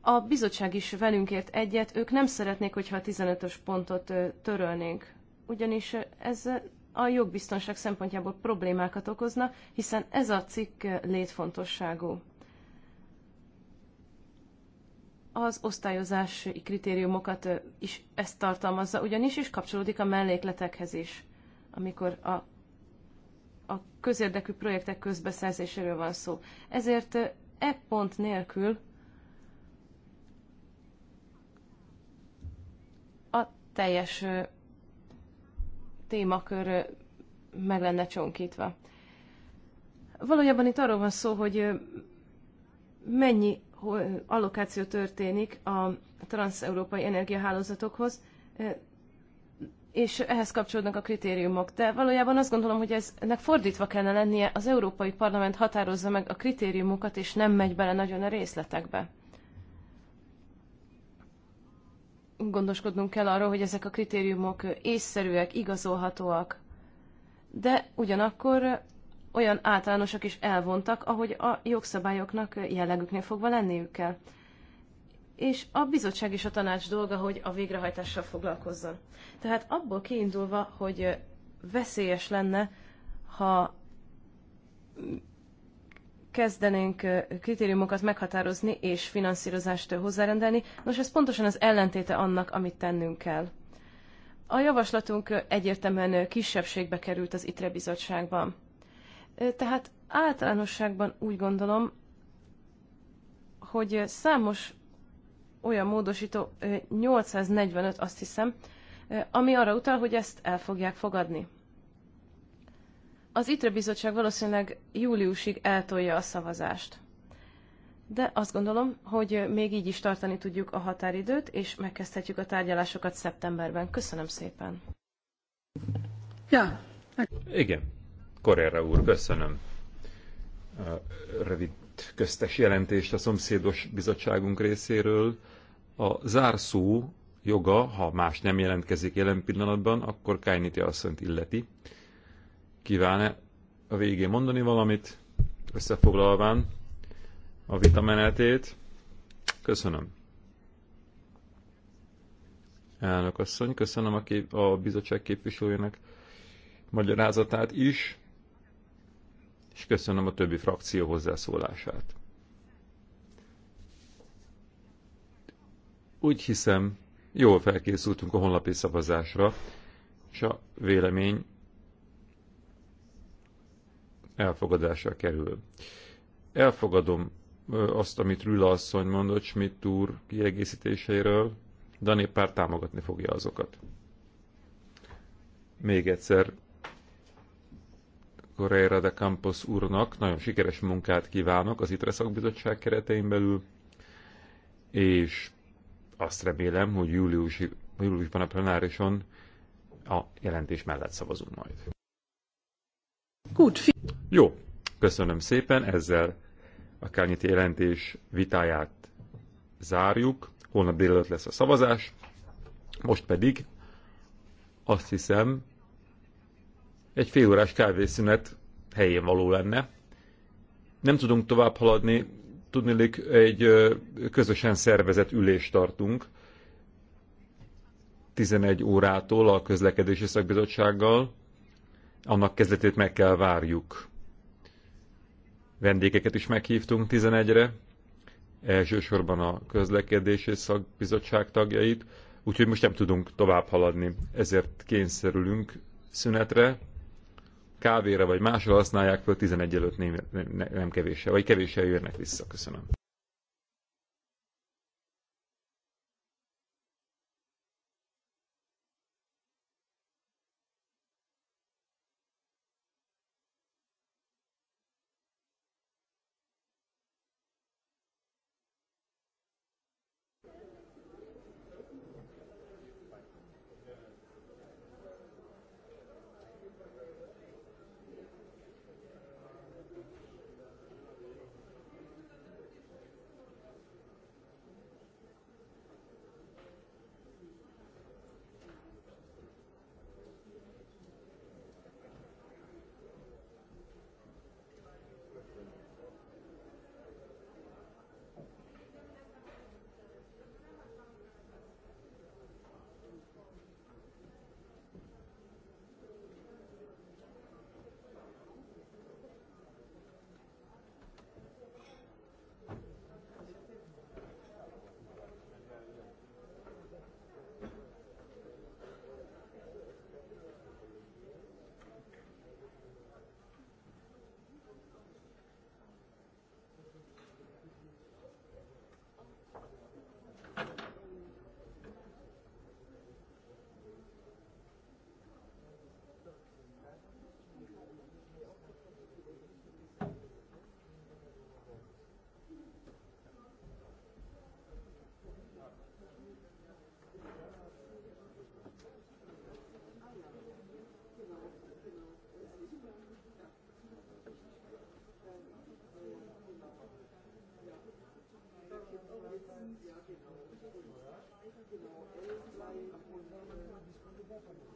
A bizottság is velünk ért egyet, ők nem szeretnék, hogyha a 15-ös pontot törölnénk, ugyanis ez a jogbiztonság szempontjából problémákat okozna, hiszen ez a cikk létfontosságú. Az osztályozási kritériumokat is ezt tartalmazza, ugyanis is kapcsolódik a mellékletekhez is, amikor a közérdekű projektek közbeszerzéséről van szó. Ezért e pont nélkül a teljes témakör meg lenne csonkítva. Valójában itt arról van szó, hogy mennyi allokáció történik a transeurópai energiahálózatokhoz, és ehhez kapcsolódnak a kritériumok. De valójában azt gondolom, hogy ez, ennek fordítva kellene lennie, az Európai Parlament határozza meg a kritériumokat, és nem megy bele nagyon a részletekbe. Gondoskodnunk kell arról, hogy ezek a kritériumok észszerűek, igazolhatóak, de ugyanakkor olyan általánosak is elvontak, ahogy a jogszabályoknak jellegüknél fogva lenniük kell és a bizottság és a tanács dolga, hogy a végrehajtással foglalkozzon. Tehát abból kiindulva, hogy veszélyes lenne, ha kezdenénk kritériumokat meghatározni és finanszírozást hozzárendelni, nos ez pontosan az ellentéte annak, amit tennünk kell. A javaslatunk egyértelműen kisebbségbe került az ITRE bizottságban. Tehát általánosságban úgy gondolom, hogy számos olyan módosító 845, azt hiszem, ami arra utal, hogy ezt el fogják fogadni. Az ITRE bizottság valószínűleg júliusig eltolja a szavazást. De azt gondolom, hogy még így is tartani tudjuk a határidőt, és megkezdhetjük a tárgyalásokat szeptemberben. Köszönöm szépen. Ja. Igen. Korera úr, köszönöm. A rövid köztes jelentést a szomszédos bizottságunk részéről. A zárszó joga, ha más nem jelentkezik jelen pillanatban, akkor Kainiti asszonyt illeti. Kíván-e a végén mondani valamit, összefoglalván a vitamenetét Köszönöm. Elnök asszony, köszönöm a, kép- a bizottság képviselőjének magyarázatát is, és köszönöm a többi frakció hozzászólását. Úgy hiszem, jól felkészültünk a honlapi szavazásra, és a vélemény elfogadásra kerül. Elfogadom azt, amit Rüla asszony mondott Schmidt úr kiegészítéseiről, de a néppár támogatni fogja azokat. Még egyszer Correira de Campos úrnak nagyon sikeres munkát kívánok az ITRE szakbizottság keretein belül, és azt remélem, hogy júliusi, júliusban a plenárison a jelentés mellett szavazunk majd. Good. Jó, köszönöm szépen, ezzel a Kárnyiti jelentés vitáját zárjuk. Holnap délelőtt lesz a szavazás, most pedig azt hiszem egy félórás kávészünet helyén való lenne. Nem tudunk tovább haladni, tudnélik egy közösen szervezett ülést tartunk 11 órától a közlekedési szakbizottsággal. Annak kezdetét meg kell várjuk. Vendégeket is meghívtunk 11-re, elsősorban a közlekedési szakbizottság tagjait, úgyhogy most nem tudunk tovább haladni, ezért kényszerülünk szünetre, kávéra vagy másra használják föl, 11 előtt nem, nem, nem kevéssel, vagy kevéssel jönnek vissza. Köszönöm. Köszönöm.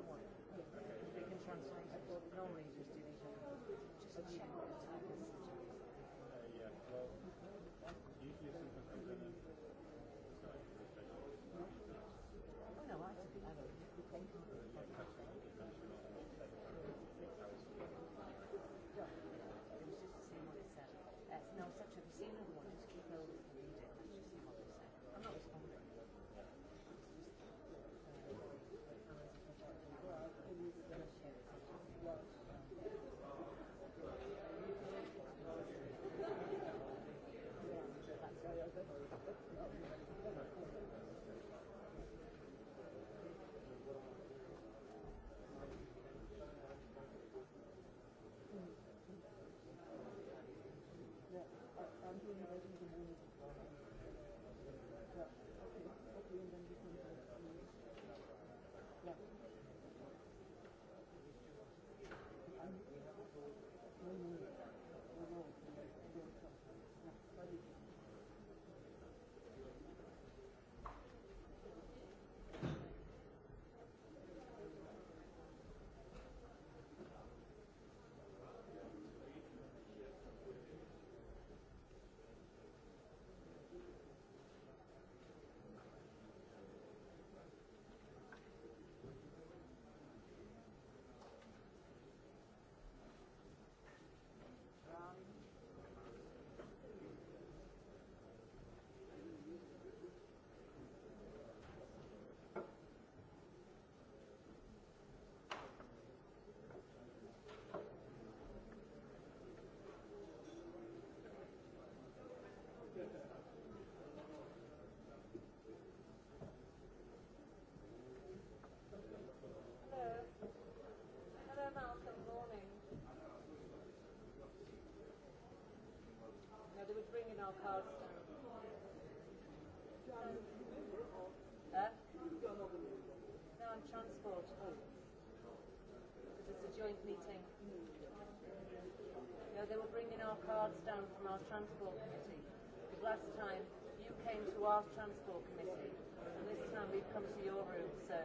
transport. It's a joint meeting. No, oh. they were bringing our cards down from our transport committee. Because last time you came to our transport committee, and this time we've come to your room, so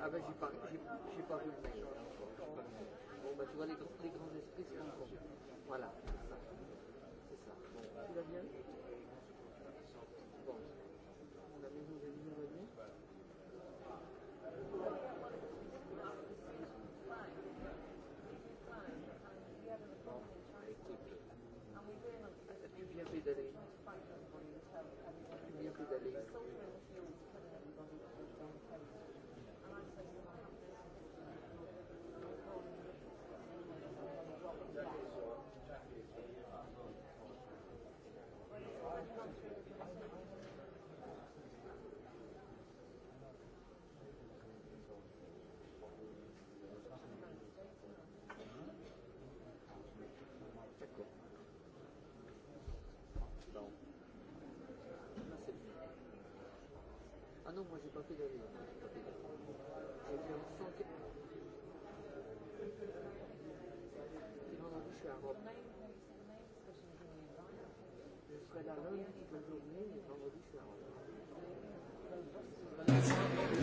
Ah ben j'ai pas, j'ai pas vu le Bon ben tu vois les, les grands esprits se rencontrent. Voilà, c'est ça. C'est ça. Bon. Tu vas bien Bon. La maison de l'île va bien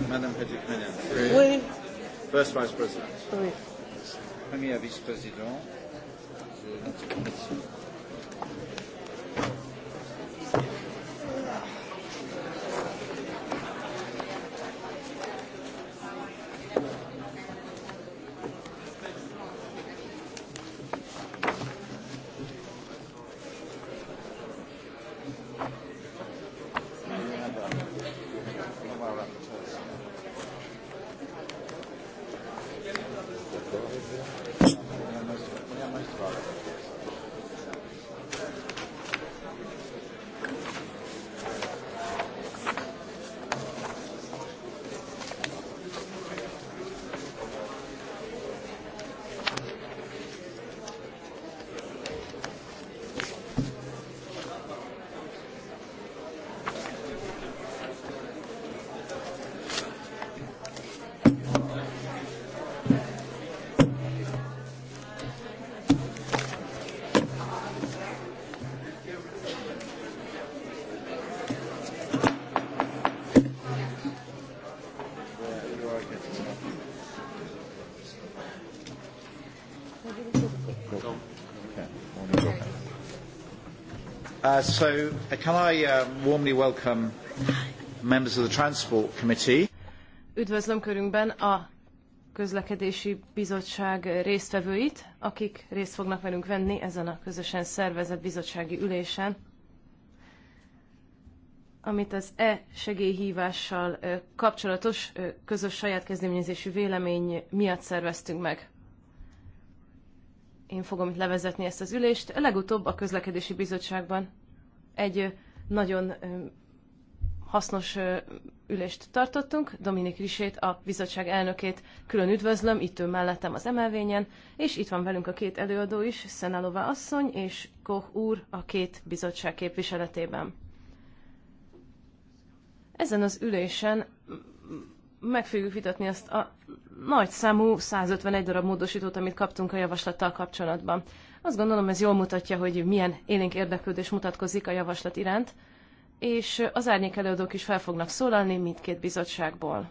Madam Hedrick Menem. Oui. First Vice President. Oui. Premier Vice-président de notre Commission. Uh, so, uh, can I uh, warmly welcome members of the Transport Committee? Üdvözlöm körünkben a közlekedési bizottság résztvevőit, akik részt fognak velünk venni ezen a közösen szervezett bizottsági ülésen, amit az e-segélyhívással kapcsolatos közös saját kezdeményezésű vélemény miatt szerveztünk meg én fogom itt levezetni ezt az ülést. Legutóbb a közlekedési bizottságban egy nagyon hasznos ülést tartottunk. Dominik Risét, a bizottság elnökét külön üdvözlöm, itt ő mellettem az emelvényen, és itt van velünk a két előadó is, Szenalova asszony és Koch úr a két bizottság képviseletében. Ezen az ülésen meg fogjuk vitatni azt a nagy számú 151 darab módosítót, amit kaptunk a javaslattal kapcsolatban. Azt gondolom, ez jól mutatja, hogy milyen élénk érdeklődés mutatkozik a javaslat iránt, és az árnyék előadók is fel fognak szólalni mindkét bizottságból.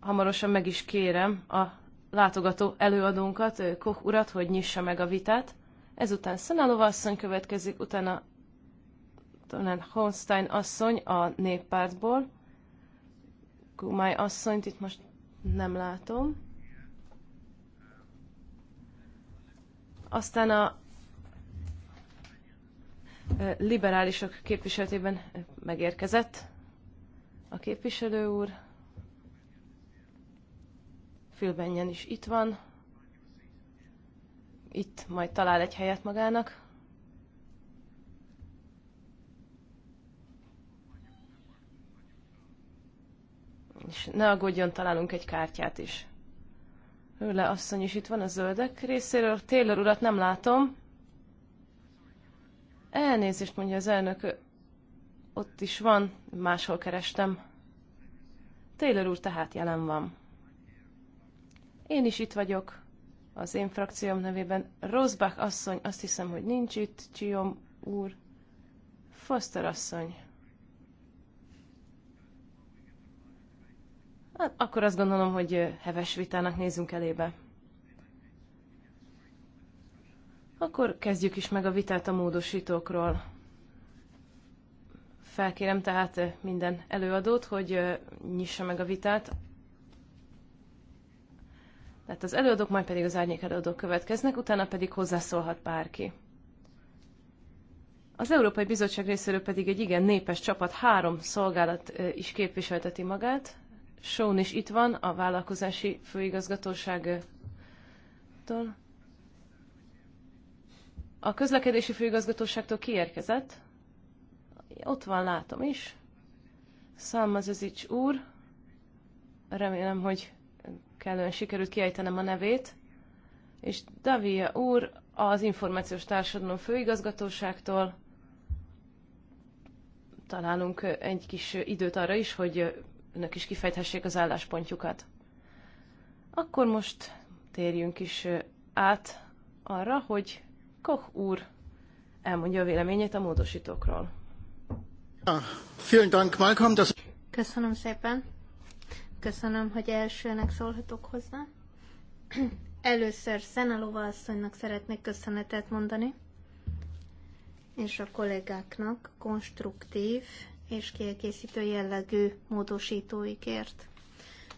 Hamarosan meg is kérem a látogató előadónkat, Koch urat, hogy nyissa meg a vitát. Ezután Szenálova asszony következik, utána Tonen Holstein asszony a néppártból. Kumai asszonyt itt most nem látom. Aztán a liberálisok képviseletében megérkezett a képviselő úr. Fülbenjen is itt van. Itt majd talál egy helyet magának. És ne aggódjon, találunk egy kártyát is. Őle asszony is itt van a zöldek részéről. Taylor urat nem látom. Elnézést mondja az elnök. Ott is van, máshol kerestem. Taylor úr tehát jelen van. Én is itt vagyok. Az én frakcióm nevében Rosbach asszony, azt hiszem, hogy nincs itt, Csiom úr. Foster asszony. Hát akkor azt gondolom, hogy heves vitának nézzünk elébe. Akkor kezdjük is meg a vitát a módosítókról. Felkérem tehát minden előadót, hogy nyissa meg a vitát. Tehát az előadók, majd pedig az árnyék előadók következnek, utána pedig hozzászólhat bárki. Az Európai Bizottság részéről pedig egy igen népes csapat, három szolgálat is képviselteti magát. Sean is itt van, a vállalkozási főigazgatóságtól. A közlekedési főigazgatóságtól kiérkezett. Ott van, látom is. Szalmazezics úr. Remélem, hogy kellően sikerült kiejtenem a nevét. És Davia úr az Információs Társadalom főigazgatóságtól. Találunk egy kis időt arra is, hogy önök is kifejthessék az álláspontjukat. Akkor most térjünk is át arra, hogy Koch úr elmondja a véleményét a módosítókról. Köszönöm szépen. Köszönöm, hogy elsőnek szólhatok hozzá. Először Szenelova asszonynak szeretnék köszönetet mondani, és a kollégáknak konstruktív és kiegészítő jellegű módosítóikért.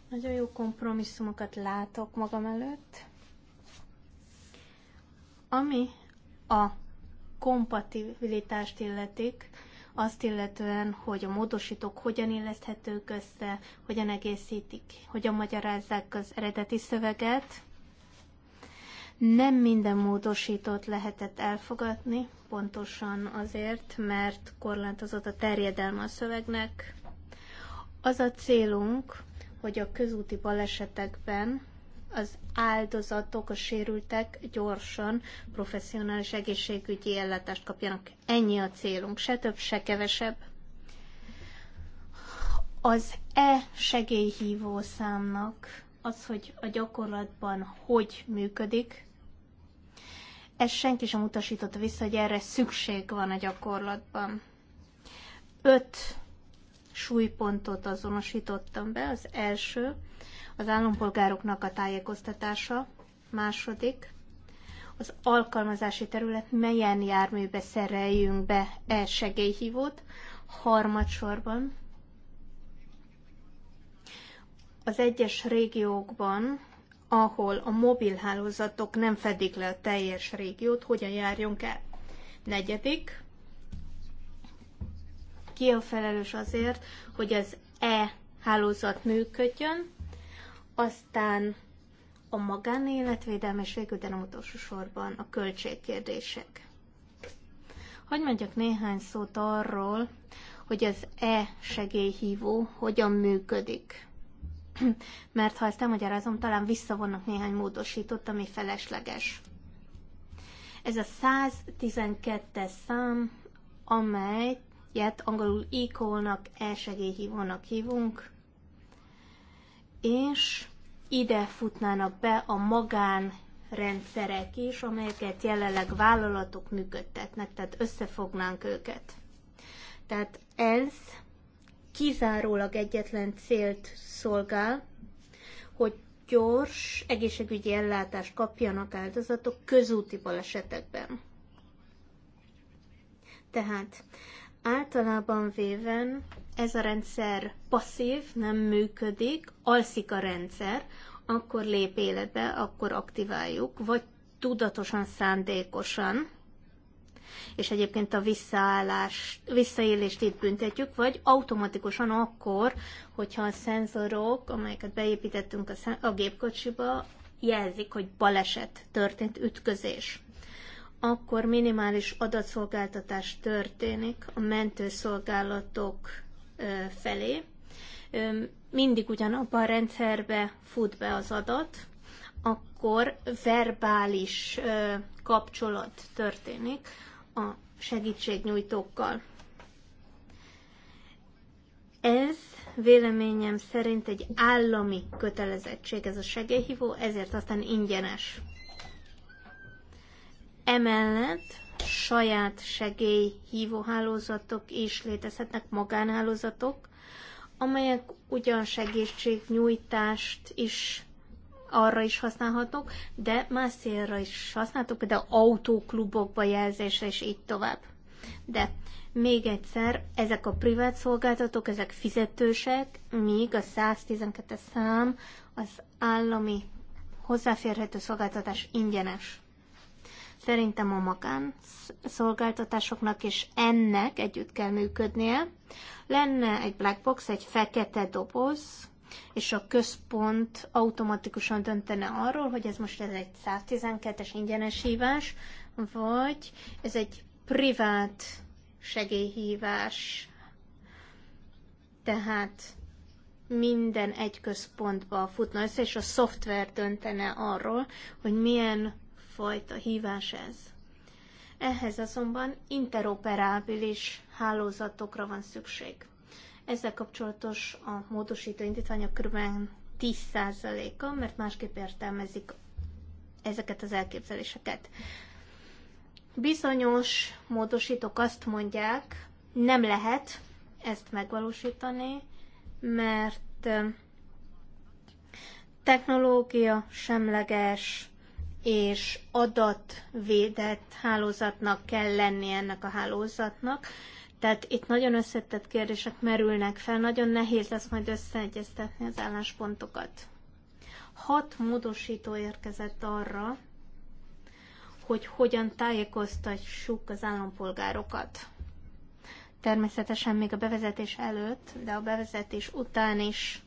Nagyon jó kompromisszumokat látok magam előtt. Ami a kompatibilitást illetik, azt illetően, hogy a módosítók hogyan illeszthetők össze, hogyan egészítik, hogyan magyarázzák az eredeti szöveget, nem minden módosítót lehetett elfogadni, pontosan azért, mert korlátozott a terjedelme a szövegnek. Az a célunk, hogy a közúti balesetekben az áldozatok, a sérültek gyorsan professzionális egészségügyi ellátást kapjanak. Ennyi a célunk, se több, se kevesebb. Az e segélyhívó számnak az, hogy a gyakorlatban hogy működik, ezt senki sem utasította vissza, hogy erre szükség van a gyakorlatban. Öt súlypontot azonosítottam be. Az első az állampolgároknak a tájékoztatása, második az alkalmazási terület, melyen járműbe szereljünk be e-segélyhívót, harmadsorban az egyes régiókban, ahol a mobilhálózatok nem fedik le a teljes régiót, hogyan járjunk el. Negyedik, ki a felelős azért, hogy az E hálózat működjön, aztán a magánéletvédelme, és végül, de nem utolsó sorban a költségkérdések. Hogy mondjak néhány szót arról, hogy az e-segélyhívó hogyan működik. mert ha ezt elmagyarázom, talán visszavonnak néhány módosított, ami felesleges. Ez a 112-es szám, amelyet angolul ICO-nak, elsegélyhívónak hívunk, és ide futnának be a magán rendszerek is, amelyeket jelenleg vállalatok működtetnek, tehát összefognánk őket. Tehát ez kizárólag egyetlen célt szolgál, hogy gyors egészségügyi ellátást kapjanak áldozatok közúti balesetekben. Tehát általában véven ez a rendszer passzív, nem működik, alszik a rendszer, akkor lép életbe, akkor aktiváljuk, vagy tudatosan, szándékosan és egyébként a visszaállás, visszaélést itt büntetjük, vagy automatikusan akkor, hogyha a szenzorok, amelyeket beépítettünk a, a gépkocsiba, jelzik, hogy baleset történt, ütközés akkor minimális adatszolgáltatás történik a mentőszolgálatok felé. Mindig ugyanabban a rendszerbe fut be az adat, akkor verbális kapcsolat történik a segítségnyújtókkal. Ez véleményem szerint egy állami kötelezettség ez a segélyhívó, ezért aztán ingyenes. Emellett saját segélyhívó hálózatok is létezhetnek, magánhálózatok, amelyek ugyan segítségnyújtást is arra is használhatók, de más célra is használhatók, például autóklubokba jelzése és így tovább. De még egyszer, ezek a privát szolgáltatók, ezek fizetősek, míg a 112 szám az állami hozzáférhető szolgáltatás ingyenes. Szerintem a magán szolgáltatásoknak és ennek együtt kell működnie. Lenne egy black box, egy fekete doboz, és a központ automatikusan döntene arról, hogy ez most ez egy 112-es ingyenes hívás, vagy ez egy privát segélyhívás. Tehát minden egy központba futna össze, és a szoftver döntene arról, hogy milyen fajta hívás ez. Ehhez azonban interoperábilis hálózatokra van szükség. Ezzel kapcsolatos a módosító indítványok kb. 10%-a, mert másképp értelmezik ezeket az elképzeléseket. Bizonyos módosítók azt mondják, nem lehet ezt megvalósítani, mert technológia semleges és adatvédett hálózatnak kell lenni ennek a hálózatnak, tehát itt nagyon összetett kérdések merülnek fel, nagyon nehéz lesz majd összeegyeztetni az álláspontokat. Hat módosító érkezett arra, hogy hogyan tájékoztassuk az állampolgárokat. Természetesen még a bevezetés előtt, de a bevezetés után is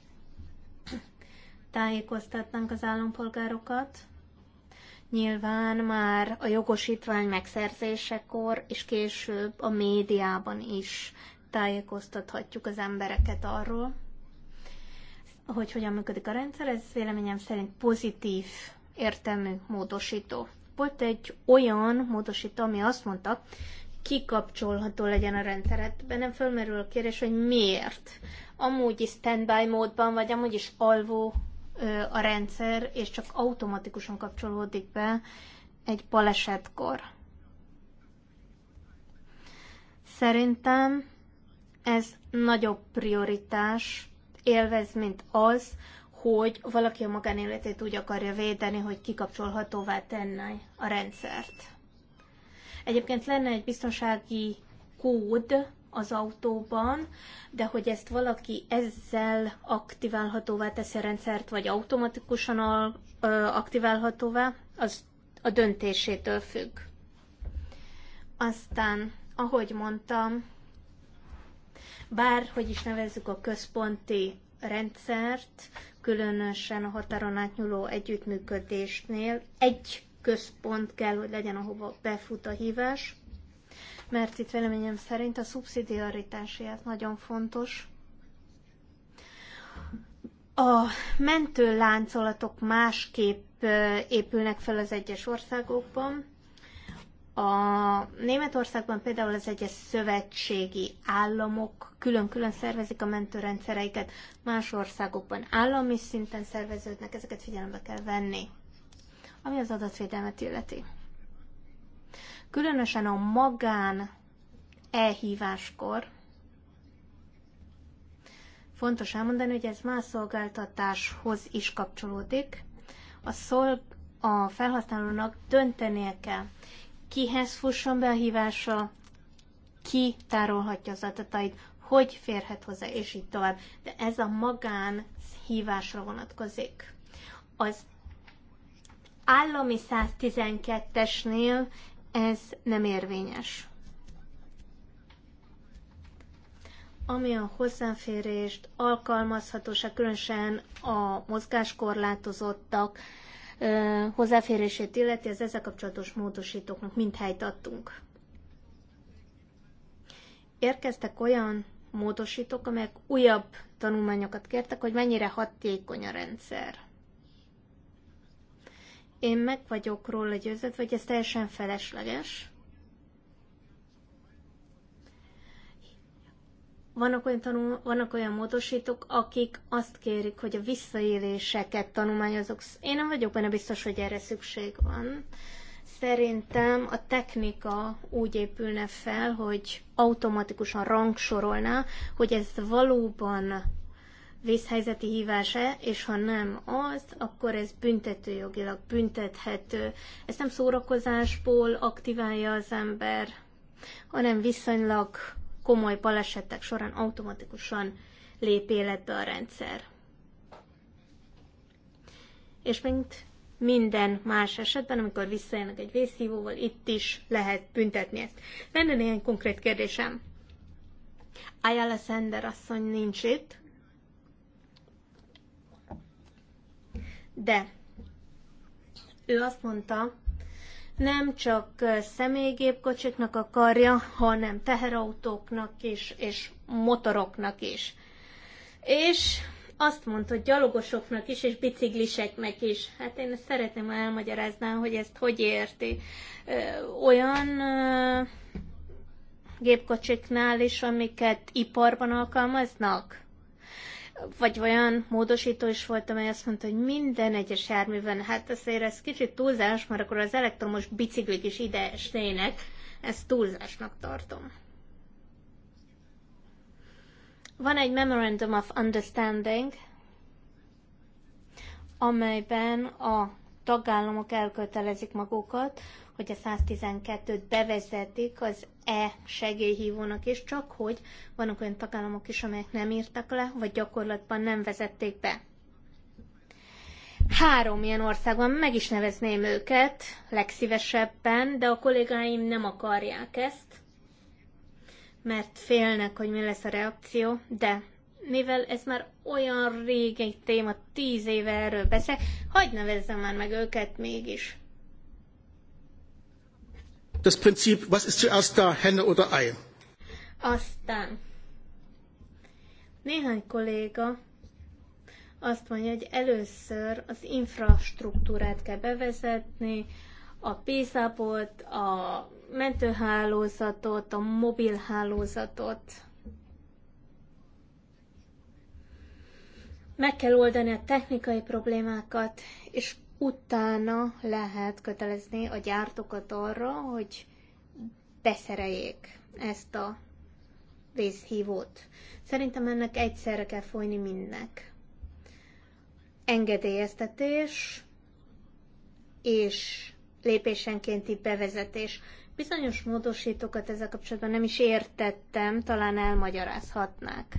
tájékoztatnánk az állampolgárokat, Nyilván már a jogosítvány megszerzésekor és később a médiában is tájékoztathatjuk az embereket arról, hogy hogyan működik a rendszer. Ez véleményem szerint pozitív értelmű módosító. Volt egy olyan módosító, ami azt mondta, kikapcsolható legyen a rendszeret, Hát bennem fölmerül a kérdés, hogy miért? Amúgy is standby módban, vagy amúgy is alvó a rendszer, és csak automatikusan kapcsolódik be egy balesetkor. Szerintem ez nagyobb prioritás élvez, mint az, hogy valaki a magánéletét úgy akarja védeni, hogy kikapcsolhatóvá tenne a rendszert. Egyébként lenne egy biztonsági kód, az autóban, de hogy ezt valaki ezzel aktiválhatóvá teszi a rendszert, vagy automatikusan aktiválhatóvá, az a döntésétől függ. Aztán, ahogy mondtam, bár hogy is nevezzük a központi rendszert, különösen a határon átnyúló együttműködésnél egy központ kell, hogy legyen, ahova befut a hívás, mert itt véleményem szerint a szubszidiaritás nagyon fontos. A mentőláncolatok másképp épülnek fel az egyes országokban. A Németországban például az egyes szövetségi államok külön-külön szervezik a mentőrendszereiket, más országokban állami szinten szerveződnek, ezeket figyelembe kell venni, ami az adatvédelmet illeti. Különösen a magán elhíváskor fontos elmondani, hogy ez más szolgáltatáshoz is kapcsolódik. A, szolg, a felhasználónak döntenie kell, kihez fusson be a hívása, ki tárolhatja az adatait, hogy férhet hozzá, és így tovább. De ez a magán hívásra vonatkozik. Az állami 112-esnél ez nem érvényes. Ami a hozzáférést, alkalmazhatóság, különösen a mozgáskorlátozottak hozzáférését illeti, az ezzel kapcsolatos módosítóknak mind helyt adtunk. Érkeztek olyan módosítók, amelyek újabb tanulmányokat kértek, hogy mennyire hatékony a rendszer. Én meg vagyok róla győződve, hogy ez teljesen felesleges. Vannak olyan, tanul, vannak olyan módosítók, akik azt kérik, hogy a visszaéléseket tanulmányozok. Én nem vagyok benne biztos, hogy erre szükség van. Szerintem a technika úgy épülne fel, hogy automatikusan rangsorolná, hogy ez valóban vészhelyzeti hívása, és ha nem az, akkor ez büntetőjogilag büntethető. Ez nem szórakozásból aktiválja az ember, hanem viszonylag komoly balesetek során automatikusan lép életbe a rendszer. És mint minden más esetben, amikor visszajönnek egy vészhívóval, itt is lehet büntetni ezt. Lenne néhány konkrét kérdésem. Ayala Sender asszony nincs itt, De ő azt mondta, nem csak személygépkocsiknak akarja, hanem teherautóknak is, és motoroknak is. És azt mondta, hogy gyalogosoknak is, és bicikliseknek is. Hát én ezt szeretném elmagyarázni, hogy ezt hogy érti. Olyan gépkocsiknál is, amiket iparban alkalmaznak? vagy olyan módosító is volt, amely azt mondta, hogy minden egyes járműben, hát azért ez kicsit túlzás, mert akkor az elektromos biciklik is ide esnének, ezt túlzásnak tartom. Van egy Memorandum of Understanding, amelyben a tagállamok elkötelezik magukat, hogy a 112-t bevezetik az e-segélyhívónak is, csak hogy vannak olyan tagállamok is, amelyek nem írtak le, vagy gyakorlatban nem vezették be. Három ilyen országban meg is nevezném őket legszívesebben, de a kollégáim nem akarják ezt, mert félnek, hogy mi lesz a reakció, de mivel ez már olyan régi téma, tíz éve erről beszél, hagyd nevezzem már meg őket mégis das Prinzip, was ist zuerst da, Henne oder Ei? Aztán néhány kolléga azt mondja, hogy először az infrastruktúrát kell bevezetni, a pészápot, a mentőhálózatot, a mobilhálózatot. Meg kell oldani a technikai problémákat, és utána lehet kötelezni a gyártókat arra, hogy beszereljék ezt a vészhívót. Szerintem ennek egyszerre kell folyni mindnek. Engedélyeztetés és lépésenkénti bevezetés. Bizonyos módosítókat ezzel kapcsolatban nem is értettem, talán elmagyarázhatnák.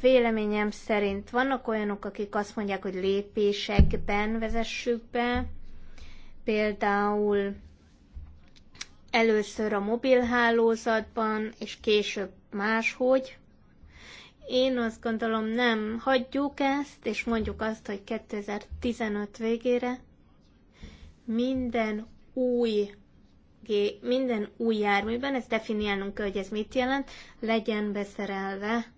Véleményem szerint vannak olyanok, akik azt mondják, hogy lépésekben vezessük be, például először a mobilhálózatban, és később máshogy. Én azt gondolom, nem hagyjuk ezt, és mondjuk azt, hogy 2015 végére minden új minden új járműben, ezt definiálnunk kell, hogy ez mit jelent, legyen beszerelve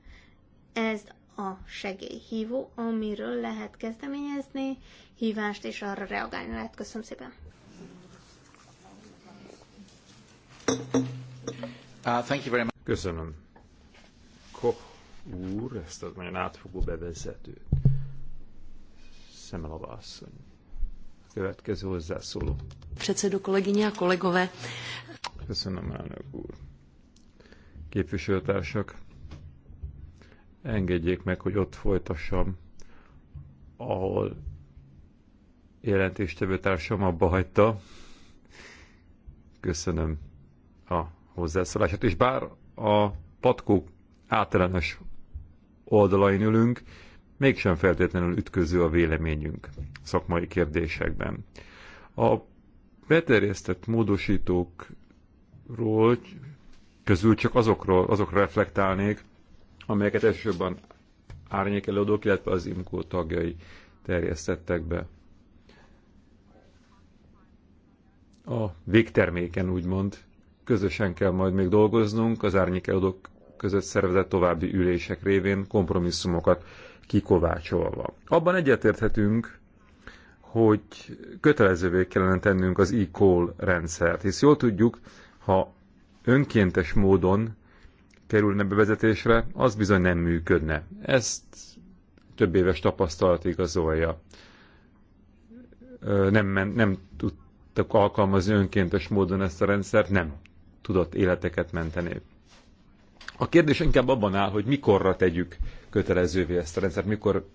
ez a segélyhívó, amiről lehet kezdeményezni hívást, és arra reagálni lehet. Köszönöm szépen. Uh, thank you very much. Köszönöm. Koch úr, ezt az nagyon átfogó bevezetőt. Szemelava asszony. Következő hozzászóló. Předsedo, kolegyně a kolegové. Köszönöm, elnök úr. Képviselőtársak, engedjék meg, hogy ott folytassam, ahol jelentéstevő társam abba hagyta. Köszönöm a hozzászólását, és bár a patkó általános oldalain ülünk, mégsem feltétlenül ütköző a véleményünk szakmai kérdésekben. A beterjesztett módosítókról közül csak azokról, azokra reflektálnék, amelyeket elsősorban árnyék előadók, illetve az IMCO tagjai terjesztettek be. A végterméken úgymond közösen kell majd még dolgoznunk, az árnyék előadók között szervezett további ülések révén kompromisszumokat kikovácsolva. Abban egyetérthetünk, hogy kötelezővé kellene tennünk az e-call rendszert, hisz jól tudjuk, ha önkéntes módon kerülne bevezetésre, az bizony nem működne. Ezt több éves tapasztalat igazolja. Nem, nem tudtak alkalmazni önkéntes módon ezt a rendszert, nem tudott életeket menteni. A kérdés inkább abban áll, hogy mikorra tegyük kötelezővé ezt a rendszert, mikor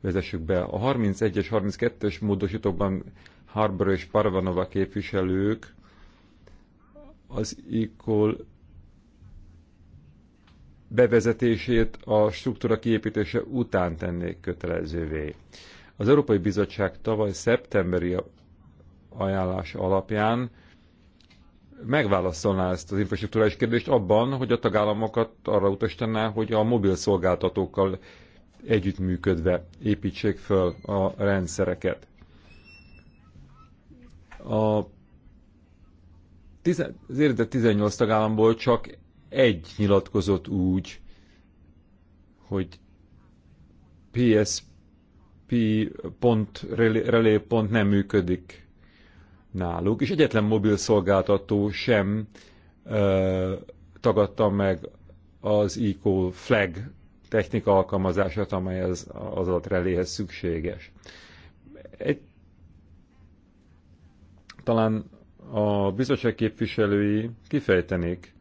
vezessük be. A 31-es, 32-es módosítókban Harbour és Parvanova képviselők az equal bevezetését a struktúra kiépítése után tennék kötelezővé. Az Európai Bizottság tavaly szeptemberi ajánlás alapján megválaszolná ezt az infrastruktúrális kérdést abban, hogy a tagállamokat arra utasítaná, hogy a mobil szolgáltatókkal együttműködve építsék föl a rendszereket. A az érintett 18 tagállamból csak egy nyilatkozott úgy, hogy PSP pont, relé pont nem működik náluk, és egyetlen mobil szolgáltató sem ö, tagadta meg az equal flag technika alkalmazását, amely az, az adatreléhez szükséges. Egy, talán a bizottság képviselői kifejtenék,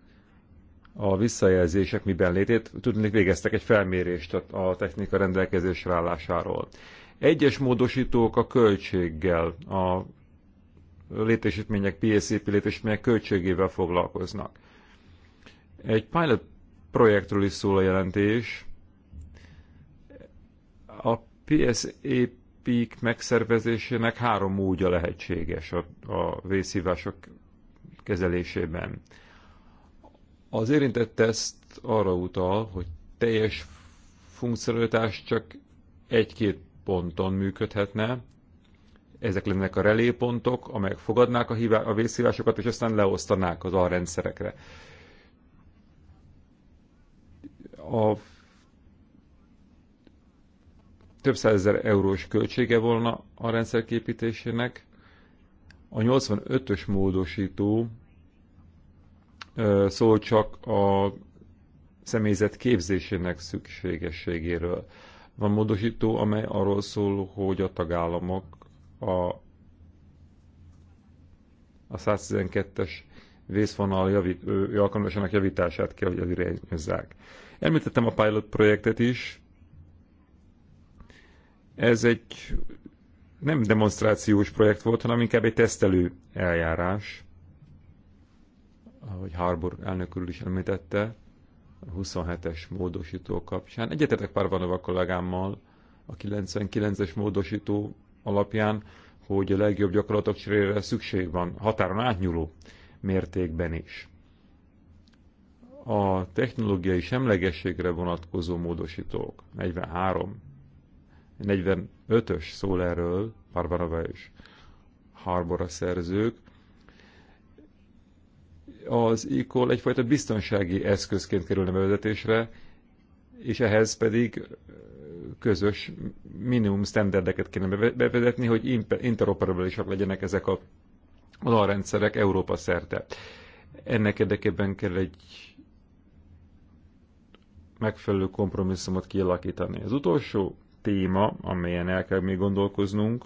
a visszajelzések miben létét, tudnék végeztek egy felmérést a technika rendelkezésre állásáról. Egyes módosítók a költséggel, a létesítmények, PSCP létesítmények költségével foglalkoznak. Egy pilot projektről is szól a jelentés. A psap megszervezésének három módja lehetséges a, a vészhívások kezelésében. Az érintett teszt arra utal, hogy teljes funkcionalitás csak egy-két ponton működhetne. Ezek lennének a relépontok, amelyek fogadnák a, hívá- a vészhívásokat, és aztán leosztanák az alrendszerekre. A több százezer eurós költsége volna a rendszer képítésének. A 85-ös módosító szól csak a személyzet képzésének szükségességéről. Van módosító, amely arról szól, hogy a tagállamok a, a 112-es vészvonal javít, alkalmazásának javítását kell, hogy irányozzák. Említettem a pilot projektet is. Ez egy nem demonstrációs projekt volt, hanem inkább egy tesztelő eljárás ahogy Harbour elnök úr is említette, 27-es módosító kapcsán. Egyetetek Parvanova kollégámmal a 99-es módosító alapján, hogy a legjobb gyakorlatok cserére szükség van, határon átnyúló mértékben is. A technológiai semlegességre vonatkozó módosítók, 43, 45-ös szól erről, Parvanova és Harbor a szerzők, az e egyfajta biztonsági eszközként kerülne bevezetésre, és ehhez pedig közös minimum standardeket kéne bevezetni, hogy interoperabilisak legyenek ezek a alarendszerek Európa szerte. Ennek érdekében kell egy megfelelő kompromisszumot kialakítani. Az utolsó téma, amelyen el kell még gondolkoznunk,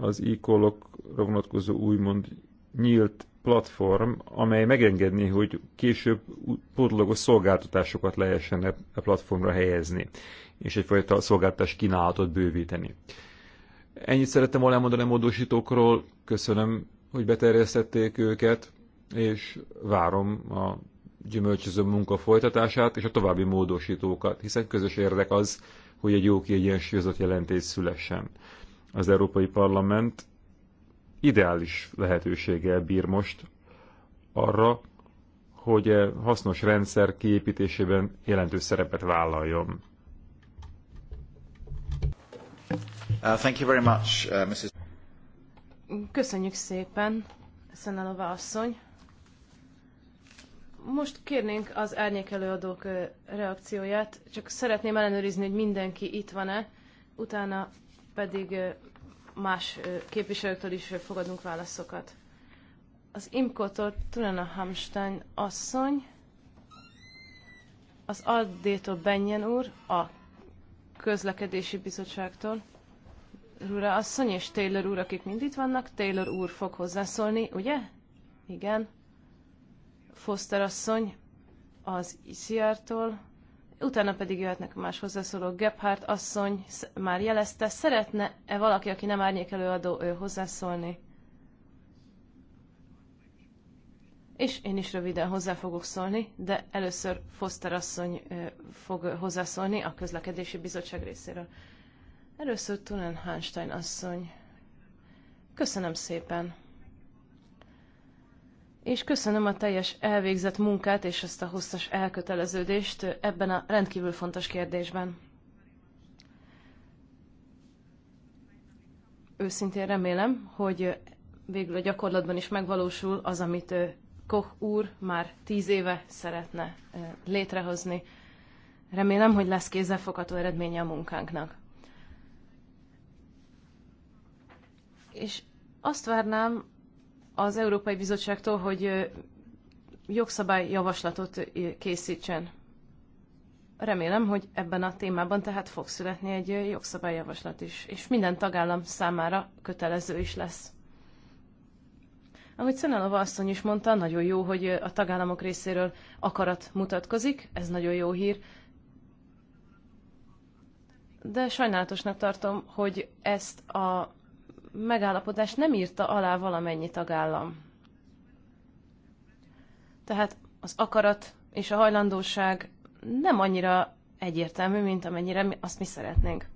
az e vonatkozó úgymond nyílt platform, amely megengedni, hogy később pótlagos szolgáltatásokat lehessen a e-, e platformra helyezni, és egyfajta szolgáltatás kínálatot bővíteni. Ennyit szerettem volna elmondani a módosítókról, köszönöm, hogy beterjesztették őket, és várom a gyümölcsöző munka folytatását és a további módosítókat, hiszen közös érdek az, hogy egy jó kiegyensúlyozott jelentés szülessen. Az Európai Parlament ideális lehetőséggel bír most arra, hogy e hasznos rendszer kiépítésében jelentős szerepet vállaljon. Uh, thank you very much, uh, Mrs. Köszönjük szépen, Szenelova asszony. Most kérnénk az árnyékelőadók uh, reakcióját, csak szeretném ellenőrizni, hogy mindenki itt van-e, utána pedig uh, más képviselőktől is fogadunk válaszokat. Az Imkotor tól Tulena Hamstein asszony, az Aldétól Benyen úr, a közlekedési bizottságtól, Rura asszony és Taylor úr, akik mind itt vannak. Taylor úr fog hozzászólni, ugye? Igen. Foster asszony az ICR-tól, utána pedig jöhetnek más hozzászólók. Gebhardt asszony már jelezte, szeretne-e valaki, aki nem árnyék előadó, ő hozzászólni? És én is röviden hozzá fogok szólni, de először Foster asszony fog hozzászólni a közlekedési bizottság részéről. Először Tunen Hánstein asszony. Köszönöm szépen és köszönöm a teljes elvégzett munkát és ezt a hosszas elköteleződést ebben a rendkívül fontos kérdésben. Őszintén remélem, hogy végül a gyakorlatban is megvalósul az, amit Koch úr már tíz éve szeretne létrehozni. Remélem, hogy lesz kézzelfogható eredménye a munkánknak. És azt várnám az Európai Bizottságtól, hogy jogszabályjavaslatot készítsen. Remélem, hogy ebben a témában tehát fog születni egy jogszabályjavaslat is, és minden tagállam számára kötelező is lesz. Ahogy Szenelova asszony is mondta, nagyon jó, hogy a tagállamok részéről akarat mutatkozik, ez nagyon jó hír, de sajnálatosnak tartom, hogy ezt a megállapodást nem írta alá valamennyi tagállam. Tehát az akarat és a hajlandóság nem annyira egyértelmű, mint amennyire mi, azt mi szeretnénk.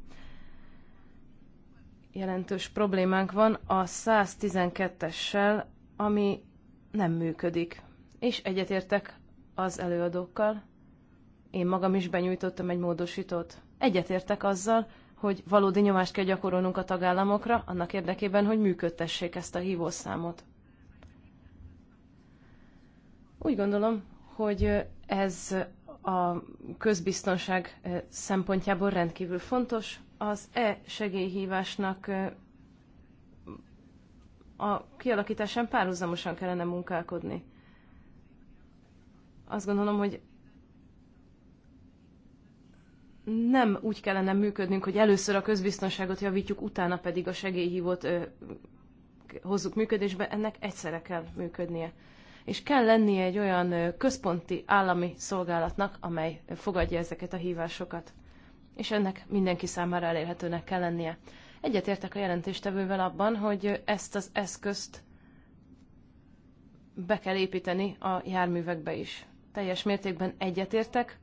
Jelentős problémánk van a 112-essel, ami nem működik. És egyetértek az előadókkal. Én magam is benyújtottam egy módosítót. Egyetértek azzal, hogy valódi nyomást kell gyakorolnunk a tagállamokra, annak érdekében, hogy működtessék ezt a hívószámot. Úgy gondolom, hogy ez a közbiztonság eh, szempontjából rendkívül fontos. Az e-segélyhívásnak eh, a kialakításán párhuzamosan kellene munkálkodni. Azt gondolom, hogy nem úgy kellene működnünk, hogy először a közbiztonságot javítjuk, utána pedig a segélyhívót ö, hozzuk működésbe, ennek egyszerre kell működnie. És kell lennie egy olyan központi állami szolgálatnak, amely fogadja ezeket a hívásokat. És ennek mindenki számára elérhetőnek kell lennie. Egyetértek a jelentéstevővel abban, hogy ezt az eszközt be kell építeni a járművekbe is. Teljes mértékben egyetértek,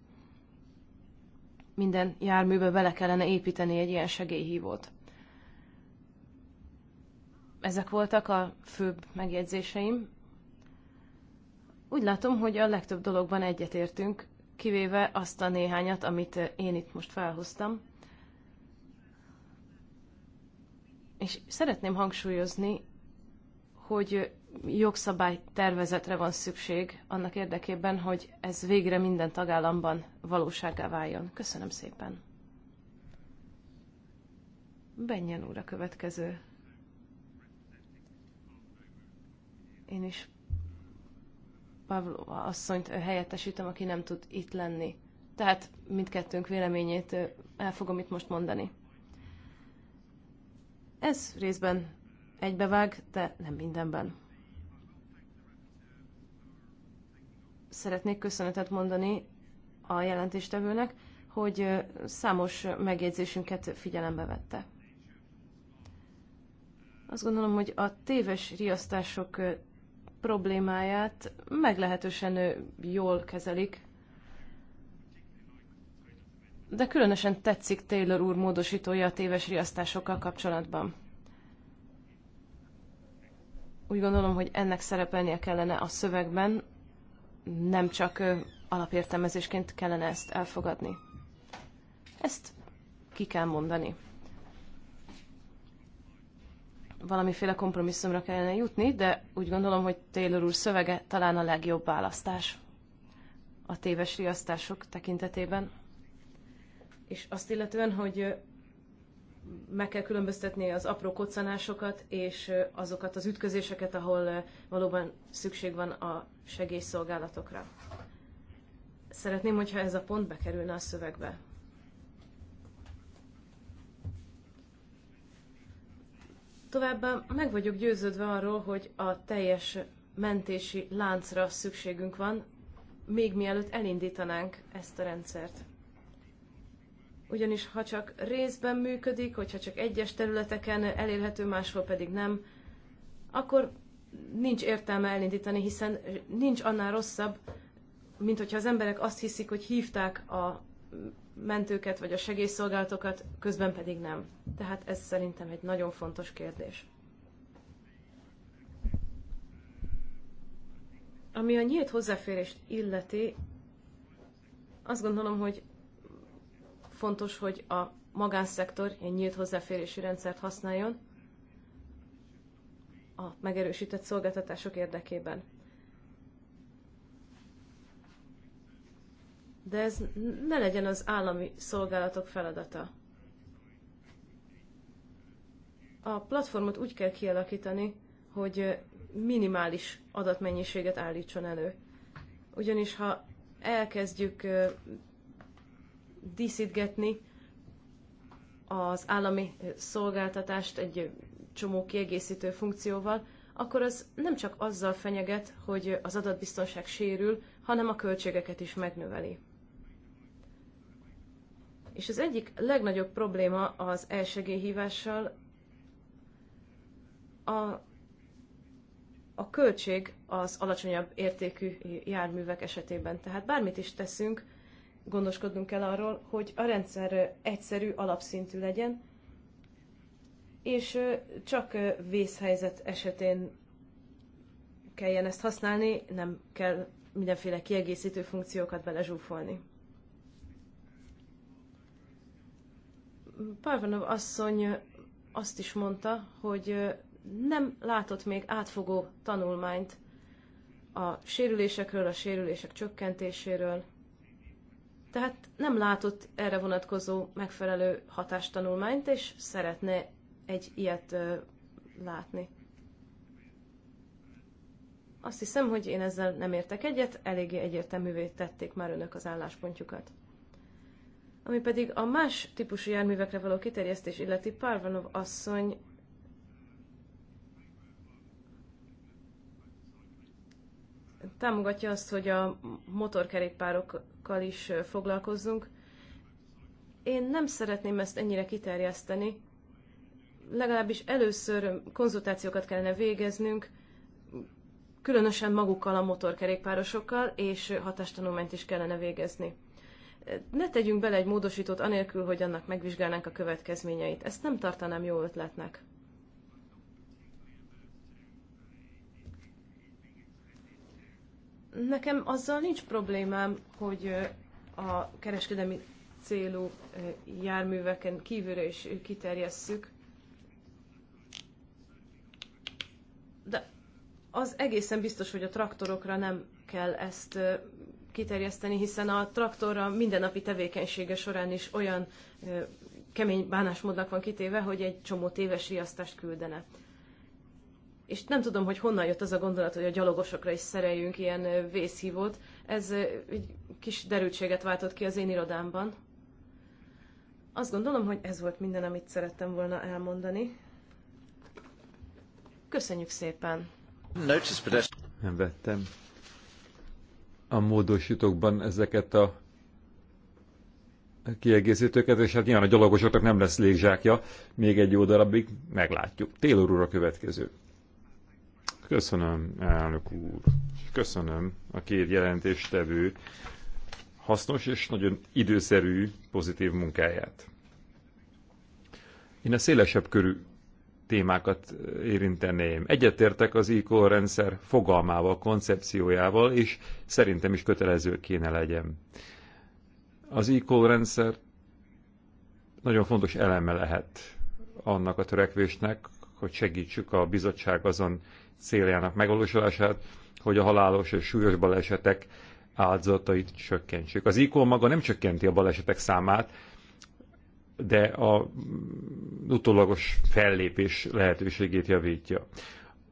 minden járműbe bele kellene építeni egy ilyen segélyhívót. Ezek voltak a főbb megjegyzéseim. Úgy látom, hogy a legtöbb dologban egyetértünk, kivéve azt a néhányat, amit én itt most felhoztam. És szeretném hangsúlyozni, hogy jogszabálytervezetre van szükség annak érdekében, hogy ez végre minden tagállamban valósággá váljon. Köszönöm szépen. Benjen úr a következő. Én is Pavlova asszonyt helyettesítem, aki nem tud itt lenni. Tehát mindkettőnk véleményét el fogom itt most mondani. Ez részben egybevág, de nem mindenben. szeretnék köszönetet mondani a jelentéstevőnek, hogy számos megjegyzésünket figyelembe vette. Azt gondolom, hogy a téves riasztások problémáját meglehetősen jól kezelik, de különösen tetszik Taylor úr módosítója a téves riasztásokkal kapcsolatban. Úgy gondolom, hogy ennek szerepelnie kellene a szövegben, nem csak alapértelmezésként kellene ezt elfogadni. Ezt ki kell mondani. Valamiféle kompromisszumra kellene jutni, de úgy gondolom, hogy Taylor úr szövege talán a legjobb választás a téves riasztások tekintetében. És azt illetően, hogy meg kell különböztetni az apró koccanásokat és azokat az ütközéseket, ahol valóban szükség van a segélyszolgálatokra. Szeretném, hogyha ez a pont bekerülne a szövegbe. Továbbá meg vagyok győződve arról, hogy a teljes mentési láncra szükségünk van, még mielőtt elindítanánk ezt a rendszert ugyanis ha csak részben működik, hogyha csak egyes területeken elérhető, máshol pedig nem, akkor nincs értelme elindítani, hiszen nincs annál rosszabb, mint hogyha az emberek azt hiszik, hogy hívták a mentőket vagy a segélyszolgálatokat, közben pedig nem. Tehát ez szerintem egy nagyon fontos kérdés. Ami a nyílt hozzáférést illeti, azt gondolom, hogy fontos, hogy a magánszektor egy nyílt hozzáférési rendszert használjon a megerősített szolgáltatások érdekében. De ez ne legyen az állami szolgálatok feladata. A platformot úgy kell kialakítani, hogy minimális adatmennyiséget állítson elő. Ugyanis ha elkezdjük díszítgetni az állami szolgáltatást egy csomó kiegészítő funkcióval, akkor az nem csak azzal fenyeget, hogy az adatbiztonság sérül, hanem a költségeket is megnöveli. És az egyik legnagyobb probléma az elsegélyhívással a, a költség az alacsonyabb értékű járművek esetében. Tehát bármit is teszünk, gondoskodnunk kell arról, hogy a rendszer egyszerű, alapszintű legyen, és csak vészhelyzet esetén kelljen ezt használni, nem kell mindenféle kiegészítő funkciókat belezsúfolni. Parvanov asszony azt is mondta, hogy nem látott még átfogó tanulmányt a sérülésekről, a sérülések csökkentéséről, tehát nem látott erre vonatkozó megfelelő hatástanulmányt, és szeretne egy ilyet ö, látni. Azt hiszem, hogy én ezzel nem értek egyet, eléggé egyértelművé tették már önök az álláspontjukat. Ami pedig a más típusú járművekre való kiterjesztés illeti Parvanov asszony támogatja azt, hogy a motorkerékpárokkal is foglalkozzunk. Én nem szeretném ezt ennyire kiterjeszteni. Legalábbis először konzultációkat kellene végeznünk, különösen magukkal a motorkerékpárosokkal, és hatástanulmányt is kellene végezni. Ne tegyünk bele egy módosítót anélkül, hogy annak megvizsgálnánk a következményeit. Ezt nem tartanám jó ötletnek. Nekem azzal nincs problémám, hogy a kereskedelmi célú járműveken kívülre is kiterjesszük, de az egészen biztos, hogy a traktorokra nem kell ezt kiterjeszteni, hiszen a traktorra mindennapi tevékenysége során is olyan kemény bánásmódnak van kitéve, hogy egy csomó téves riasztást küldene és nem tudom, hogy honnan jött az a gondolat, hogy a gyalogosokra is szereljünk ilyen vészhívót. Ez egy kis derültséget váltott ki az én irodámban. Azt gondolom, hogy ez volt minden, amit szerettem volna elmondani. Köszönjük szépen! Nem vettem. A módosítókban ezeket a kiegészítőket, és hát nyilván a gyalogosoknak nem lesz légzsákja még egy jó darabig, meglátjuk. Taylor úr a következő. Köszönöm, elnök úr. Köszönöm a két jelentéstevő hasznos és nagyon időszerű, pozitív munkáját. Én a szélesebb körű témákat érinteném. Egyetértek az ICO rendszer fogalmával, koncepciójával, és szerintem is kötelező kéne legyen. Az ICO rendszer nagyon fontos eleme lehet annak a törekvésnek, hogy segítsük a bizottság azon céljának megvalósulását, hogy a halálos és súlyos balesetek áldozatait csökkentsük. Az ICO maga nem csökkenti a balesetek számát, de a utólagos fellépés lehetőségét javítja.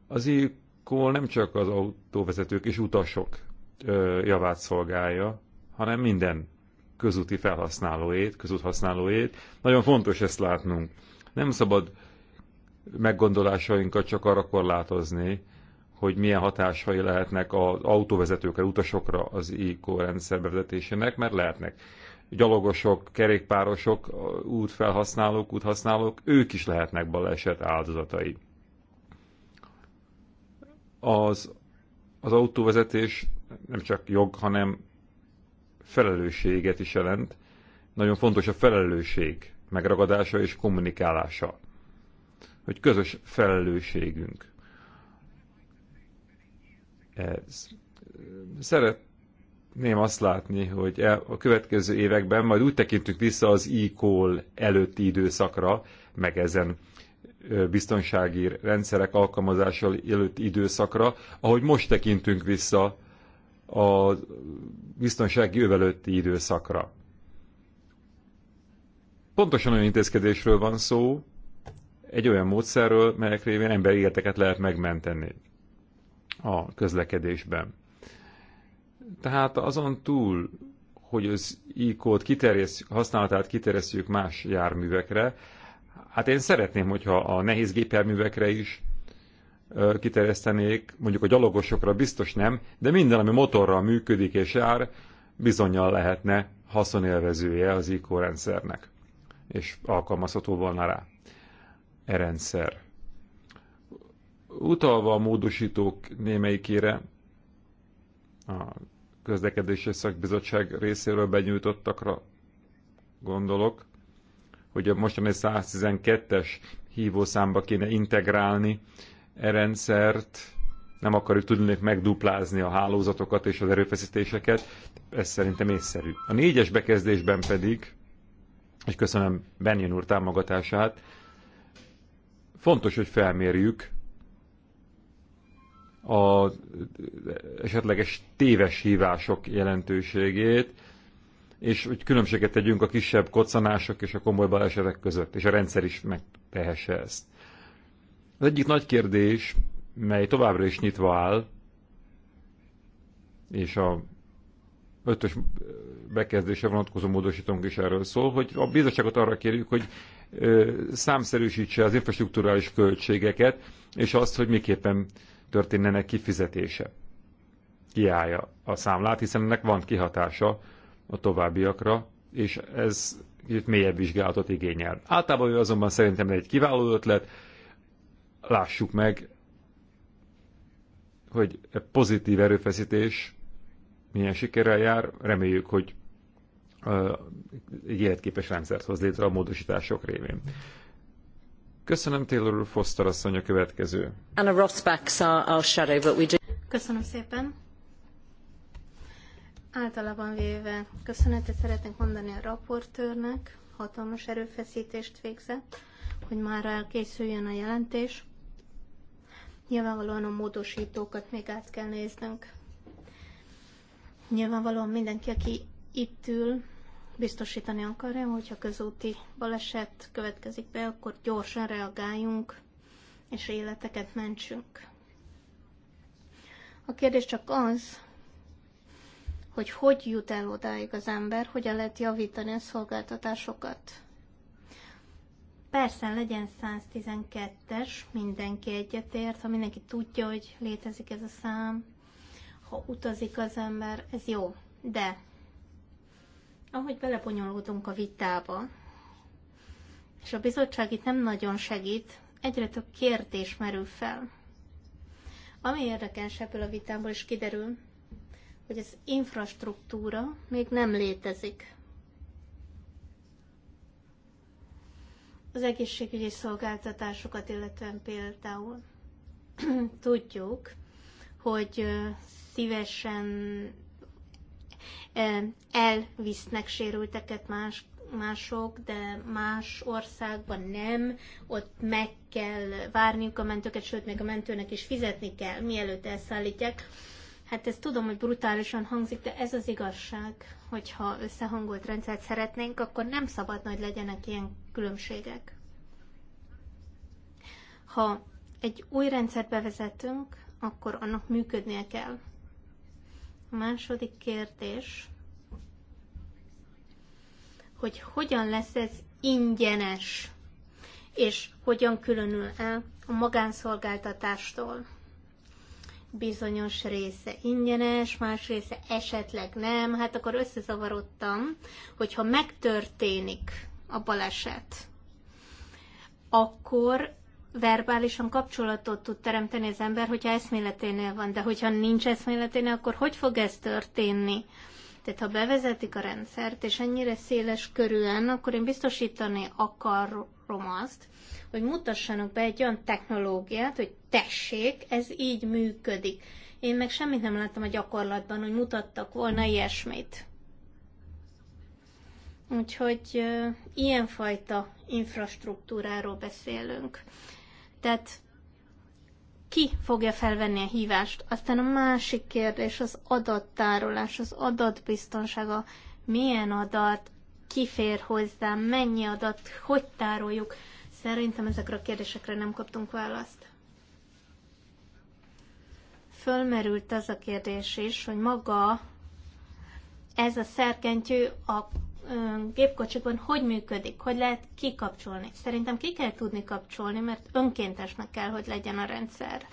Az ICO nem csak az autóvezetők és utasok javát szolgálja, hanem minden közúti felhasználóét, közúthasználóét. Nagyon fontos ezt látnunk. Nem szabad meggondolásainkat csak arra korlátozni, hogy milyen hatásai lehetnek az autóvezetőkre, utasokra az ICO rendszer bevezetésének, mert lehetnek gyalogosok, kerékpárosok, útfelhasználók, úthasználók, ők is lehetnek baleset áldozatai. Az, az autóvezetés nem csak jog, hanem felelősséget is jelent. Nagyon fontos a felelősség megragadása és kommunikálása hogy közös felelősségünk ez. Szeretném azt látni, hogy e, a következő években majd úgy tekintünk vissza az e előtti időszakra, meg ezen biztonsági rendszerek alkalmazása előtti időszakra, ahogy most tekintünk vissza a biztonsági övelőtti időszakra. Pontosan olyan intézkedésről van szó, egy olyan módszerről, melyek révén emberi életeket lehet megmenteni a közlekedésben. Tehát azon túl, hogy az e-kód kiterjesz, használatát kiterjesztjük más járművekre, hát én szeretném, hogyha a nehéz gépjárművekre is kiterjesztenék, mondjuk a gyalogosokra biztos nem, de minden, ami motorral működik és jár, bizonyal lehetne haszonélvezője az ICO rendszernek, és alkalmazható volna rá e rendszer. Utalva a módosítók némelyikére, a közlekedési szakbizottság részéről benyújtottakra gondolok, hogy a mostani 112-es hívószámba kéne integrálni e rendszert, nem akarjuk tudni megduplázni a hálózatokat és az erőfeszítéseket, ez szerintem észszerű. A négyes bekezdésben pedig, és köszönöm Benjen úr támogatását, Fontos, hogy felmérjük az esetleges téves hívások jelentőségét, és hogy különbséget tegyünk a kisebb kocsanások és a komoly balesetek között, és a rendszer is megtehesse ezt. Az egyik nagy kérdés, mely továbbra is nyitva áll, és a ötös bekezdése vonatkozó módosítónk is erről szól, hogy a bizottságot arra kérjük, hogy számszerűsítse az infrastruktúrális költségeket, és azt, hogy miképpen történnenek kifizetése. Kiállja a számlát, hiszen ennek van kihatása a továbbiakra, és ez itt mélyebb vizsgálatot igényel. Általában ő azonban szerintem egy kiváló ötlet, lássuk meg, hogy pozitív erőfeszítés milyen sikerrel jár, reméljük, hogy egy életképes rendszert hoz létre a módosítások révén. Köszönöm, Taylor Foster asszony a következő. Anna Rosbach's our, our shadow, but we do... Köszönöm szépen. Általában véve köszönetet szeretnék mondani a raportőrnek, hatalmas erőfeszítést végzett, hogy már elkészüljön a jelentés. Nyilvánvalóan a módosítókat még át kell néznünk. Nyilvánvalóan mindenki, aki itt ül, biztosítani akarja, hogyha közúti baleset következik be, akkor gyorsan reagáljunk, és életeket mentsünk. A kérdés csak az, hogy hogy jut el odáig az ember, hogyan lehet javítani a szolgáltatásokat. Persze legyen 112-es, mindenki egyetért, ha mindenki tudja, hogy létezik ez a szám, ha utazik az ember, ez jó. De ahogy belebonyolódunk a vitába, és a bizottság itt nem nagyon segít, egyre több kérdés merül fel. Ami érdekes ebből a vitából is kiderül, hogy az infrastruktúra még nem létezik. Az egészségügyi szolgáltatásokat illetően például tudjuk, hogy szívesen elvisznek sérülteket más, mások, de más országban nem, ott meg kell várniuk a mentőket, sőt, még a mentőnek is fizetni kell, mielőtt elszállítják. Hát ezt tudom, hogy brutálisan hangzik, de ez az igazság, hogyha összehangolt rendszert szeretnénk, akkor nem szabad, hogy legyenek ilyen különbségek. Ha egy új rendszert bevezetünk, akkor annak működnie kell második kérdés, hogy hogyan lesz ez ingyenes, és hogyan különül el a magánszolgáltatástól. Bizonyos része ingyenes, más része esetleg nem. Hát akkor összezavarodtam, hogyha megtörténik a baleset, akkor verbálisan kapcsolatot tud teremteni az ember, hogyha eszméleténél van, de hogyha nincs eszméleténél, akkor hogy fog ez történni? Tehát ha bevezetik a rendszert, és ennyire széles körülön, akkor én biztosítani akarom azt, hogy mutassanak be egy olyan technológiát, hogy tessék, ez így működik. Én meg semmit nem láttam a gyakorlatban, hogy mutattak volna ilyesmit. Úgyhogy ilyenfajta infrastruktúráról beszélünk. Tehát ki fogja felvenni a hívást? Aztán a másik kérdés az adattárolás, az adatbiztonsága. Milyen adat kifér hozzá, mennyi adat, hogy tároljuk? Szerintem ezekre a kérdésekre nem kaptunk választ. Fölmerült az a kérdés is, hogy maga ez a szerkentyű a gépkocsikban hogy működik, hogy lehet kikapcsolni. Szerintem ki kell tudni kapcsolni, mert önkéntesnek kell, hogy legyen a rendszer.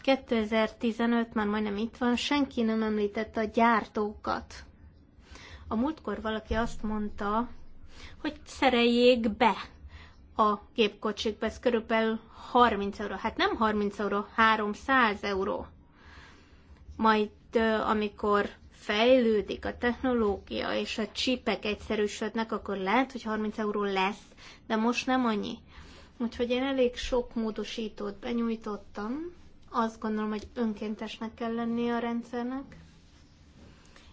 2015 már majdnem itt van, senki nem említette a gyártókat. A múltkor valaki azt mondta, hogy szereljék be a gépkocsikba, ez körülbelül 30 euró. Hát nem 30 euró, 300 euró. Majd amikor fejlődik a technológia, és a csipek egyszerűsödnek, akkor lehet, hogy 30 euró lesz, de most nem annyi. Úgyhogy én elég sok módosítót benyújtottam. Azt gondolom, hogy önkéntesnek kell lennie a rendszernek,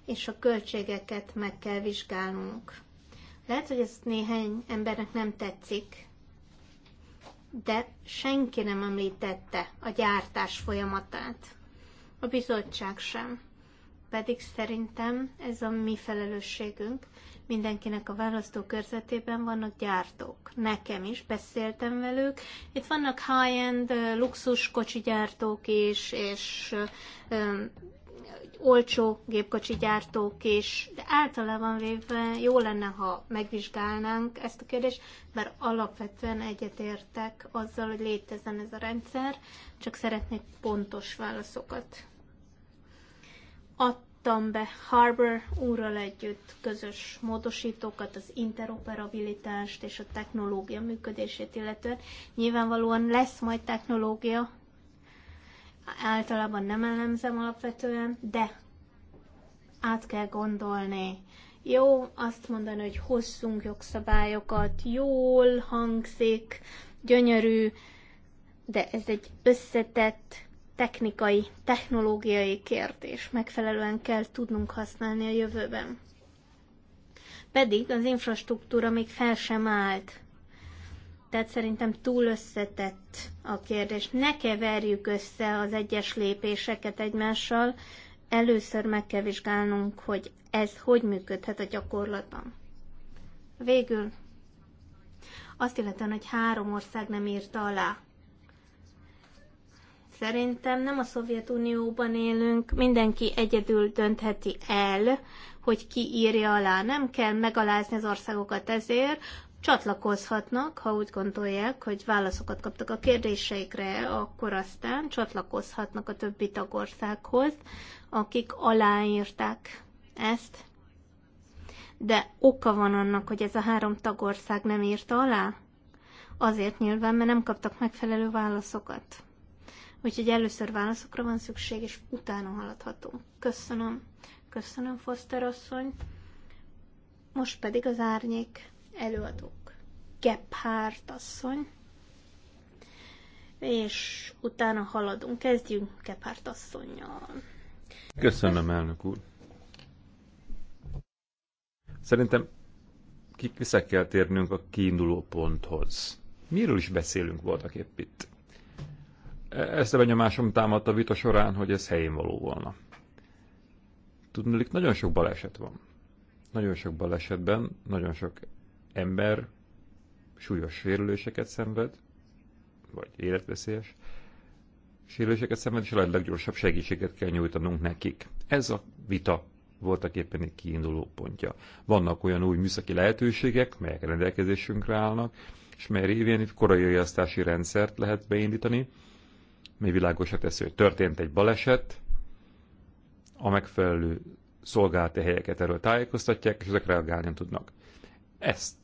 és a költségeket meg kell vizsgálnunk. Lehet, hogy ez néhány embernek nem tetszik, de senki nem említette a gyártás folyamatát. A bizottság sem pedig szerintem ez a mi felelősségünk. Mindenkinek a választókörzetében vannak gyártók. Nekem is, beszéltem velük. Itt vannak high-end luxus gyártók is, és um, olcsó gépkocsi gyártók is, de általában véve jó lenne, ha megvizsgálnánk ezt a kérdést, mert alapvetően egyetértek azzal, hogy létezzen ez a rendszer, csak szeretnék pontos válaszokat adtam be Harbour úrral együtt közös módosítókat, az interoperabilitást és a technológia működését illetően. Nyilvánvalóan lesz majd technológia, általában nem ellenzem alapvetően, de át kell gondolni. Jó azt mondani, hogy hosszunk jogszabályokat, jól hangzik, gyönyörű, de ez egy összetett technikai, technológiai kérdés. Megfelelően kell tudnunk használni a jövőben. Pedig az infrastruktúra még fel sem állt. Tehát szerintem túl összetett a kérdés. Ne keverjük össze az egyes lépéseket egymással. Először meg kell vizsgálnunk, hogy ez hogy működhet a gyakorlatban. Végül azt illetően, hogy három ország nem írta alá Szerintem nem a Szovjetunióban élünk, mindenki egyedül döntheti el, hogy ki írja alá. Nem kell megalázni az országokat ezért, csatlakozhatnak, ha úgy gondolják, hogy válaszokat kaptak a kérdéseikre, akkor aztán csatlakozhatnak a többi tagországhoz, akik aláírták ezt. De oka van annak, hogy ez a három tagország nem írta alá? Azért nyilván, mert nem kaptak megfelelő válaszokat. Úgyhogy először válaszokra van szükség, és utána haladhatunk. Köszönöm. Köszönöm, Foster asszony. Most pedig az árnyék előadók. Gebhardt asszony. És utána haladunk. Kezdjünk Gebhardt asszonynal. Köszönöm, elnök úr. Szerintem vissza kell térnünk a kiinduló ponthoz. Miről is beszélünk voltak épp itt? Ezt a benyomásom támadt a vita során, hogy ez helyén való volna. Tudnélik, nagyon sok baleset van. Nagyon sok balesetben, nagyon sok ember súlyos sérüléseket szenved, vagy életveszélyes sérüléseket szenved, és a leggyorsabb segítséget kell nyújtanunk nekik. Ez a vita voltak éppen egy kiinduló pontja. Vannak olyan új műszaki lehetőségek, melyek rendelkezésünkre állnak, és mely révén korai riasztási rendszert lehet beindítani, mi világosat teszi, hogy történt egy baleset, a megfelelő szolgálati helyeket erről tájékoztatják, és ezek reagálni tudnak. Ezt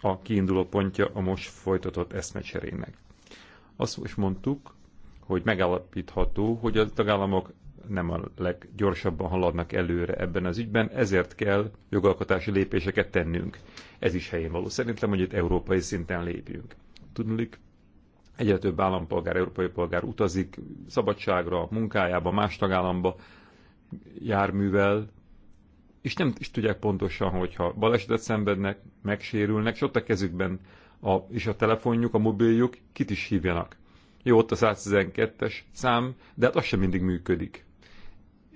a kiinduló pontja a most folytatott eszmecserének. Azt most mondtuk, hogy megállapítható, hogy a tagállamok nem a leggyorsabban haladnak előre ebben az ügyben, ezért kell jogalkotási lépéseket tennünk. Ez is helyén való. Szerintem, hogy itt európai szinten lépjünk. Tudnulik, egyre több állampolgár, európai polgár utazik szabadságra, munkájába, más tagállamba járművel, és nem is tudják pontosan, hogyha balesetet szenvednek, megsérülnek, és ott a kezükben a, és a telefonjuk, a mobiljuk, kit is hívjanak. Jó, ott a 112-es szám, de hát az sem mindig működik.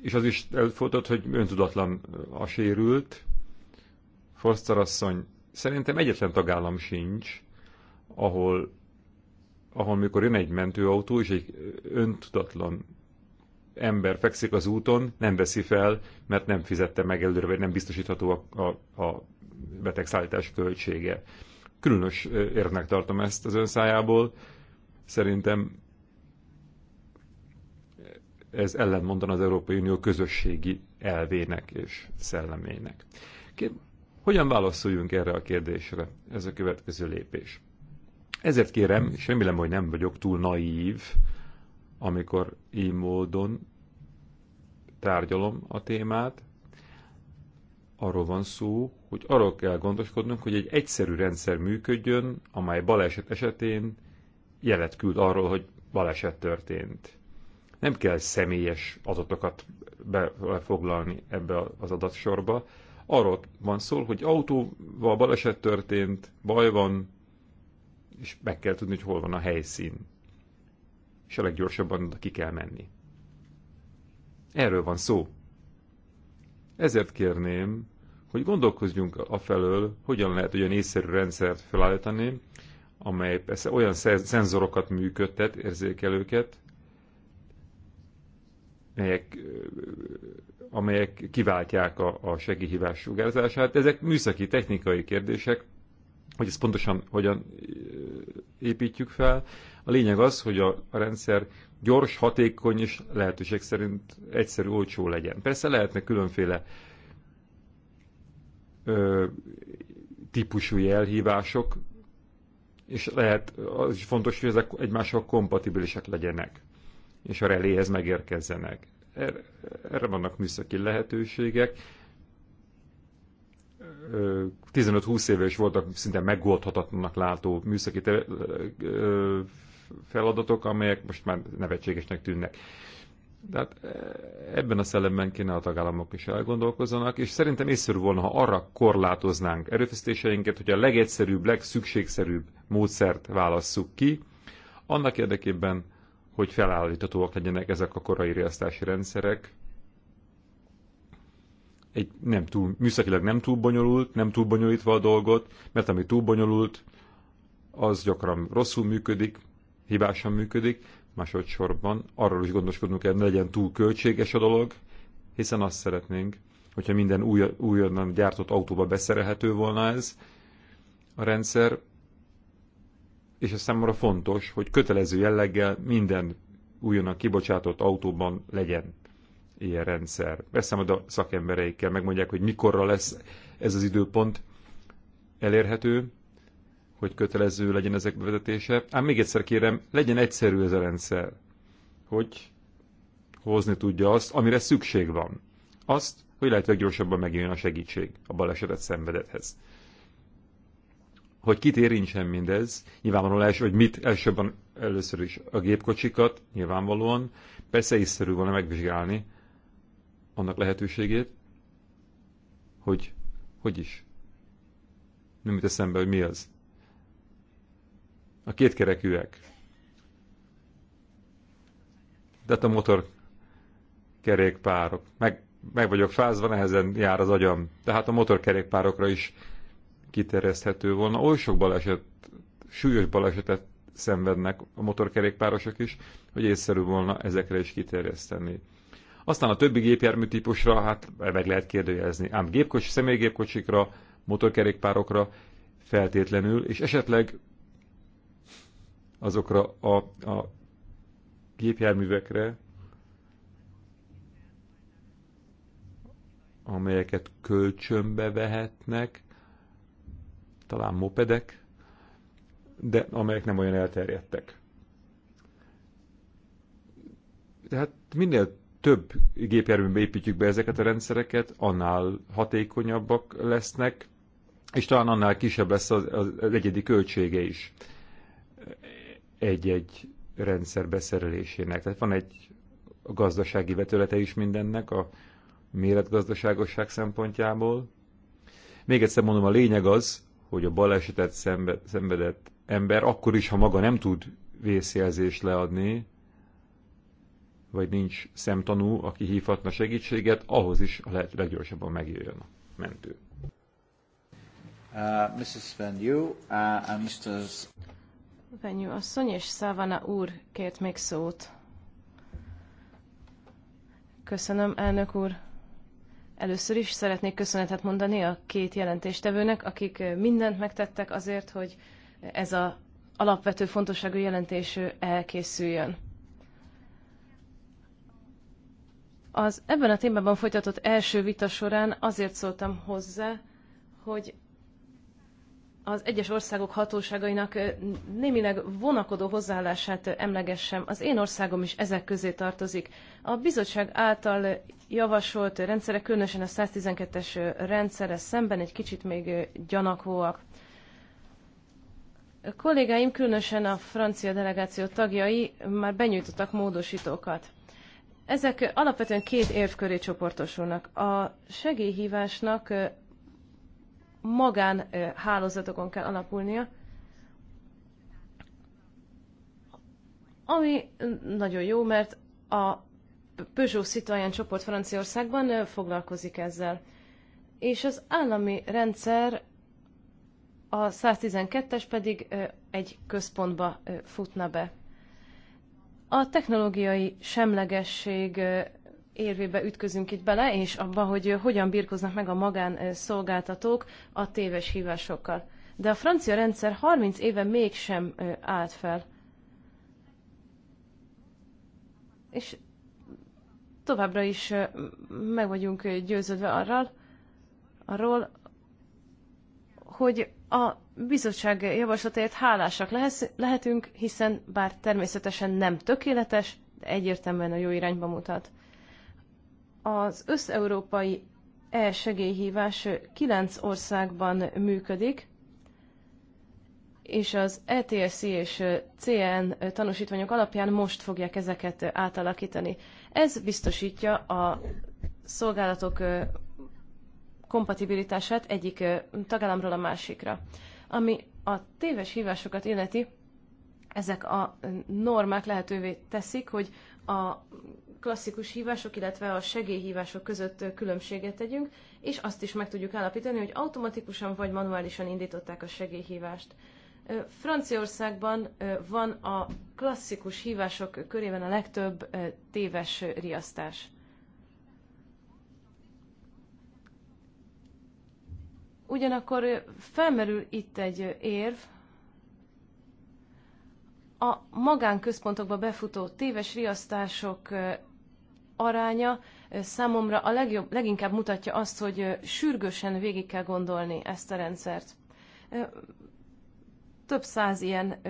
És az is előfordult, hogy öntudatlan a sérült. Forster asszony, szerintem egyetlen tagállam sincs, ahol ahol mikor jön egy mentőautó, és egy öntudatlan ember fekszik az úton, nem veszi fel, mert nem fizette meg előre, vagy nem biztosítható a, a, a betegszállítás költsége. Különös érnek tartom ezt az önszájából. Szerintem ez ellentmondan az Európai Unió közösségi elvének és szellemének. Hogyan válaszoljunk erre a kérdésre? Ez a következő lépés. Ezért kérem, és remélem, hogy nem vagyok túl naív, amikor így módon tárgyalom a témát, arról van szó, hogy arról kell gondoskodnunk, hogy egy egyszerű rendszer működjön, amely baleset esetén jelet küld arról, hogy baleset történt. Nem kell személyes adatokat befoglalni ebbe az adatsorba. Arról van szó, hogy autóval baleset történt, baj van, és meg kell tudni, hogy hol van a helyszín. És a leggyorsabban oda ki kell menni. Erről van szó. Ezért kérném, hogy gondolkozzunk afelől, hogyan lehet olyan észszerű rendszert felállítani, amely persze olyan szenzorokat működtet, érzékelőket, melyek, amelyek kiváltják a, a segélyhívás sugárzását. Ezek műszaki, technikai kérdések, hogy ezt pontosan hogyan építjük fel. A lényeg az, hogy a rendszer gyors, hatékony és lehetőség szerint egyszerű, olcsó legyen. Persze lehetnek különféle ö, típusú jelhívások, és lehet, az is fontos, hogy ezek egymással kompatibilisek legyenek, és a reléhez megérkezzenek. Er, erre vannak műszaki lehetőségek, 15-20 éve is voltak szinte megoldhatatlanak látó műszaki feladatok, amelyek most már nevetségesnek tűnnek. Tehát e, ebben a szellemben kéne a tagállamok is elgondolkozzanak, és szerintem észszerű volna, ha arra korlátoznánk erőfeszítéseinket, hogy a legegyszerűbb, legszükségszerűbb módszert válasszuk ki, annak érdekében, hogy felállíthatóak legyenek ezek a korai riasztási rendszerek, egy nem túl, műszakilag nem túl bonyolult, nem túl bonyolítva a dolgot, mert ami túl bonyolult, az gyakran rosszul működik, hibásan működik, másodszorban arról is gondoskodnunk kell, ne legyen túl költséges a dolog, hiszen azt szeretnénk, hogyha minden új, újonnan gyártott autóba beszerelhető volna ez a rendszer, és ez számomra fontos, hogy kötelező jelleggel minden újonnan kibocsátott autóban legyen ilyen rendszer. Veszem a szakembereikkel, megmondják, hogy mikorra lesz ez az időpont elérhető, hogy kötelező legyen ezek bevezetése. Ám még egyszer kérem, legyen egyszerű ez a rendszer, hogy hozni tudja azt, amire szükség van. Azt, hogy lehetőleg gyorsabban megjön a segítség a balesetet szenvedethez. Hogy kit érintsen mindez, nyilvánvalóan első, hogy mit elsőbben először is a gépkocsikat, nyilvánvalóan, persze észszerű volna megvizsgálni, annak lehetőségét, hogy hogy is. Nem jut eszembe, hogy mi az. A kétkerekűek. De hát a motor kerékpárok. Meg, meg vagyok fázva, nehezen jár az agyam. Tehát a motorkerékpárokra is kiterjeszthető volna. Oly sok baleset, súlyos balesetet szenvednek a motorkerékpárosok is, hogy észszerű volna ezekre is kiterjeszteni. Aztán a többi gépjárműtípusra, hát e meg lehet kérdőjelezni. Ám gépkocsi, személygépkocsikra, motorkerékpárokra feltétlenül, és esetleg azokra a, a gépjárművekre, amelyeket kölcsönbe vehetnek, talán mopedek, de amelyek nem olyan elterjedtek. Tehát minél több gépjárműbe építjük be ezeket a rendszereket, annál hatékonyabbak lesznek, és talán annál kisebb lesz az, az, az egyedi költsége is egy-egy rendszer beszerelésének. Tehát van egy gazdasági vetülete is mindennek a méretgazdaságosság szempontjából. Még egyszer mondom, a lényeg az, hogy a balesetet szenvedett ember akkor is, ha maga nem tud vészjelzést leadni, vagy nincs szemtanú, aki hívhatna segítséget, ahhoz is a lehet leggyorsabban megjöjjön a mentő. Uh, Mrs. Van uh, and Mr. Van asszony és Szávana úr kért még szót. Köszönöm, elnök úr. Először is szeretnék köszönetet mondani a két jelentéstevőnek, akik mindent megtettek azért, hogy ez az alapvető fontosságú jelentés elkészüljön. Az ebben a témában folytatott első vita során azért szóltam hozzá, hogy az egyes országok hatóságainak némileg vonakodó hozzáállását emlegessem. Az én országom is ezek közé tartozik. A bizottság által javasolt rendszerek, különösen a 112-es rendszere szemben egy kicsit még gyanakvóak. A kollégáim, különösen a francia delegáció tagjai már benyújtottak módosítókat. Ezek alapvetően két érv köré csoportosulnak. A segélyhívásnak magán hálózatokon kell alapulnia, ami nagyon jó, mert a Peugeot Citroën csoport Franciaországban foglalkozik ezzel. És az állami rendszer a 112-es pedig egy központba futna be. A technológiai semlegesség érvébe ütközünk itt bele, és abba, hogy hogyan birkoznak meg a magánszolgáltatók a téves hívásokkal. De a francia rendszer 30 éve mégsem állt fel. És továbbra is meg vagyunk győződve arról, arról hogy a bizottság javaslatért hálásak lehetünk, hiszen bár természetesen nem tökéletes, de egyértelműen a jó irányba mutat. Az összeurópai e-segélyhívás kilenc országban működik, és az ETSC és CN tanúsítványok alapján most fogják ezeket átalakítani. Ez biztosítja a szolgálatok kompatibilitását egyik tagállamról a másikra. Ami a téves hívásokat illeti, ezek a normák lehetővé teszik, hogy a klasszikus hívások, illetve a segélyhívások között különbséget tegyünk, és azt is meg tudjuk állapítani, hogy automatikusan vagy manuálisan indították a segélyhívást. Franciaországban van a klasszikus hívások körében a legtöbb téves riasztás. Ugyanakkor felmerül itt egy érv, a magánközpontokba befutó téves riasztások aránya számomra a legjobb, leginkább mutatja azt, hogy sürgősen végig kell gondolni ezt a rendszert. Több száz ilyen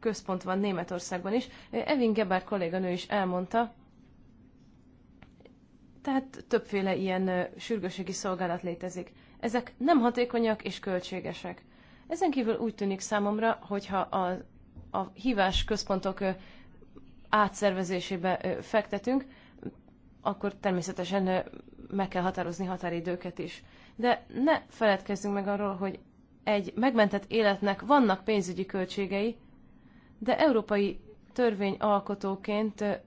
központ van Németországban is. Evin Gebár kolléganő is elmondta, tehát többféle ilyen sürgőségi szolgálat létezik ezek nem hatékonyak és költségesek. Ezen kívül úgy tűnik számomra, hogyha a, a hívás központok átszervezésébe fektetünk, akkor természetesen meg kell határozni határidőket is. De ne feledkezzünk meg arról, hogy egy megmentett életnek vannak pénzügyi költségei, de európai törvényalkotóként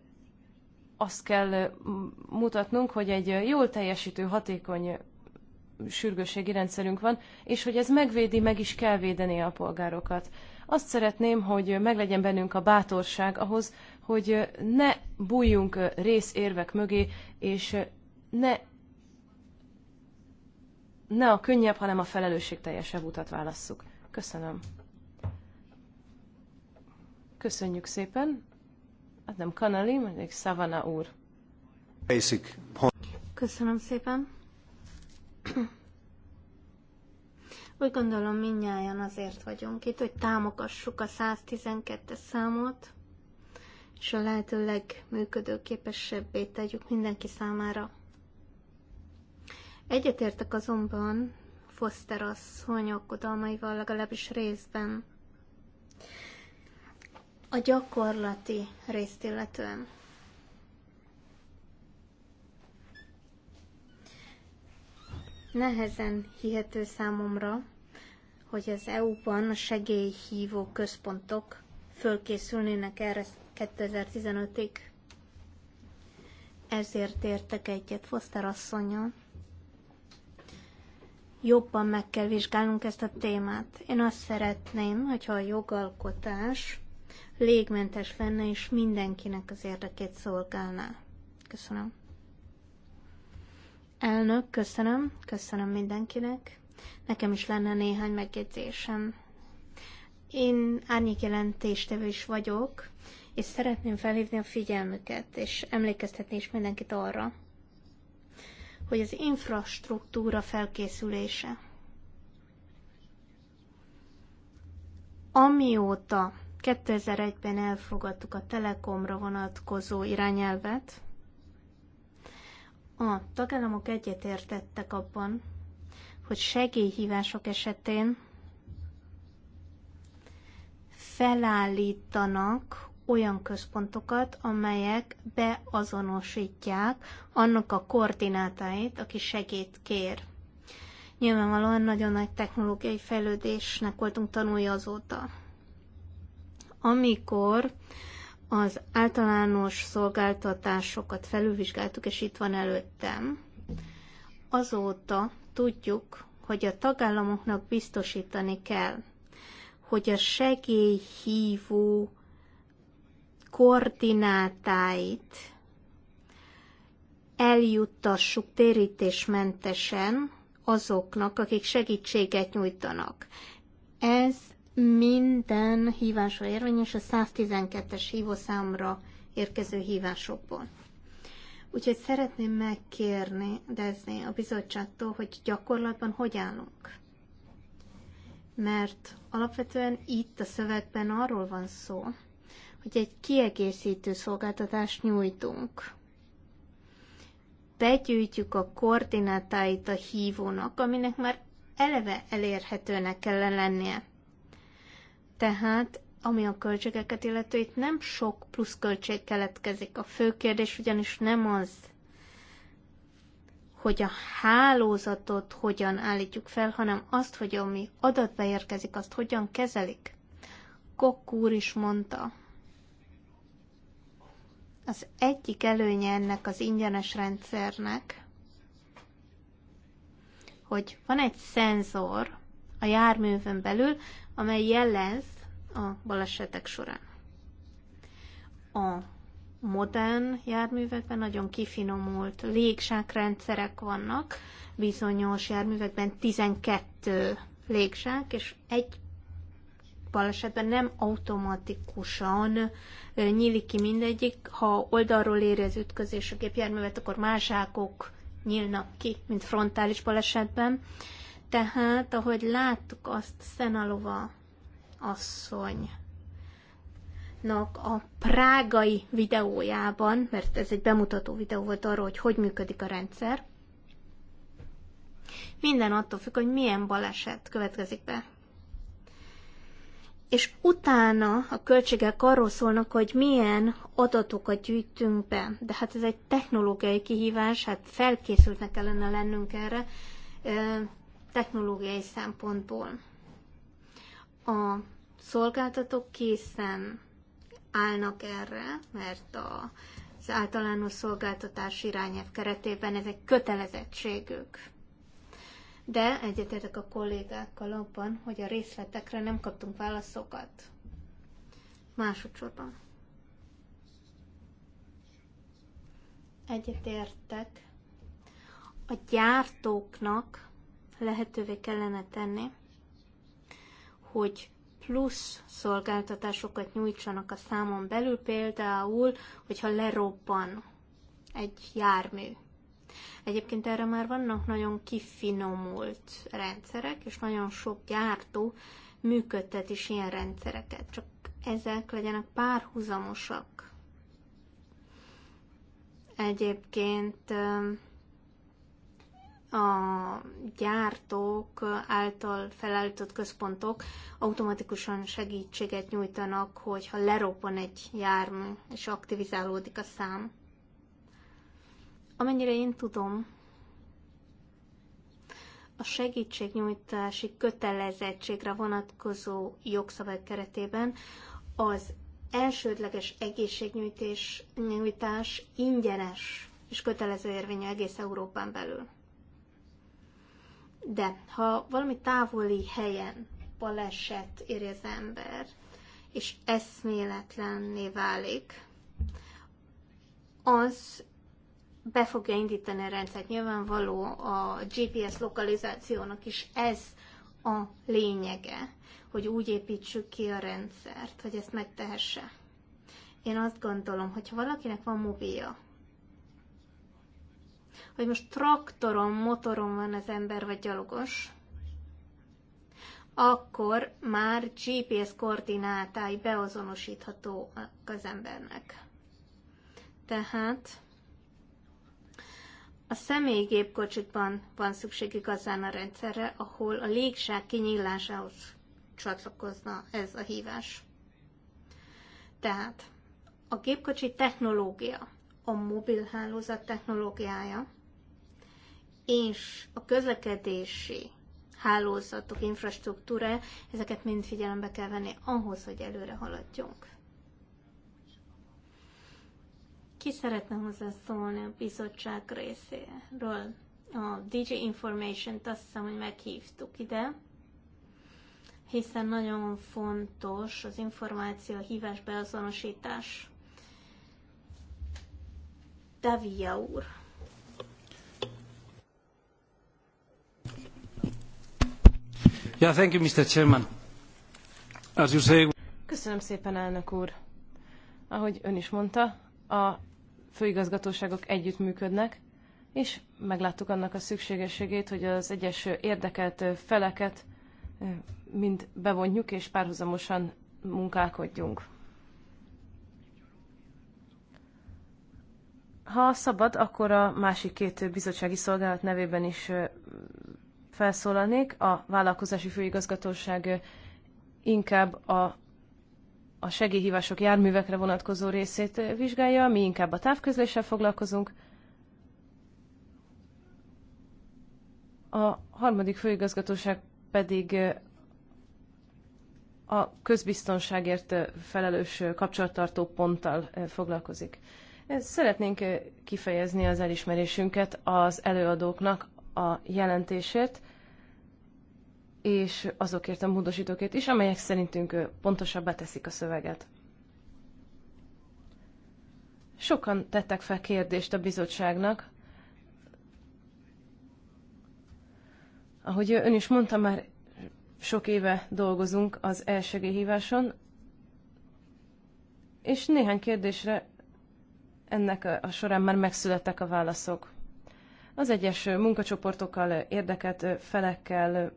azt kell mutatnunk, hogy egy jól teljesítő, hatékony sürgősségi rendszerünk van, és hogy ez megvédi, meg is kell védeni a polgárokat. Azt szeretném, hogy meglegyen bennünk a bátorság ahhoz, hogy ne bújjunk részérvek mögé, és ne, ne a könnyebb, hanem a felelősségteljesebb utat válasszuk. Köszönöm. Köszönjük szépen. Hát nem Kanali, mondjuk Savana úr. Basic. Köszönöm szépen. Úgy gondolom, minnyáján azért vagyunk itt, hogy támogassuk a 112-es számot, és a lehető legműködőképesebbé tegyük mindenki számára. Egyetértek azonban Foster asszony aggodalmaival legalábbis részben. A gyakorlati részt illetően Nehezen hihető számomra, hogy az EU-ban a segélyhívó központok fölkészülnének erre 2015-ig. Ezért értek egyet Foster asszonyon. Jobban meg kell vizsgálnunk ezt a témát. Én azt szeretném, hogyha a jogalkotás légmentes lenne, és mindenkinek az érdekét szolgálná. Köszönöm. Elnök, köszönöm, köszönöm mindenkinek. Nekem is lenne néhány megjegyzésem. Én árnyékjelentéstevő is vagyok, és szeretném felhívni a figyelmüket, és emlékeztetni is mindenkit arra, hogy az infrastruktúra felkészülése, amióta 2001-ben elfogadtuk a Telekomra vonatkozó irányelvet, a tagállamok egyetértettek abban, hogy segélyhívások esetén felállítanak olyan központokat, amelyek beazonosítják annak a koordinátáit, aki segít kér. Nyilvánvalóan nagyon nagy technológiai fejlődésnek voltunk tanulja azóta. Amikor az általános szolgáltatásokat felülvizsgáltuk, és itt van előttem. Azóta tudjuk, hogy a tagállamoknak biztosítani kell, hogy a segélyhívó koordinátáit eljuttassuk térítésmentesen azoknak, akik segítséget nyújtanak. Ez minden hívásra érvényes a 112-es hívószámra érkező hívásokból. Úgyhogy szeretném megkérni Dezni a bizottságtól, hogy gyakorlatban hogy állunk. Mert alapvetően itt a szövegben arról van szó, hogy egy kiegészítő szolgáltatást nyújtunk. Begyűjtjük a koordinátáit a hívónak, aminek már eleve elérhetőnek kellene lennie tehát, ami a költségeket illető, itt nem sok plusz költség keletkezik. A fő kérdés ugyanis nem az, hogy a hálózatot hogyan állítjuk fel, hanem azt, hogy ami adatba érkezik, azt hogyan kezelik. Kokk úr is mondta, az egyik előnye ennek az ingyenes rendszernek, hogy van egy szenzor, a járművön belül, amely jelez a balesetek során. A modern járművekben nagyon kifinomult légsákrendszerek vannak, bizonyos járművekben 12 légsák, és egy balesetben nem automatikusan nyílik ki mindegyik. Ha oldalról éri az ütközés a gépjárművet, akkor más nyílnak ki, mint frontális balesetben. Tehát, ahogy láttuk azt Szenalova asszony a prágai videójában, mert ez egy bemutató videó volt arról, hogy hogy működik a rendszer, minden attól függ, hogy milyen baleset következik be. És utána a költségek arról szólnak, hogy milyen adatokat gyűjtünk be. De hát ez egy technológiai kihívás, hát felkészültnek kellene lennünk erre technológiai szempontból. A szolgáltatók készen állnak erre, mert a, az általános szolgáltatás irányelv keretében ez egy kötelezettségük. De egyetértek a kollégákkal abban, hogy a részletekre nem kaptunk válaszokat. Másodszorban. Egyetértek a gyártóknak lehetővé kellene tenni, hogy plusz szolgáltatásokat nyújtsanak a számon belül, például, hogyha lerobban egy jármű. Egyébként erre már vannak nagyon kifinomult rendszerek, és nagyon sok gyártó működtet is ilyen rendszereket, csak ezek legyenek párhuzamosak. Egyébként a gyártók által felállított központok automatikusan segítséget nyújtanak, hogyha leropon egy jármű, és aktivizálódik a szám. Amennyire én tudom, a segítségnyújtási kötelezettségre vonatkozó jogszabály keretében az elsődleges egészségnyújtás ingyenes és kötelező érvényű egész Európán belül. De ha valami távoli helyen baleset ér az ember, és eszméletlenné válik, az be fogja indítani a rendszert. Nyilvánvaló a GPS lokalizációnak is ez a lényege, hogy úgy építsük ki a rendszert, hogy ezt megtehesse. Én azt gondolom, hogy ha valakinek van mobilja, hogy most traktoron, motoron van az ember, vagy gyalogos, akkor már GPS koordinátái beazonosítható az embernek. Tehát a személygépkocsikban van szükség igazán a rendszerre, ahol a légság kinyílásához csatlakozna ez a hívás. Tehát a gépkocsi technológia, a mobil hálózat technológiája és a közlekedési hálózatok, infrastruktúra, ezeket mind figyelembe kell venni ahhoz, hogy előre haladjunk. Ki szeretne hozzászólni a bizottság részéről? A DJ Information-t azt hiszem, hogy meghívtuk ide, hiszen nagyon fontos az információ, a hívás beazonosítás. Davia úr. Köszönöm szépen, elnök úr. Ahogy ön is mondta, a főigazgatóságok együttműködnek, és megláttuk annak a szükségességét, hogy az egyes érdekelt feleket eh, mind bevonjuk és párhuzamosan munkálkodjunk. Ha szabad, akkor a másik két bizottsági szolgálat nevében is eh, felszólalnék. A vállalkozási főigazgatóság inkább a, a segélyhívások járművekre vonatkozó részét vizsgálja, mi inkább a távközléssel foglalkozunk. A harmadik főigazgatóság pedig a közbiztonságért felelős kapcsolattartó ponttal foglalkozik. Szeretnénk kifejezni az elismerésünket az előadóknak a jelentését, és azokért a módosítókért is, amelyek szerintünk pontosabbá teszik a szöveget. Sokan tettek fel kérdést a bizottságnak, Ahogy ön is mondta, már sok éve dolgozunk az elsegélyhíváson, és néhány kérdésre ennek a során már megszülettek a válaszok az egyes munkacsoportokkal, érdeket, felekkel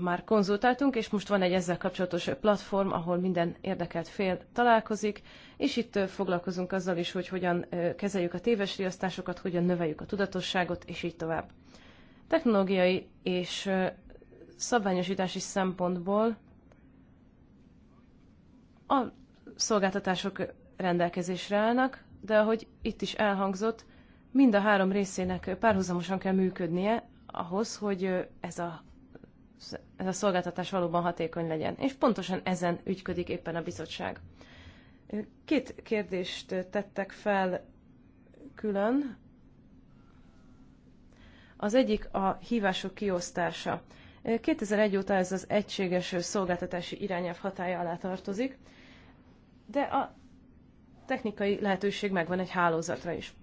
már konzultáltunk, és most van egy ezzel kapcsolatos platform, ahol minden érdekelt fél találkozik, és itt foglalkozunk azzal is, hogy hogyan kezeljük a téves riasztásokat, hogyan növeljük a tudatosságot, és így tovább. Technológiai és szabványosítási szempontból a szolgáltatások rendelkezésre állnak, de ahogy itt is elhangzott, mind a három részének párhuzamosan kell működnie ahhoz, hogy ez a, ez a szolgáltatás valóban hatékony legyen. És pontosan ezen ügyködik éppen a bizottság. Két kérdést tettek fel külön. Az egyik a hívások kiosztása. 2001 óta ez az egységes szolgáltatási irányelv hatája alá tartozik, de a technikai lehetőség megvan egy hálózatra is.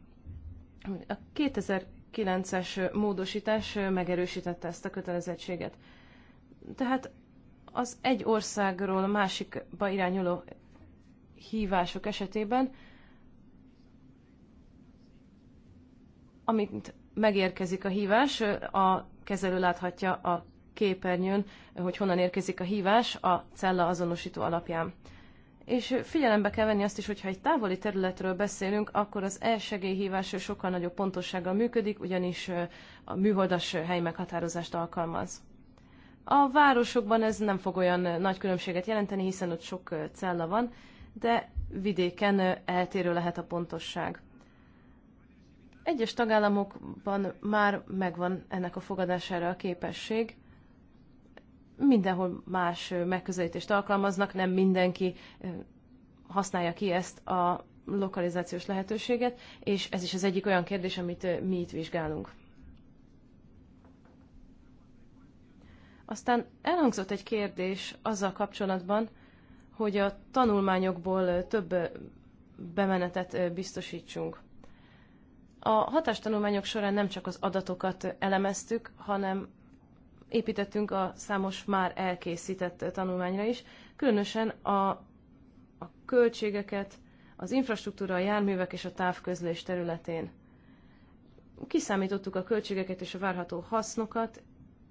A 2009-es módosítás megerősítette ezt a kötelezettséget. Tehát az egy országról másikba irányuló hívások esetében, amint megérkezik a hívás, a kezelő láthatja a képernyőn, hogy honnan érkezik a hívás a cella azonosító alapján és figyelembe kell venni azt is, hogyha egy távoli területről beszélünk, akkor az elsegélyhívás sokkal nagyobb pontossággal működik, ugyanis a műholdas hely meghatározást alkalmaz. A városokban ez nem fog olyan nagy különbséget jelenteni, hiszen ott sok cella van, de vidéken eltérő lehet a pontosság. Egyes tagállamokban már megvan ennek a fogadására a képesség, mindenhol más megközelítést alkalmaznak, nem mindenki használja ki ezt a lokalizációs lehetőséget, és ez is az egyik olyan kérdés, amit mi itt vizsgálunk. Aztán elhangzott egy kérdés azzal kapcsolatban, hogy a tanulmányokból több bemenetet biztosítsunk. A hatástanulmányok során nem csak az adatokat elemeztük, hanem építettünk a számos már elkészített tanulmányra is, különösen a, a költségeket, az infrastruktúra, a járművek és a távközlés területén. Kiszámítottuk a költségeket és a várható hasznokat,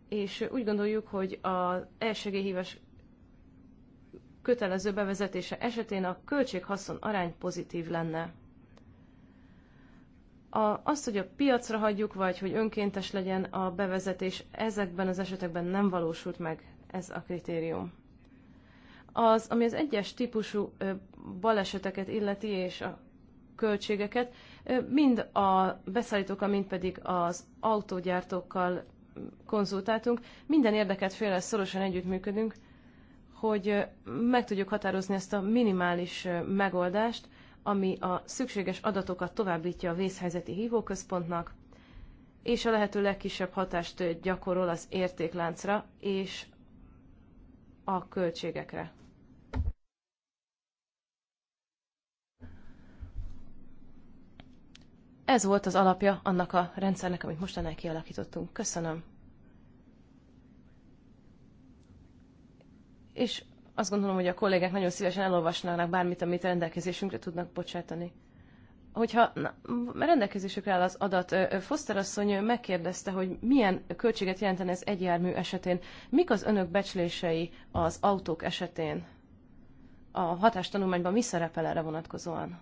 és úgy gondoljuk, hogy az elsegélyhívás kötelező bevezetése esetén a költség-haszon arány pozitív lenne. A, az, hogy a piacra hagyjuk, vagy hogy önkéntes legyen a bevezetés, ezekben az esetekben nem valósult meg ez a kritérium. Az, ami az egyes típusú baleseteket illeti, és a költségeket, mind a beszállítókkal, mind pedig az autógyártókkal konzultáltunk. Minden érdeket félre szorosan együttműködünk, hogy meg tudjuk határozni ezt a minimális megoldást, ami a szükséges adatokat továbbítja a vészhelyzeti hívóközpontnak, és a lehető legkisebb hatást gyakorol az értékláncra és a költségekre. Ez volt az alapja annak a rendszernek, amit mostanáig kialakítottunk. Köszönöm. És azt gondolom, hogy a kollégák nagyon szívesen elolvasnának bármit, amit rendelkezésünkre tudnak bocsátani. Hogyha na, rendelkezésükre áll az adat, Foster asszony megkérdezte, hogy milyen költséget jelenten ez egy jármű esetén. Mik az önök becslései az autók esetén? A hatástanulmányban mi szerepel erre vonatkozóan?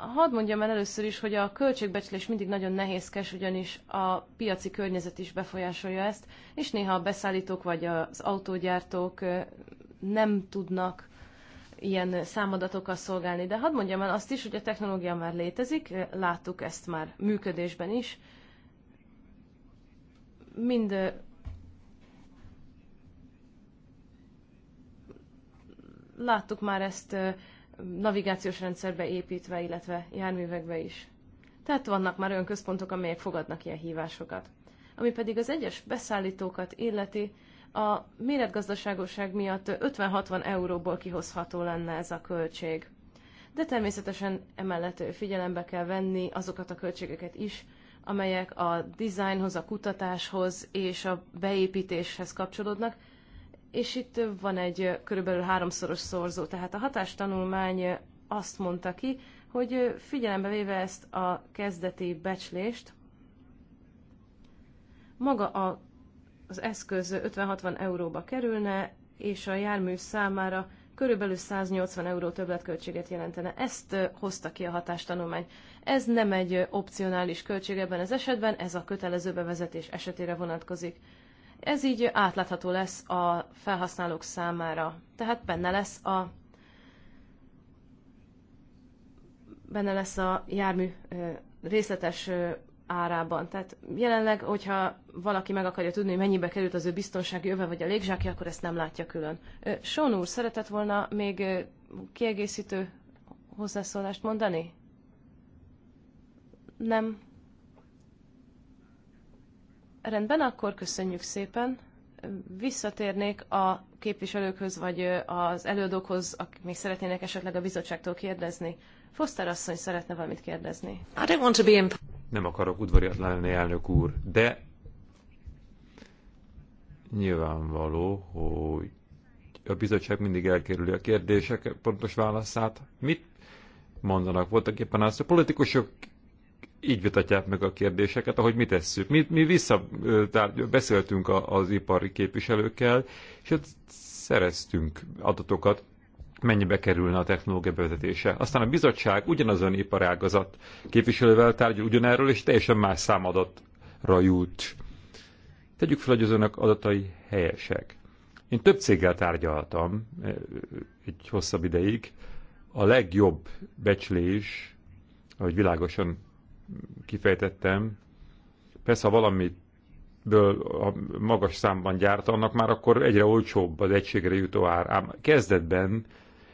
Hadd mondjam el először is, hogy a költségbecslés mindig nagyon nehézkes, ugyanis a piaci környezet is befolyásolja ezt, és néha a beszállítók vagy az autógyártók nem tudnak ilyen számadatokkal szolgálni. De hadd mondjam el azt is, hogy a technológia már létezik, láttuk ezt már működésben is. Mind láttuk már ezt navigációs rendszerbe építve, illetve járművekbe is. Tehát vannak már olyan központok, amelyek fogadnak ilyen hívásokat. Ami pedig az egyes beszállítókat illeti, a méretgazdaságosság miatt 50-60 euróból kihozható lenne ez a költség. De természetesen emellett figyelembe kell venni azokat a költségeket is, amelyek a dizájnhoz, a kutatáshoz és a beépítéshez kapcsolódnak, és itt van egy körülbelül háromszoros szorzó. Tehát a hatástanulmány azt mondta ki, hogy figyelembe véve ezt a kezdeti becslést, maga a, az eszköz 50-60 euróba kerülne, és a jármű számára körülbelül 180 euró többletköltséget jelentene. Ezt hozta ki a hatástanulmány. Ez nem egy opcionális költség ebben az esetben, ez a kötelező bevezetés esetére vonatkozik. Ez így átlátható lesz a felhasználók számára. Tehát benne lesz a benne lesz a jármű részletes árában. Tehát jelenleg, hogyha valaki meg akarja tudni, hogy mennyibe került az ő biztonsági öve vagy a légzsákja, akkor ezt nem látja külön. Són úr, szeretett volna még kiegészítő hozzászólást mondani? Nem Rendben, akkor köszönjük szépen. Visszatérnék a képviselőkhöz, vagy az előadókhoz, akik még szeretnének esetleg a bizottságtól kérdezni. Foster asszony szeretne valamit kérdezni. I don't want to be imp- Nem akarok udvariatlan lenni, elnök úr, de nyilvánvaló, hogy a bizottság mindig elkerüli a kérdések pontos válaszát. Mit mondanak? Voltak éppen azt, a politikusok így vitatják meg a kérdéseket, ahogy mi tesszük. Mi, mi vissza beszéltünk az ipari képviselőkkel, és ott szereztünk adatokat, mennyibe kerülne a technológia bevezetése. Aztán a bizottság ugyanazon iparágazat képviselővel tárgyal ugyanerről, és teljesen más számadatra jut. Tegyük fel, hogy az önök adatai helyesek. Én több céggel tárgyaltam egy hosszabb ideig. A legjobb becslés, ahogy világosan kifejtettem, persze ha valamiből a magas számban gyárt, annak már akkor egyre olcsóbb az egységre jutó ár. Ám kezdetben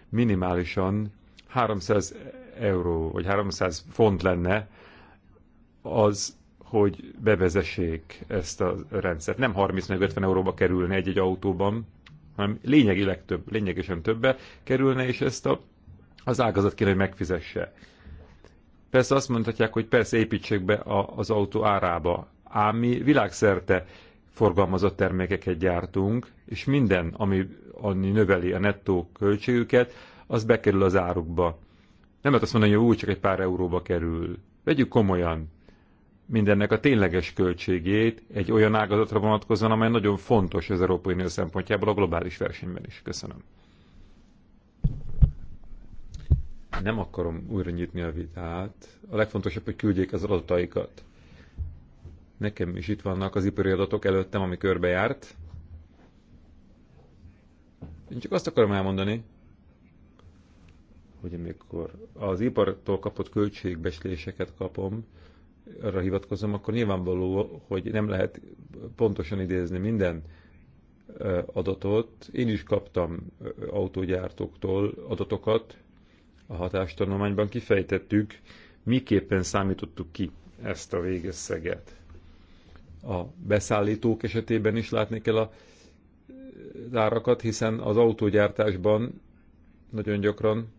minimálisan 300 euró, vagy 300 font lenne az, hogy bevezessék ezt a rendszert. Nem 30 meg 50 euróba kerülne egy-egy autóban, hanem lényegileg több, lényegesen többe kerülne, és ezt a, az ágazat kéne, hogy megfizesse. Persze azt mondhatják, hogy persze építsék be a, az autó árába, ám mi világszerte forgalmazott termékeket gyártunk, és minden, ami, ami növeli a nettó költségüket, az bekerül az árukba. Nem lehet azt mondani, hogy úgy csak egy pár euróba kerül. Vegyük komolyan mindennek a tényleges költségét egy olyan ágazatra vonatkozóan, amely nagyon fontos az Európai Unió szempontjából a globális versenyben is. Köszönöm. Nem akarom újra nyitni a vitát. A legfontosabb, hogy küldjék az adataikat. Nekem is itt vannak az ipari adatok előttem, ami körbejárt. Én csak azt akarom elmondani, hogy amikor az ipartól kapott költségbesléseket kapom, arra hivatkozom, akkor nyilvánvaló, hogy nem lehet pontosan idézni minden adatot. Én is kaptam autógyártóktól adatokat, a hatástanulmányban kifejtettük, miképpen számítottuk ki ezt a végösszeget. A beszállítók esetében is látni kell a árakat, hiszen az autógyártásban nagyon gyakran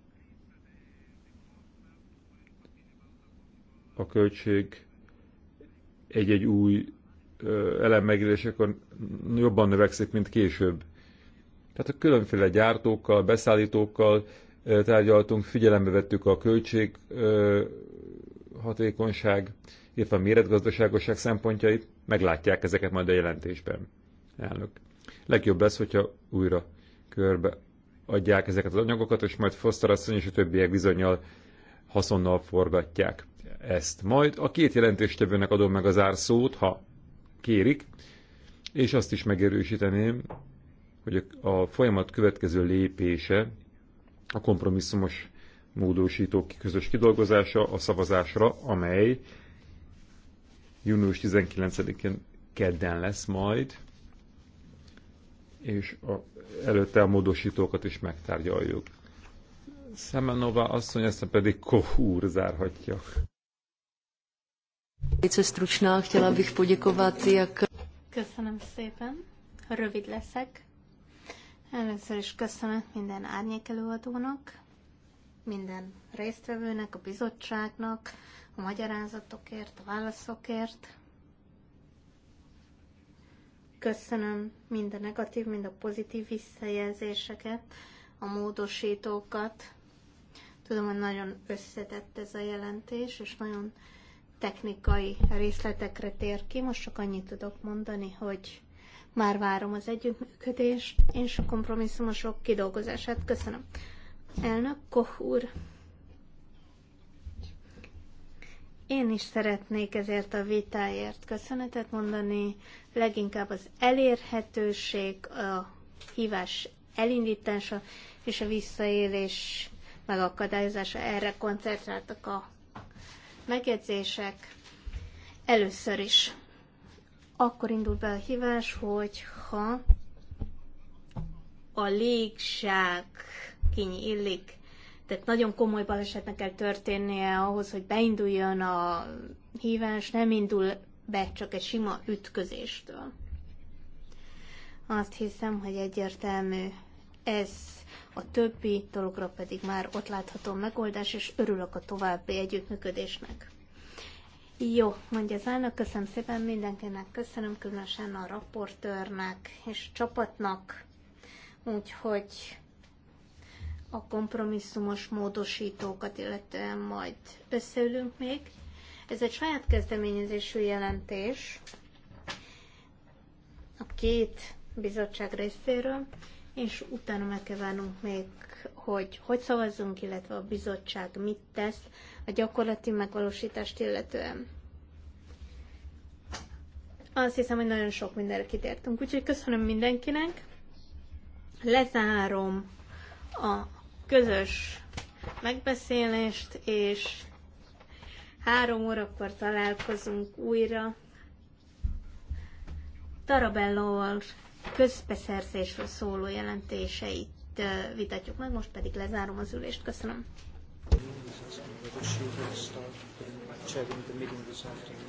a költség egy-egy új elem megélésekor jobban növekszik, mint később. Tehát a különféle gyártókkal, beszállítókkal, tárgyaltunk, figyelembe vettük a költség hatékonyság, illetve a méretgazdaságosság szempontjait, meglátják ezeket majd a jelentésben, elnök. Legjobb lesz, hogyha újra körbe adják ezeket az anyagokat, és majd Foster asszony és a többiek bizonyal haszonnal forgatják ezt. Majd a két jelentéstevőnek adom meg az árszót, ha kérik, és azt is megerősíteném, hogy a folyamat következő lépése a kompromisszumos módosítók közös kidolgozása a szavazásra, amely június 19-én kedden lesz majd, és a, előtte a módosítókat is megtárgyaljuk. Szemenova asszony, ezt pedig kohúr úr zárhatja. Köszönöm szépen. Rövid leszek. Először is köszönet minden árnyékelőadónak, minden résztvevőnek, a bizottságnak, a magyarázatokért, a válaszokért. Köszönöm mind a negatív, mind a pozitív visszajelzéseket, a módosítókat. Tudom, hogy nagyon összetett ez a jelentés, és nagyon technikai részletekre tér ki. Most csak annyit tudok mondani, hogy már várom az együttműködést én sok kompromisszumosok kidolgozását. Köszönöm. Elnök Koch úr. Én is szeretnék ezért a vitáért köszönetet mondani, leginkább az elérhetőség, a hívás elindítása és a visszaélés megakadályozása. Erre koncentráltak a megjegyzések először is akkor indul be a hívás, hogyha a légzsák kinyílik, tehát nagyon komoly balesetnek kell történnie ahhoz, hogy beinduljon a hívás, nem indul be csak egy sima ütközéstől. Azt hiszem, hogy egyértelmű ez a többi dologra pedig már ott látható megoldás, és örülök a további együttműködésnek. Jó, mondja az elnök, köszönöm szépen mindenkinek, köszönöm különösen a raportőrnek és a csapatnak, úgyhogy a kompromisszumos módosítókat, illetően majd összeülünk még. Ez egy saját kezdeményezésű jelentés a két bizottság részéről, és utána meg kell még, hogy hogy szavazzunk, illetve a bizottság mit tesz, a gyakorlati megvalósítást illetően. Azt hiszem, hogy nagyon sok mindenre kitértünk, úgyhogy köszönöm mindenkinek. Lezárom a közös megbeszélést, és három órakor találkozunk újra. Tarabellóval közbeszerzésről szóló jelentéseit vitatjuk meg, most pedig lezárom az ülést. Köszönöm because she will start pretty much the meeting this afternoon.